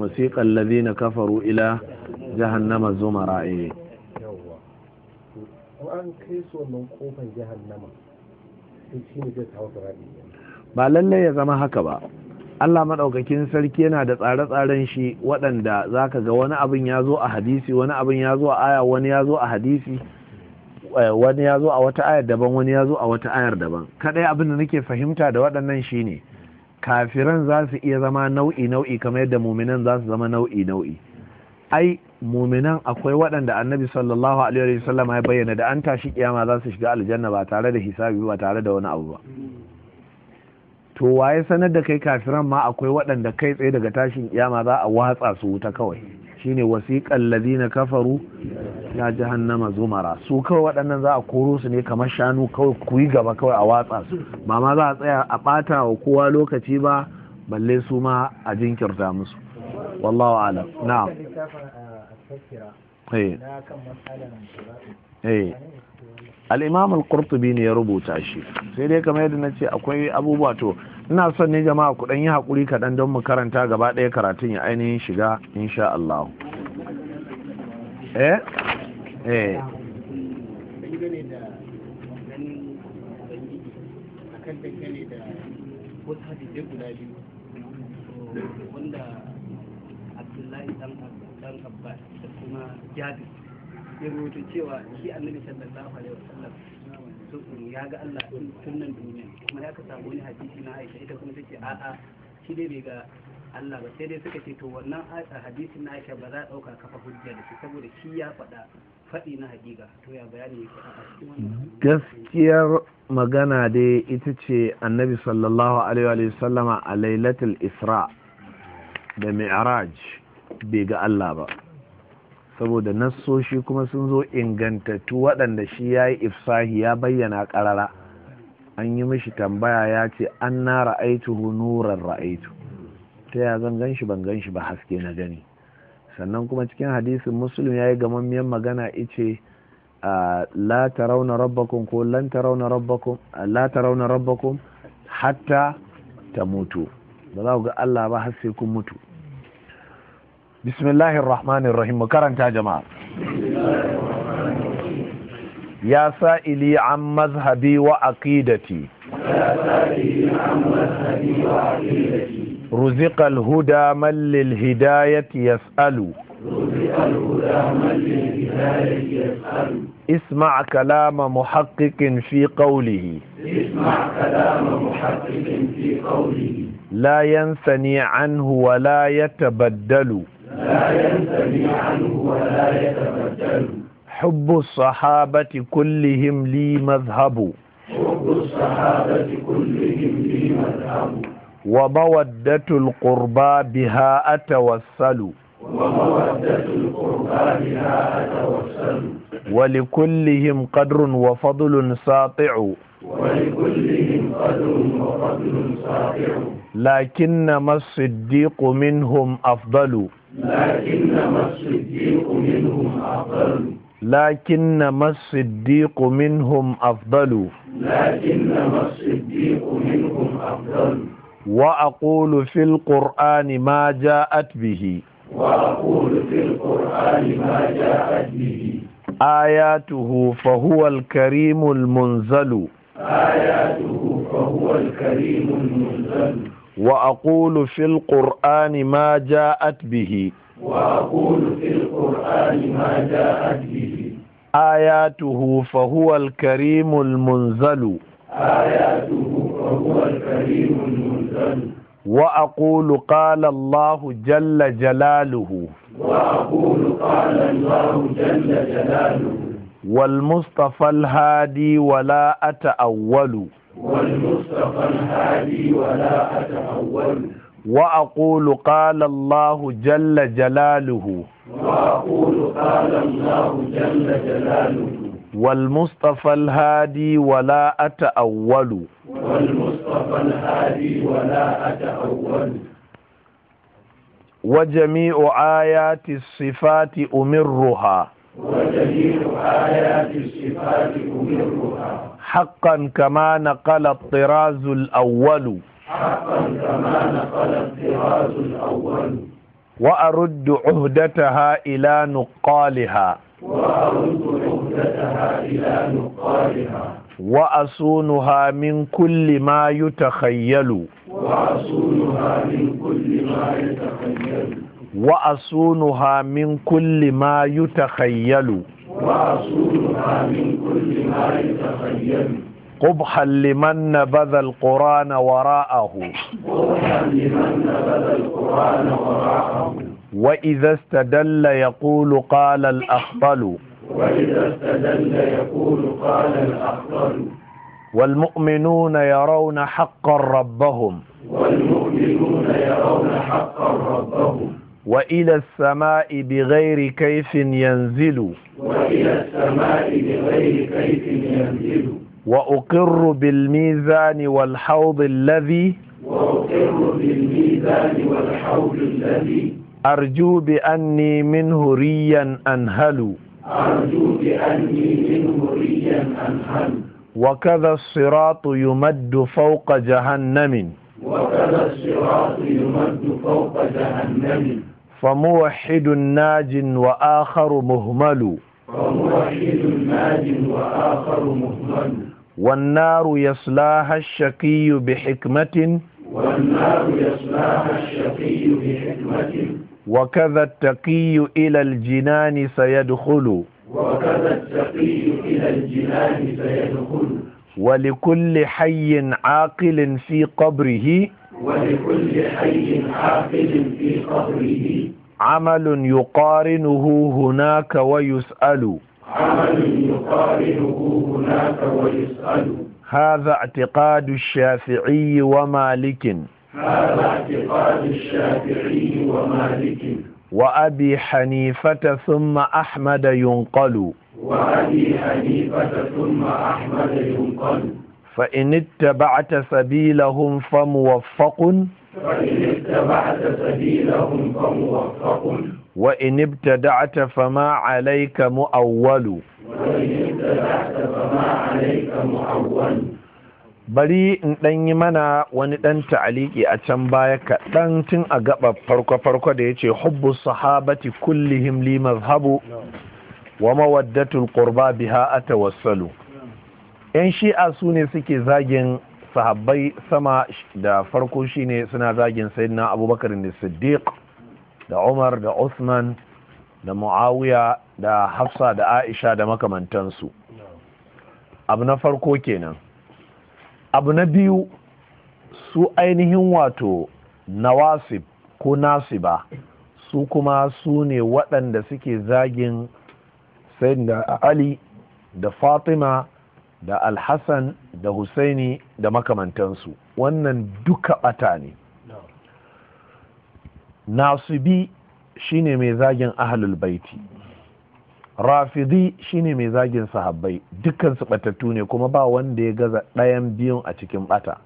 wasiƙan lazi na kafaru ila jahannama zumara eh an kai su wannan kofar jahannama ba lallai ya zama haka ba Allah maɗaukakin sarki yana da tsare-tsaren shi waɗanda za ka ga wani abin ya zo a hadisi wani abin ya zo a aya wani ya zo a hadisi eh, wani ya zo a wata ayar daban wani ya zo a wata ayar daban kaɗai abin da nake fahimta da waɗannan shine kafiran za su iya zama nau'i nau'i kamar yadda muminan za su zama nau'i nau'i ai muminan akwai waɗanda annabi sallallahu alaihi sallam ya bayyana da an tashi kiyama za su shiga aljanna ba tare da hisabi ba tare da wani abu ba to waye sanar da kai kafiran ma akwai waɗanda kai tsaye daga tashin kiyama za a watsa su wuta kawai shine wasiqal ladina kafaru ya jahannama zumara su kawai waɗannan za a koro su ne kamar shanu kawai ku yi gaba kawai a watsa su ba ma za a tsaya a ɓata wa kowa lokaci ba balle su ma a jinkirta musu wallahu alam na'am eh eh al-imam al-qurtubi ne ya rubuta shi sai dai kamar yadda ce akwai abubuwa to ina son ne jama'a kuɗin yi hakuri kaɗan don mu karanta gaba ɗaya karatun ya ainihin shiga insha Allah eh? Eh. dan abbas da wani hadisi na Aisha a'a shi dai bai ga Allah ba sai na Aisha ba za a dauka kafa hujja na gaskiyar magana dai ita ce annabi sallallahu alaihi wasallama a lailatul isra da mi'raj bai ga Allah ba saboda nassoshi kuma sun zo ingantattu waɗanda shi ya yi ifsahi ya bayyana ƙarara an yi mishi tambaya ya ce an na ra'aituhu nuran ra'aitu ta ya zan gan shi ban gan shi ba haske na gani sannan kuma cikin hadisin musulun ya yi gamammiyar magana ice la tarawna rabbakum ko lan hatta ba za ku ga Allah ba har sai kun mutu بسم الله الرحمن الرحيم karanta jama'a ya يا سائلي عن مذهبي وعقيدتي رزق الهدى من للهداية يسأل اسمع كلام محقق في قوله اسمع كلام محقق في قوله لا ينثني عنه ولا يتبدل لا ينتهي عنه ولا يتبدل حب الصحابة كلهم لي مذهب حب الصحابة كلهم لي مذهب ومودة القربى بها أتوسل ومودة القربى بها أتوسل ولكلهم قدر وفضل ساطع ولكلهم قدر وفضل ساطع لكنما الصديق منهم أفضل لكنما الصديق منهم لكنما الصديق منهم أفضل لكنما الصديق منهم أفضل وأقول في القرآن ما جاءت به وأقول في القرآن ما جاءت به آياته فهو الكريم المنزل آياته فهو الكريم المنزل وأقول في القرآن ما جاءت به وأقول في القرآن ما جاءت به آياته فهو الكريم المنزل آياته فهو الكريم المنزل وأقول قال الله جل جلاله وأقول قال الله جل جلاله والمصطفى الهادي ولا أتأول والمصطفى الهادي ولا أتأول وأقول قال الله جل جلاله وأقول قال الله جل جلاله والمصطفى الهادي ولا أتأول والمصطفى الهادي ولا أتأول وجميع آيات الصفات أمرها وجميع آيات الصفات أمرها حقا كما نقل الطراز الأول حقا كما نقل الطراز الأول وأرد عهدتها إلى نقالها وأرد عهدتها إلى نقالها وأصونها من كل ما يتخيل وأصونها من كل ما يتخيل وأصونها من كل ما يتخيل وأصولها من كل ما يتخيل قبحا لمن نبذ القرآن وراءه قبحا لمن نبذ القرآن وراءه وإذا استدل يقول قال الأخطل وإذا استدل يقول قال الأخطل والمؤمنون يرون حقا ربهم والمؤمنون يرون حقا ربهم وإلى السماء بغير كيف ينزل وإلى السماء بغير كيف ينزل وأقر بالميزان والحوض الذي وأقر بالميزان والحوض الذي أرجو بأني منه ريا أنهل أرجو بأني منه ريا أنهل وكذا الصراط يمد فوق جهنم وكذا الصراط يمد فوق جهنم فموحد ناج وآخر مهمل فموحد ناج وآخر مهمل والنار يصلاها الشقي بحكمة والنار يصلاها الشقي بحكمة وكذا التقي إلى الجنان سيدخل وكذا التقي إلى الجنان سيدخل ولكل حي عاقل في قبره ولكل حي حافل في قبره عمل يقارنه هناك ويسأل عمل يقارنه هناك ويسأل هذا اعتقاد الشافعي ومالك هذا اعتقاد الشافعي ومالك وأبي حنيفة ثم أحمد ينقل وأبي حنيفة ثم أحمد ينقل فإن اتبعت سبيلهم فموفق وإن اتبعت سبيلهم فموفق وإن ابتدعت فما عليك مؤول وإن ابتدعت فما عليك مؤول bari in ɗan yi mana wani ɗan ta'aliki a can baya kaɗan tun a gaba farko-farko da ya ce hubbu sahabati kullihim li mazhabu wa mawaddatul qurba biha a tawassalu!" 'yan shi'a su ne suke zagin sahabbai sama da farko shine suna zagin sayyidina abubakar da siddiq da umar da usman da muawiya da hafsa da aisha da makamantansu abu na farko kenan abu na biyu su ainihin wato nawasib ko nasiba su kuma su ne waɗanda suke zagin sayyidina ali da fatima da alhassan da husaini da makamantansu wannan duka ɓata ne nasibi shine mai zagin ahalul baiti rafidi shine mai zagin sahabbai dukansu batattu ne kuma ba wanda ya gaza ɗayan biyun a cikin ɓata.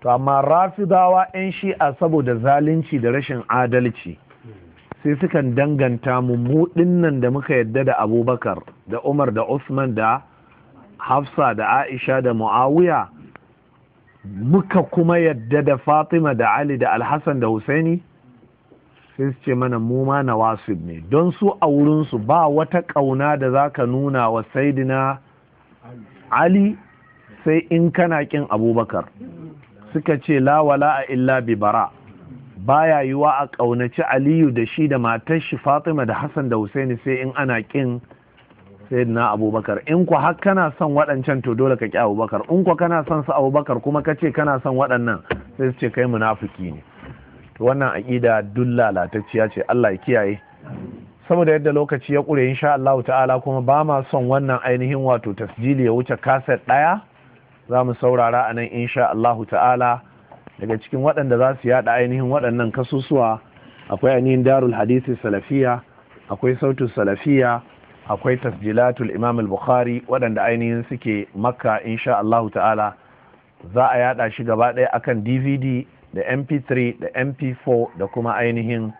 to amma rafidawa 'yan shi'a saboda zalunci da rashin adalci sai sukan danganta mu mu da muka yadda da abubakar da umar da usman da hafsa da aisha da muawiya muka kuma yadda da fatima da ali da alhassan da husaini sai su ce mana mu ma na ne don su a wurinsu ba wata ƙauna da za ka nuna wa saidina ali sai in kana ƙin abubakar suka ce lawala a illa bi bara baya yiwa a ƙaunaci aliyu da shi da matar shi fatima da hassan da husaini sai in ana ƙin sayyidina abubakar in ku har kana son waɗancan to dole ka ƙi abubakar in ku kana son su abubakar kuma ka ce kana son waɗannan sai su ce kai munafuki ne to wannan aƙida duk lalatacciya ce Allah ya kiyaye saboda yadda lokaci ya ƙure insha Allah ta'ala kuma ba ma son wannan ainihin wato tasjili ya wuce kaset ɗaya za mu saurara a nan insha Allah ta'ala daga cikin waɗanda za su yaɗa ainihin waɗannan kasusuwa akwai ainihin darul hadisi salafiya akwai sautu salafiya akwai tasjilatul imam al-bukhari waɗanda ainihin suke makka insha Allahu ta'ala za a yada shi gaba ɗaya akan dvd da mp3 da mp4 da kuma ainihin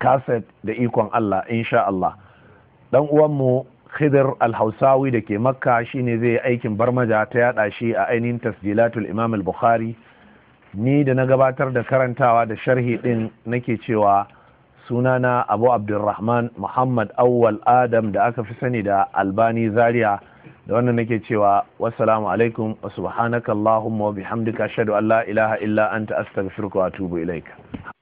kaset da ikon Allah insha Allah dan uwanmu khidr al-hausawi da ke makka shine zai aikin barmaja ta yada shi a ainihin tasjilatul imam al-bukhari ni da na gabatar da karantawa da sharhi din nake cewa sunana abu abdulrahman muhammad awwal adam da aka fi sani da albani zaria da wannan nake cewa wassalamu alaikum wa subhanakallahumma wa bihamdika ashhadu an la ilaha illa anta astaghfiruka wa atubu ilaika